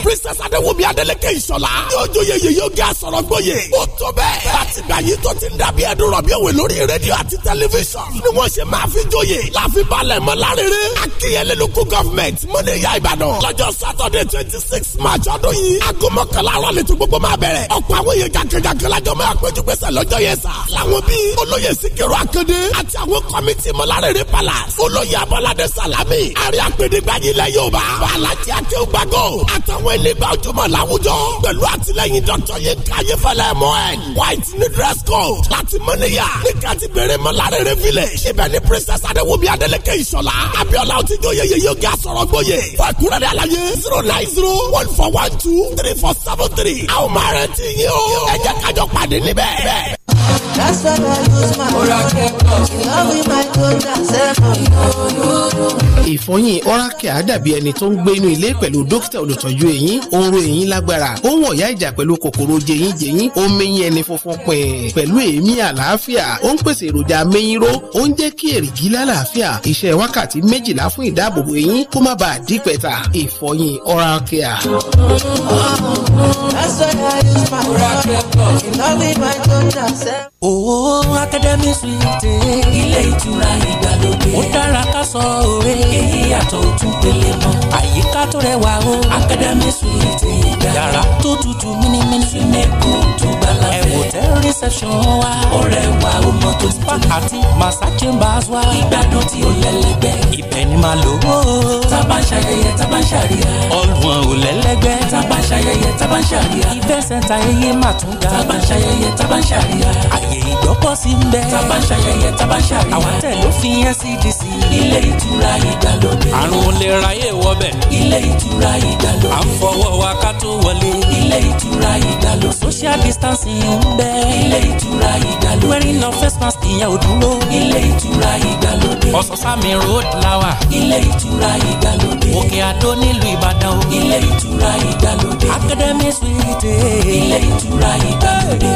princess adéwùmí adélèké ìṣọ̀lá yóò joyè yèyé oge àsọ̀rọ̀ gbòye ó tó bẹ́ẹ̀ láti gbà yìí tó ti ń dàbí ẹ̀dùn rọ̀bì òwe lórí rédíò àti tẹlifíṣàn ni wọ́n ṣe máa fi joyè láfi balẹ̀ mọ́ lárere akíyẹlẹ lóko gọ́fìmẹ̀ntì mọ́nẹ́yà ìbàdàn lọ́jọ́ sátọ̀dẹ̀ twenty six march ọdún yìí aago mọ́kànlá àárọ̀ lẹ́tọ́ gbogbo máa bẹ̀rẹ̀ ọ̀pọ̀ àwọn èèyàn kankankan lájọ máa péjú pésẹ̀ lọ́jọ́ yẹn sà làwọn bíi olóyè sikiru akande àti àwọn kọ́mítì mọ́lárẹ̀rẹ̀ palace olóyè abọ́ládé salami àrí àpèdégbàyí lẹ́yìn òbá bàlájì àti ògbàgọ́ àtàwọn nígbà ojúmọ́ làwùjọ pẹ̀lú àtìlẹ́yìn dọ́tọ̀ yẹn káyé fẹlẹ́ mọ́ ẹ̀. white ní dress code láti mọ́nìyà ní kàti bèrè mọ́lárẹ̀rẹ̀ filẹ̀ ibẹ̀ ní princess adéwọ́bí adélèké ìṣọ̀lá abiola otijọ́ yeye yóò gé asọ̀rọ̀ gbóyè fàkúrẹ́rẹ́ àlàyé zero nine zero one four one two three four seven three. a ò máa retí yín o ẹ jẹ́ kájọ pàdé níbẹ̀. That's why I use my money. You love me, my good, that's ìfọyín ọ́rákẹ́ àdàbí ẹni tó ń gbé inú ilé pẹ̀lú dókítà olùtọ́jú eyín ó ń ro eyín lágbára ó ń wọ̀yá ìjà pẹ̀lú kòkòrò jẹyínjẹyín ó ń mẹyín ẹni funfun pin pẹ̀lú èémí àlàáfíà ó ń pèsè èròjà mẹyìnró ó ń jẹ́ kí èrìgì lálàáfíà iṣẹ́ wákàtí méjìlá fún ìdáàbòbò eyín kó má bàa dí pẹ̀ta ìfọyín ọ́rákẹ́ à. ó Owó Akademi Suite. Ilé ìtura ìgbàlódé. Ó dára ká sọ òwe. Èyí yàtọ̀ òtún pélé mọ́. Àyíká tó rẹwà o. Akademi Suite ìgbà. Yàrá tó tutù mímímí. Súnmẹ́kù tó gbàlá fẹ́. Ẹ̀wòtẹ́ reception wa. Ó rẹwà ó mọ tó ti tó. Spa Chambers wa. Ìgbádùn tí ó lẹ́lẹ́gbẹ́. Ibẹ̀ ni màá lò ó. Tábà ń ṣayẹyẹ, tábà ń ṣàríyá. Ọlùwọ̀n ò lẹ́lẹ́gbẹ́. Tábà ń ṣayẹyẹ, tábà ń ṣàríyá. ẹyẹ ààyè ìgbọ́kọ̀sí ń bẹ. tá a bá ń ṣayẹyẹ tá a bá ń ṣàríyá. àwọn tẹ̀ ló fi NCDC. E ilé ìtura ìgbàlódé. àrùn olè ráyè wọbẹ̀. ilé ìtura ìgbàlódé. à ń fọwọ́ wa ká tó wọlé. ilé ìtura ìgbàlódé. social distancing ń bẹ. ilé ìtura ìgbàlódé. wearing no face mask ìyẹn ò dúró. ilé ìtura ìgbàlódé. ọ̀sán-sámi road lawa. ilé ìtura ìgbàlódé. òkè àdó nílùú ìbàdàn o. ilé ìtura ìgbàlódé. academy suite. ilé ìtura ìgbàlódé.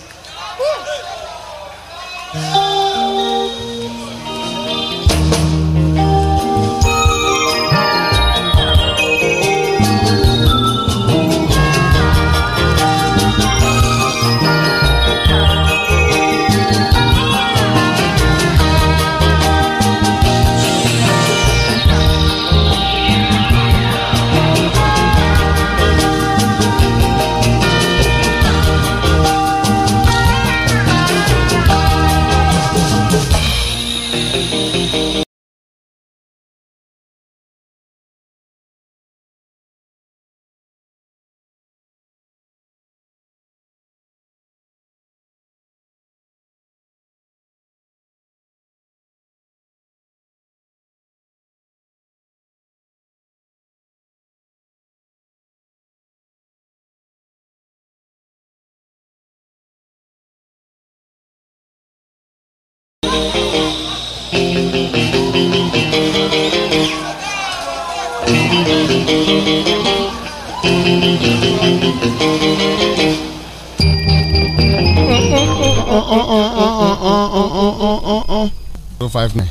zero five nine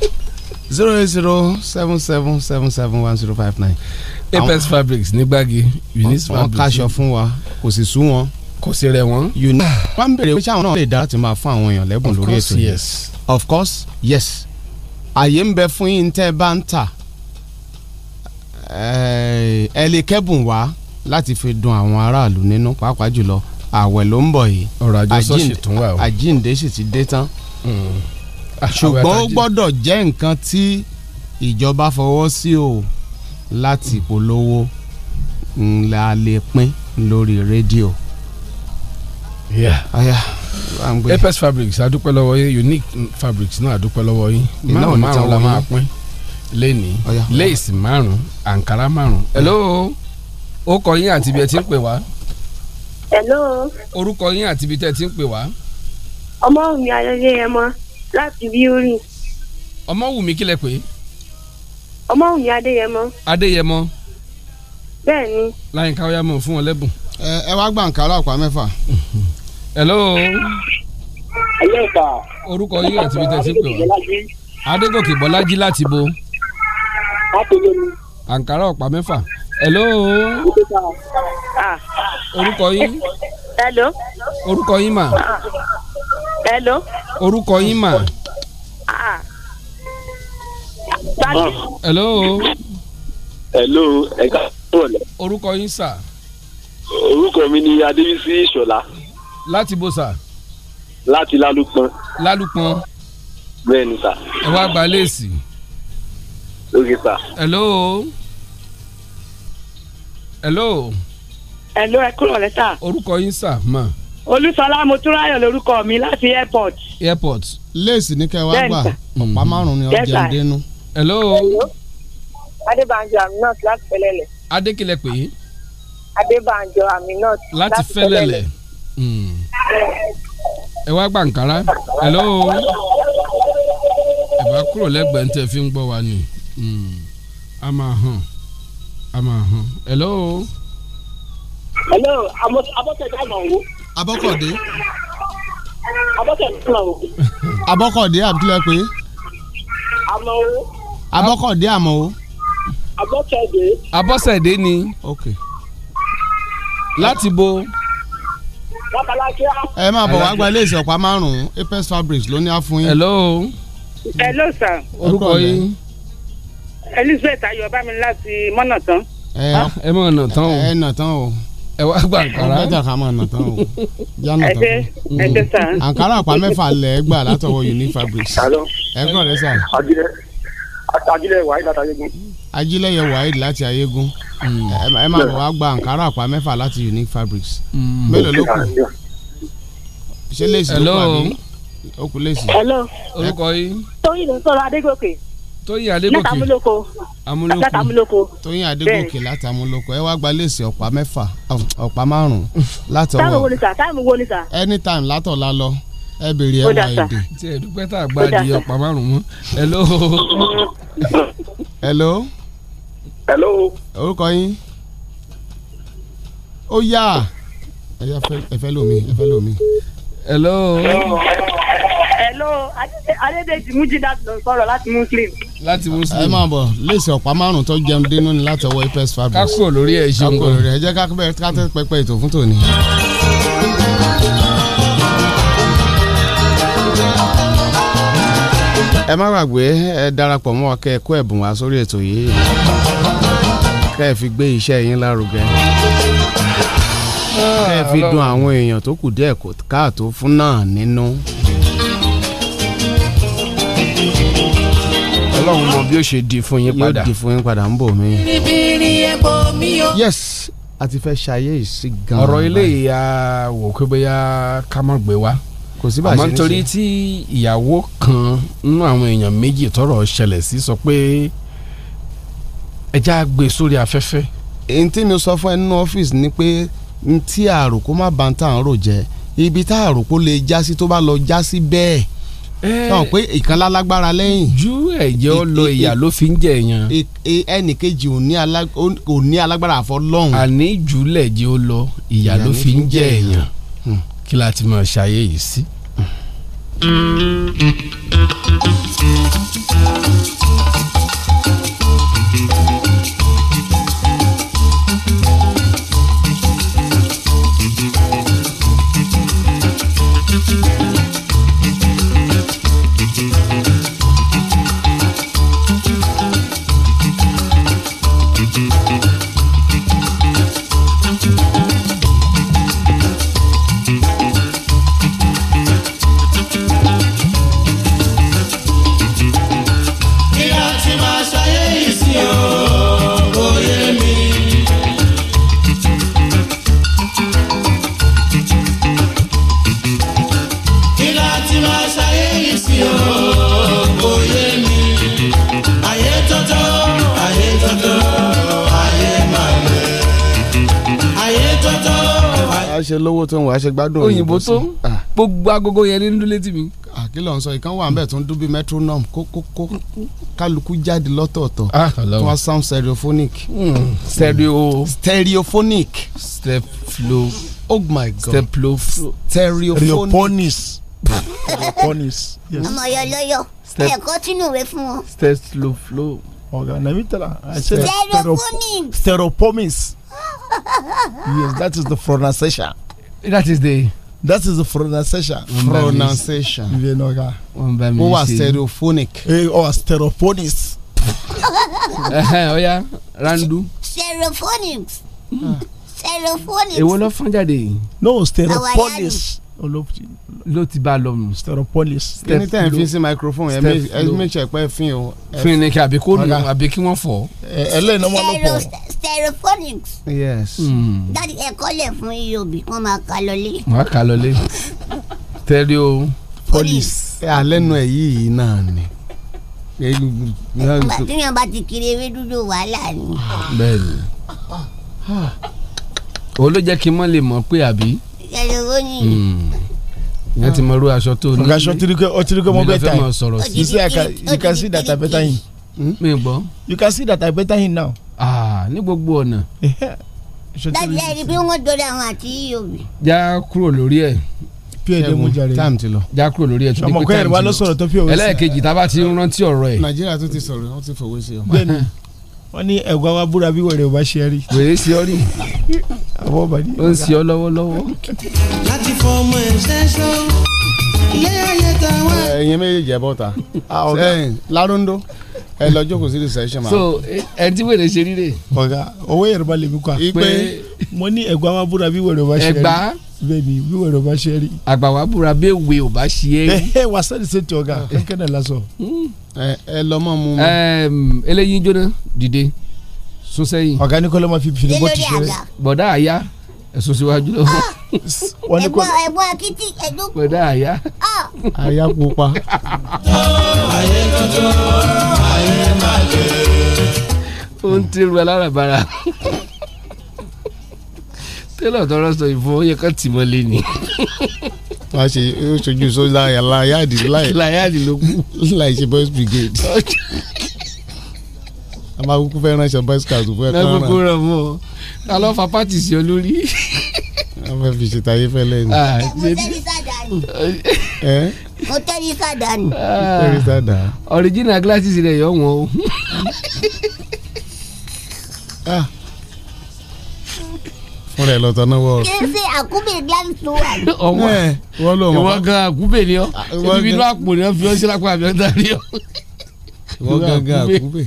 zero eight zero seven seven seven seven one zero five nine. apex fabrics nígbàgì unis fabrics. wọ́n káṣọ fún wa kò sì sú wọn. kò sì rẹ̀ wọ́n. unis wọ́n ń béèrè wíṣọ àwọn náà lè dá láti máa fún àwọn èèyàn lẹ́bùn lórí ètò yìí. of course yes. àyè ń bẹ fún yín tẹ́ ẹ bá ń tà ẹ lè kẹ́bùn wá láti fi dun àwọn aráàlú nínú pàápàá jùlọ àwẹ̀ ló ń bọ̀ yìí. ọ̀rọ̀ àjọsọ sì tún wà o. àjíǹde sì ti dé tán. Hmm. ṣùgbọ́n ó gbọ́dọ̀ jẹ́ nǹkan tí ìjọba fọwọ́ sí o láti hmm. polówó la lè pín lórí rédíò. apex fabrics adúpẹ́ lọ́wọ́ yín unique fabrics náà adúpẹ́ lọ́wọ́ yín márùn márùn la máa pín lẹ́ni lace márùn ankara márùn. hello orúkọ yín àti ibi ẹ ti ń pè wá. hello orúkọ yín àti ibi tẹ ti ń pè wá. ọmọwùmí adéyẹmọ láti bíórì. ọmọwùmí kílẹ̀ pé. ọmọwùmí adéyẹmọ. adéyẹmọ. bẹ́ẹ̀ni. Láyìn ó ya mọ̀ fún wọn lẹ́bùn. ẹ ẹ wá gbà ń ọ̀pá mẹ́fà. hello. Ah. hello orúkọ yìí àti tẹ̀sí pé adégòkè bo. àǹkárá ọ̀pá mẹ́fà. orúkọ orúkọ mà. Ah. hello. orúkọ yín mà. Ah. Ah. hello. hello ẹ káàbọ̀ lẹ. orúkọ yín sà. orúkọ mi ni adébísí ìṣọ̀lá. láti bo sà. láti lálùpọ̀n. lálùpọ̀n. bẹ́ẹ̀ ni sà. ẹ wá gba léèsì. lókè sà. hello. hello. hello ẹ kúrò lẹ́tà. orúkọ yín sà mà olúṣọlá motúráyọ̀ lórúkọ mi láti airport. airport léèsì ní kẹwàá gbà ọ̀pá márùn-ún ni ọjà ń dénú. hello. adébánjọ aminat láti fẹlẹlẹ. adékìlẹ pè é. adébánjọ aminat láti fẹlẹlẹ. Hmm. ẹ wá gba Ankara. hello. ẹ bá kúrò lẹ́gbẹ̀ẹ́ ntẹ̀ fi ń gbọ́ wa ni. Hmm. a máa hàn a máa hàn. hello. hello abọ́tẹ̀ dáná wo abọ́kọ̀dé. abọ́kọ̀dé àmọ́ o. abọ́kọ̀dé àbúkílẹ̀ pé. àmọ́ o. abọ́kọ̀dé àmọ́ o. abọ́kọ̀dé. abọ́sẹ̀dé ni. ok. láti bo. bàbálákíá. ẹ máa bọ̀ wá gba ilé ìsọ̀pá márùn-ún Apex Fabrics ló ní hello. hello sir. orúkọ yín. Elizabeth ayọ̀ bá mi láti mọ́nà tán. ẹ ah, ẹ mọ̀nà tán o. ẹ nà tán o ẹ wá gba àǹkárá ọgbẹ́jà ká máa nà tán o yánà tán ẹ tẹ sá. àǹkárá àpá mẹ́fà lẹ̀ ẹ gbà látọwọ́ unique fabrics. ẹ gbọ́n rẹ sá. ajílẹ̀ wàhíì láti ayégun. ajílẹ̀ yẹ wàhíì láti ayégun. Hmm. ẹ máa bọ̀ wá gba àǹkárá àpá mẹ́fà láti unique fabrics. Hmm. mélòó ló kù ṣé lèsì ló kù àbí ó kù lèsì. orúkọ yìí. tóyìn ló sọ̀rọ̀ adégòkè tóyìn adégòkè látàmúlòkó látàmúlòkó tóyìn adégòkè látàmúlòkó ẹ wá gba léèsì ọ̀pá mẹ́fà ọ̀pá márùn-ún látọwọ́ táìmù wo ni sà táìmù wo ni sà. anytime látọ̀la lọ ẹ béèrè ẹ wá èdè. tí ẹ dúpẹ́ tá a gba adìyẹ ọ̀pá márùn-ún mọ́ hello. hello. hello. orúkọ yín. ó yá ẹ fẹ́ lómi ẹ fẹ́ lómi. hello. hello. hello hello adédèjì mujidat ló ń sọ̀rọ̀ láti muslim. láti muslim. ẹ máa bọ̀ léèsì ọ̀pá márùn-ún tó jẹun dénú ni láti ọwọ́ apes fabric. ká kúrò lórí ẹ̀ ṣe ń bọ̀. ká kúrò lórí ẹ̀ jẹ́ ká tẹ́ pẹpẹ ètò fún tòní. ẹ má gbàgbé ẹ darapọ̀ mọ́ kẹ́ ẹ kó ẹ̀bùn wá sórí ètò yìí kẹ́ ẹ fi gbé iṣẹ́ yín lárugẹ kẹ́ ẹ fi dùn àwọn èèyàn tó kù díẹ̀ káàtó fún náà nínú. No. ọlọ́run mọ bí ó ṣe di fún yín padà yóò di fún yín padà ń bò mí. yes a ti fẹ́ ṣayé ìsí gan-an. ọ̀rọ̀ ilé ìyá wò pé bóyá ká mọ̀ gbé wa kò sí bá a ṣe ní ṣe. àmọ́ nítorí tí ìyàwó kan nínú àwọn èèyàn méjì tọrọ ṣẹlẹ̀ sí sọ pé ẹja gbé sórí afẹ́fẹ́. èyí tí mi sọ fún ẹ nínú ọ́fíìsì ni pé n àròkó má bá ń tà rò jẹ ibi tá àròkó lè já tó bá lọ já bẹ́ẹ̀ Eh. sọ pé ìkànnì alágbára lẹ́yìn. ju ẹ̀jẹ̀ ó lọ ìyà ló fi ń jẹ èèyàn. ẹnì ò ní alágbára àfọlọ́hún. àní ìjùlẹ̀ jẹ́ ó lọ ìyà ló fi ń jẹ èèyàn hmm. kí la ti máa ṣàyè sí. Hmm. tó ń wá ṣe gbádùn òyìnbó tó ah. gbogbo agogo yẹn ní dúlé tì mí. Ah, àkìlọ̀ ń sọ ìkan wà nbẹ̀ tó ń dún bíi metronome kókókó kálukú jáde lọ́tọ̀ọ̀tọ̀ ah, tó wá sound stereophonic. Hmm, stereo stereophonic. stepflo oh my god stepflo stereophonic. stereophonic. ọmọ yọlọyọ ẹ̀kọ́ tínú rẹ fún wọn. stepflo. ọ̀gá nàmi tẹ̀lá. stereophonic. stereophonic. yes that is the pronunciation that is the. that is the pronunciation. pronunciation. ìbẹ̀nọ̀gà. ó wà stereophonic. ẹ eh, ọ oh, stereophonics. ó eh, oh, yá randu. stereophonics. Ah. stereophonics. èwo ló fọ́n jáde yìí. no stereophonics ló ti bá lọ nù. steropolis. kíni tẹ́ ẹ̀ fi sí microphone ẹ make sure pé fin o. fin ni kí àbí kó nù àbí kí wọ́n fọ̀. ẹlẹ́yìn náà wọ́n ló pọ̀. stereophonics. yes. dáàdi ẹ̀kọ́ lẹ̀ fún iyobi wọ́n máa ka lọlé. wọ́n á ka lọlé. stereo. polis. alẹ́ nu ẹ̀ yìí náà ni tíyàn bá ti kiri ewé dúdú wàhálà ni. bẹ́ẹ̀ni o ah. ló jẹ́ kí n mọ̀ lè mọ̀ pé àbí ẹ̀rọ ni. ìyẹn ti mọ irú aṣọ tó ní. ọ̀gá aṣọ tirikẹ́ ọ tirikẹ́ mọ bẹ́ẹ̀ ta yìí you see you can see that I better him. Hmm? mi gbọ́. you can see that I better him now. ah ní gbogbo ọ̀nà. láti ẹni bí wọ́n dọ̀rọ̀ àwọn àti yíyọ mi. já kúrò lórí ẹ̀ pure demo jare tam ti lọ já kúrò lórí ẹ tó ní pé tam ti lọ ọmọ kẹrin wa ló sọ̀rọ̀ tó pure wẹsẹ ẹlẹ́ẹ̀kejì tá a bá ti rántí ọ̀rọ̀ ẹ. nàìjíríà tó ti sọ̀rọ̀ wọn ti fọwọ́ sí ọ. bẹ́ẹ̀ni wọn ní ẹgbẹ́ wa búra bí wẹrẹ ò bá ṣe rí. wẹrẹ ṣe ọ rí. àwọn ọmọ ní. ó ń sì ọ lọ́wọ́lọ́wọ́. láti fọ ọmọ ẹ̀ ṣẹ́ṣọ́ ilé ayé ta wá. ẹ̀yin méjèèjì ẹ ta ah, ẹ̀yin larondo ẹ lọ jókòó sí reception so ẹ ti wèrè ṣe rírè. ọ̀gá owó yorùbá lèmi kọ́ ipe mo ní ẹ̀gbá wa búra bí wèrè wa ṣe rí ẹ̀gbá bẹ́ẹ̀ni bí wèrè wa ṣe rí. àgbà wa búra bí èwe ò bá ṣe é. ẹ wà sẹ́ni ṣe ti ọ̀gá eh. kẹ́kẹ́ náà lásán. ẹ lọ mọ́ mu. eléyìí jóná dìde sún sẹ́yìn. ọ̀gá ní kọ́lọ́mọ fi fìdí bó ti ṣeré. bọ̀dá àyà ẹ̀sùn síwájú lọ́wọ́. Ah! ẹ̀gbọ́n ẹ̀gbọ́n akitì ẹ̀dùn. bọ̀dá àyà. Ah! àyà pupa. ayé tuntun ayé máa lè. ó ń tẹ́lu alárabàrà tẹ́lọ̀ tọrọ sọ ìfún ó yẹ ká tì mọ́lé ni. wọ́n á ṣe sọ láyà láyà àdì láyà àdì ló kù. láì ṣe boys brigade a máa kúkú fẹ́ ránṣẹ́ boys scouts fún ẹ̀kọ́ ràn. lọ́gbọ̀gbọ̀ rẹ̀ mọ́ o ta ló fa pátì sí olórí. a máa fi ṣètò ayé fẹ́ lẹ́yìn. Ah, mo tẹ́lí sádàánì. mo tẹ́lí sádàánì. Ah. mo tẹ́lí sádàánì. original glasses rẹ̀ yọ̀ wọ́n o. Ah. fún rẹ lọtọ náà wọ. kí n ṣe àkúbè gíláàsì tó wà. ọmọ ẹ wọn lọ wọn. ìwọ gan àkúbè ni ọ ibi inú àpò ni wọn fi ọ sílápò àbí ọdá ni ọ. ìwọ gan gan àkúbè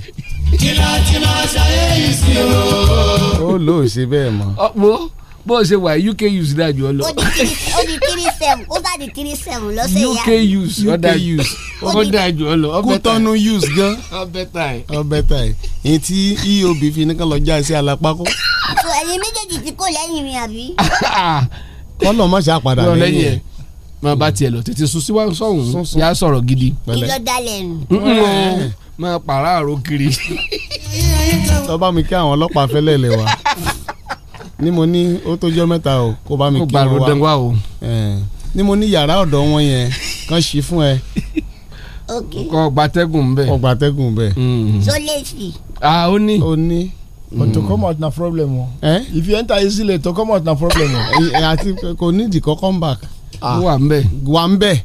kí láti máa ṣayé yìí sí o. ó lò ó ṣe bẹ́ẹ̀ mọ́. ọ̀pọ̀ bó ṣe wà uk use dájú ọ lọ. ó di three seven ó bá di three seven lọ́sẹ̀ yá. uk use uk use ó dájú ọ lọ. kútọ́nù use gan. ọbẹ̀ tàì. ọbẹ̀ tàì èyí tí eob fi nìkan lọ já sí alápákó. sọ ẹyin méjèèjì tí kò lẹ́yìn mi àbí. kọ́lọ̀ má ṣe àpàdà lẹ́yìn ẹ̀ máa bá tiẹ̀ lọ tètè sùn síwájú sọ̀hún yà sọ̀rọ̀ gidi. ìjọ dalẹ̀ máa pàráàrò kiri. tó bá mi kí àwọn ọlọ́pàá fẹ́lẹ̀ lẹ̀ wá ni mo ní ó tójọ́ mẹ́ta o kó bá mi kí wọn wá o ni mo ní yàrá ọ̀dọ̀ wọn yẹn kan ṣí fún ẹ. kọ gbatẹ́gùn bẹ́ẹ̀. kọ gbatẹ́gùn bẹ́ẹ̀. so mm. lè fi. ah ó ní. ó ní. but to come out na problem o. Eh? if you enter easily to come out na problem o. àti kò ní di kọ́ come back. wà ń bẹ̀. wà ń bẹ̀.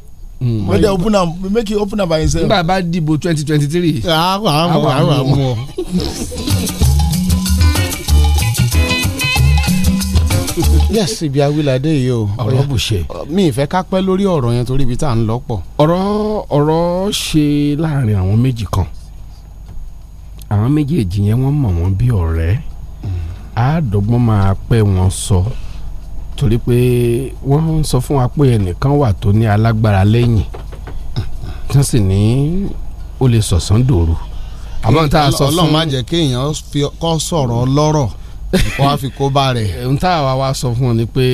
Mm. Make them open am make you open am by yourself. Nígbà bá dìbò twenty twenty three. Àwọn àmọ̀ ah, ah, ah, àwọn àmọ̀. yes ibi awilade yìí o ọ̀rọ̀ bù ṣe mi ìfẹ́ ká pẹ́ lórí ọ̀rọ̀ yẹn torí ibi tá à ń lọ pọ̀. ọ̀rọ̀ ọ̀rọ̀ ṣe láàrin àwọn méjì kan àwọn méjèèjì yẹn wọ́n mọ̀ wọ́n bí ọ̀rẹ́ mm. àádọ́gbọ́n máa pẹ́ wọn sọ torí pé wọ́n ń sọ fún wa pé ẹnìkan wà tó ní alágbára lẹ́yìn tán sì ní ó lè sọ̀sán dòru. àmọ́ tá a sọ fún ọlọ́run má jẹ́ kéèyàn kọ́ sọ̀rọ̀ ọlọ́rọ̀ kó a fi kó bá rẹ̀. ohun tá àwa wa sọ fún ọ ni pé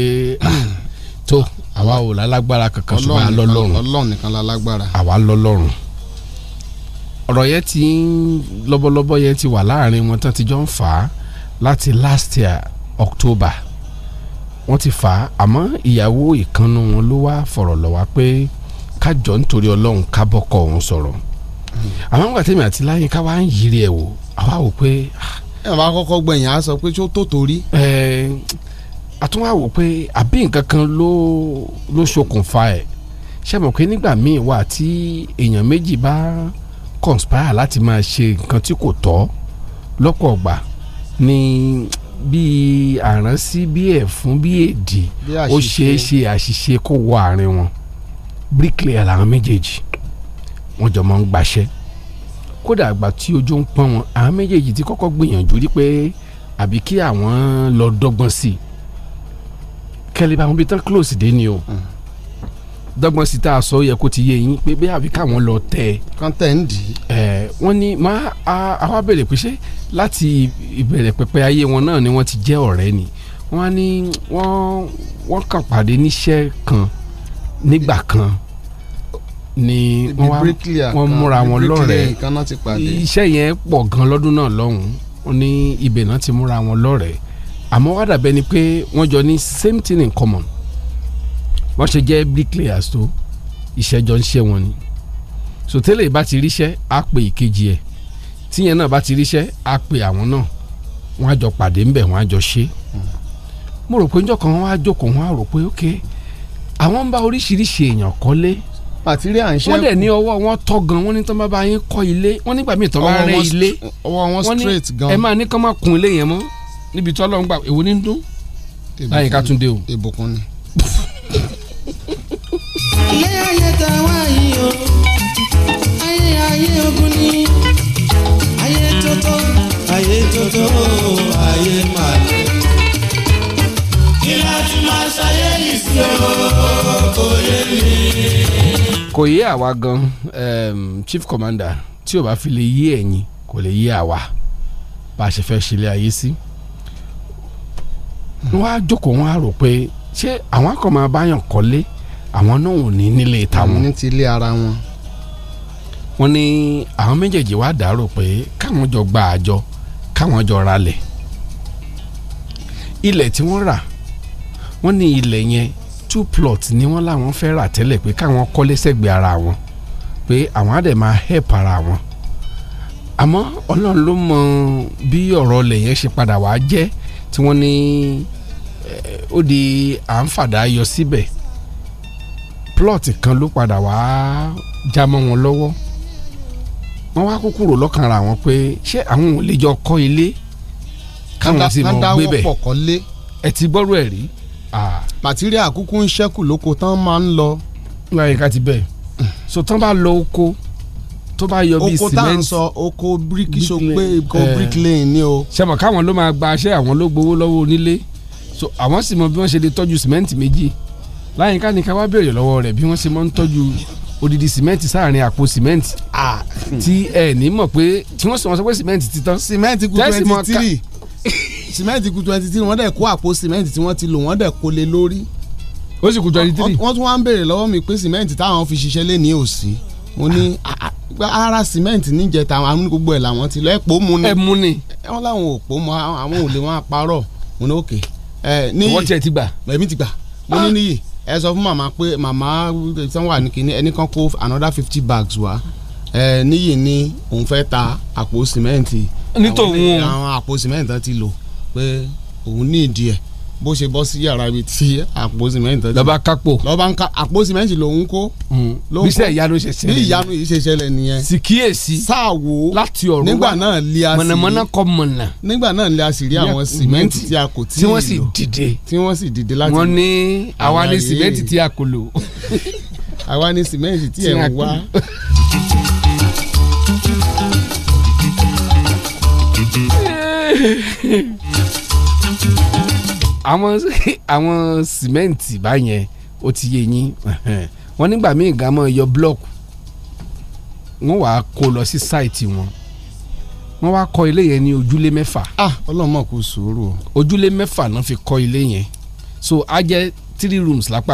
tó àwa ò lálágbára kankan ṣùgbọ́n a lọ́lọ́run ọlọ́run nìkan lálágbára. àwa lọ́lọ́run ọ̀rọ̀ yẹn ti ń lọ́bọ̀lọ́bọ̀ yẹn ti wà láàrin wọn tán ti jọ ń fà á láti last year October wọ́n ti fà á àmọ́ ìyàwó ìkànnù wọn ló wá fọ̀rọ̀ lọ wá pé kájọ nítorí ọlọ́run kábọ́kọ̀ òun sọ̀rọ̀ àmọ́ nígbà tèmi àti láyé ká wá ń yiri ẹ̀ wò àwa wò pé. Ah. ẹ bá kọ́kọ́ gbẹ̀yìn á sọ pé tí ó tó torí. ẹ àtúnwá wò pé àbí nǹkan kan ló ṣokùnfà ẹ̀ ṣe mọ̀ pé nígbà míì wà tí èèyàn méjì bá conspire láti máa ṣe nǹkan tí kò tọ́ lọ́pọ̀ ọgbà ni bí àránsí bí ẹ̀fún bí èdè ó ṣeé ṣe àṣìṣe kó wọ àárín wọn bricklayer làwọn méjèèjì wọ́n jọ máa ń gbaṣẹ́ kódà àgbà tí ojú ń pọ́n wọn àwọn méjèèjì ti kọ́kọ́ gbìyànjú rí pé àbí kí àwọn lọ dọ́gbọ́n sí i kẹlẹ́ wọn bí tán close dé ni o. Mm dọ́gbọ́n sí tá a sọ yẹ kó ti yé yín pé bí àbí káwọn lọ tẹ. kọ́ńtẹ̀ ẹ wọ́n ní máa àwa béèrè pé ṣé láti ìbẹ̀rẹ̀ pẹpẹ ayé wọn náà ni wọ́n ti jẹ́ ọ̀rẹ́ ni wọ́n ní wọ́n wọ́n kàn pàdé níṣẹ́ kan nígbà kan ni wọ́n múra wọn lọ́rẹ̀ẹ́ iṣẹ́ yẹn pọ̀ gan lọ́dún náà lọ́hùn-ún ní ibẹ̀ náà ti múra wọn lọ́rẹ̀ẹ́ àmọ́ wá ni pé wọ́n jọ ní same thing in common wọ́n ṣe jẹ́ bricklayers tó ìṣẹ́jọ́ ń ṣe wọn ni so tẹ́lẹ̀ bá ti ríṣẹ́ á pe ìkejì ẹ̀ tíyẹn náà bá ti ríṣẹ́ á pe àwọn náà wọ́n á jọ pàdé ńbẹ̀ wọ́n á jọ ṣe mo rò pé njọ́ kan wọ́n á jókòó wọ́n á rò pé ok àwọn ń bá oríṣiríṣi èèyàn kọ́lé àtìrí à ń ṣe. wọ́n dẹ̀ ní ọwọ́ wọn tọ́ gan wọ́n ní tán bá bá yín kọ́ ilé wọ́n nígbà míì tán bá rẹ́ ilé ọwọ́ wọn straight gan. ẹ máa ní kán máa kun ilé yẹn mọ́ níbi tí ọlọ́run gbà èwo ní dún. láyìnká tún dé o. ìbùkún ni láyé tá kò yé àwa gan chief commander tí o bá fi lè yé ẹ̀yin kò lè yé àwa bá a ṣe fẹ́ ṣe ilé ayé sí. Si wọ́n á jókòó wọ́n á rò pé ṣé àwọn akọ máa báyàn kọ́lé àwọn náà ò ní nílé táwọn. ní ti ilé ara wọn. wọ́n ní àwọn méjèèjì wá dàrò pé káwọn jọ gba àjọ káwọn jọ ralẹ̀ ilẹ̀ tí wọ́n rà wọ́n ní ilẹ̀ yẹn two plot ni wọ́n láwọn fẹ́ rà tẹ́lẹ̀ pé káwọn kọ́lé sẹ́gbẹ̀ẹ́ ara wọn pé àwọn á dẹ̀ máa help ara wọn àmọ́ ọlọ́run ló mọ bí ọ̀rọ̀ ilẹ̀ yẹn ṣe padà wá jẹ́ tí wọ́n ní ó di à ń fàdá yọ síbẹ̀ plot kan ló padà wá já mọ́ wọn lọ́wọ́ wọ́n wá kó kúrò lọ́kàn ra wọn pé ṣé àwọn ò lè jọ kọ́ ilé káwọn sì mọ̀ gbé bẹ̀ ẹ ti gbọ́rọ̀ ẹ̀ rí. màtírí àkúkú ń ṣẹ́kù lóko tán máa ń lọ. wíwá yìí ká ti bẹ̀ so tán bá lọ oko tó bá yọ bíi cement oko tá à ń sọ oko bíríkì sọpé oko eh. brick lane ni o. sẹ́mọ̀ káwọn ló máa gba aṣẹ́ àwọn ló gbowó lọ́wọ́ onílé so àwọn sì mọ bí wọ́n ṣe lè tọ́jú cement méjì láyínká nìkan wá béèrè lọ́wọ́ rẹ̀ bí wọ́n ṣe máa ń tọ́jú odidi sìmẹ́ǹtì sáàrin àpò sìmẹ́ǹtì tí ẹ ní mọ̀ pé tí wọ́n sọ wọn sọ pé sìmẹ́ǹtì ti tán. sìmẹ́ǹtì kù twenty three sìmẹ́ǹtì kù twenty three wọ́n dẹ̀ kó àpò sìmẹ́ǹtì tí wọ́n ti lò wọ́n dẹ̀ kó lé lórí. ó sì kù twenty three. wọ́n tún wá ń béèrè lọ́wọ́ mi pé sìmẹ́ǹtì táwọn fi ṣiṣẹ́ lé ní òsì mo ní ara sìmẹ́ǹtì níjẹta àwọn amúnigbogbo ẹ̀ làwọn ti lọ ẹ̀ pò mu ni. ẹ mu ni. wọn làwọn ò pò mu àwọn ò lè wọn àparọ̀ mo ní òkè. wọ́n tiẹ̀ ti gbà. ẹ̀mí ti gbà mo ní níyì ẹ sọ fún màmá pé màmá tán wà ní kínní ẹnì kan kó another fifty bags wá ẹ níyì ni òun fẹ́ ta àpò sìmẹ́ǹtì nítorí àwọn àpò sìmẹ́ǹtì tán ti lò pé òun ní ìdí ẹ̀ bó ṣe bọ́ sí yàrá ibi tí àpò sìmẹ́ǹtì lọ́ba kápò. lọ́ba ń ka àpò sìmẹ́ǹtì lòun kó. Hmm. bí sẹ́ ìyanu ṣe ṣẹlẹ̀ bí ìyanu yìí ṣe ṣẹlẹ̀ nìyẹn. sì kíyèsí. sáàwó láti ọ̀rọ̀ wa nígbà náà lé a sì. mọ̀nàmọ́ná kọ mọ̀nà. nígbà náà lé a sì rí àwọn sìmẹ́ǹtì tí a kò tí ì lò. tí wọ́n sì dìde. tí wọ́n sì dìde láti wọ́n ní àwa ní sìmẹ́ǹtì tí a kò lò. àwa ní sìmẹ́ǹtì tí ẹ̀ ń wá. Yeah. àwọn àwọn sìmẹ́ǹtì báyẹn ó ti yé yín wọ́n nígbà míì gan mọ́ yọ blọ́ọ̀kù wọ́n wàá kó lọ sí sáìtì wọn wọ́n wá kọ́ ilé yẹn ní ojúlé mẹ́fà. ah ọlọ́mọ kò sòrò. ojúlé mẹ́fà náà fi kọ́ ilé yẹn so a jẹ́ three rooms lápá.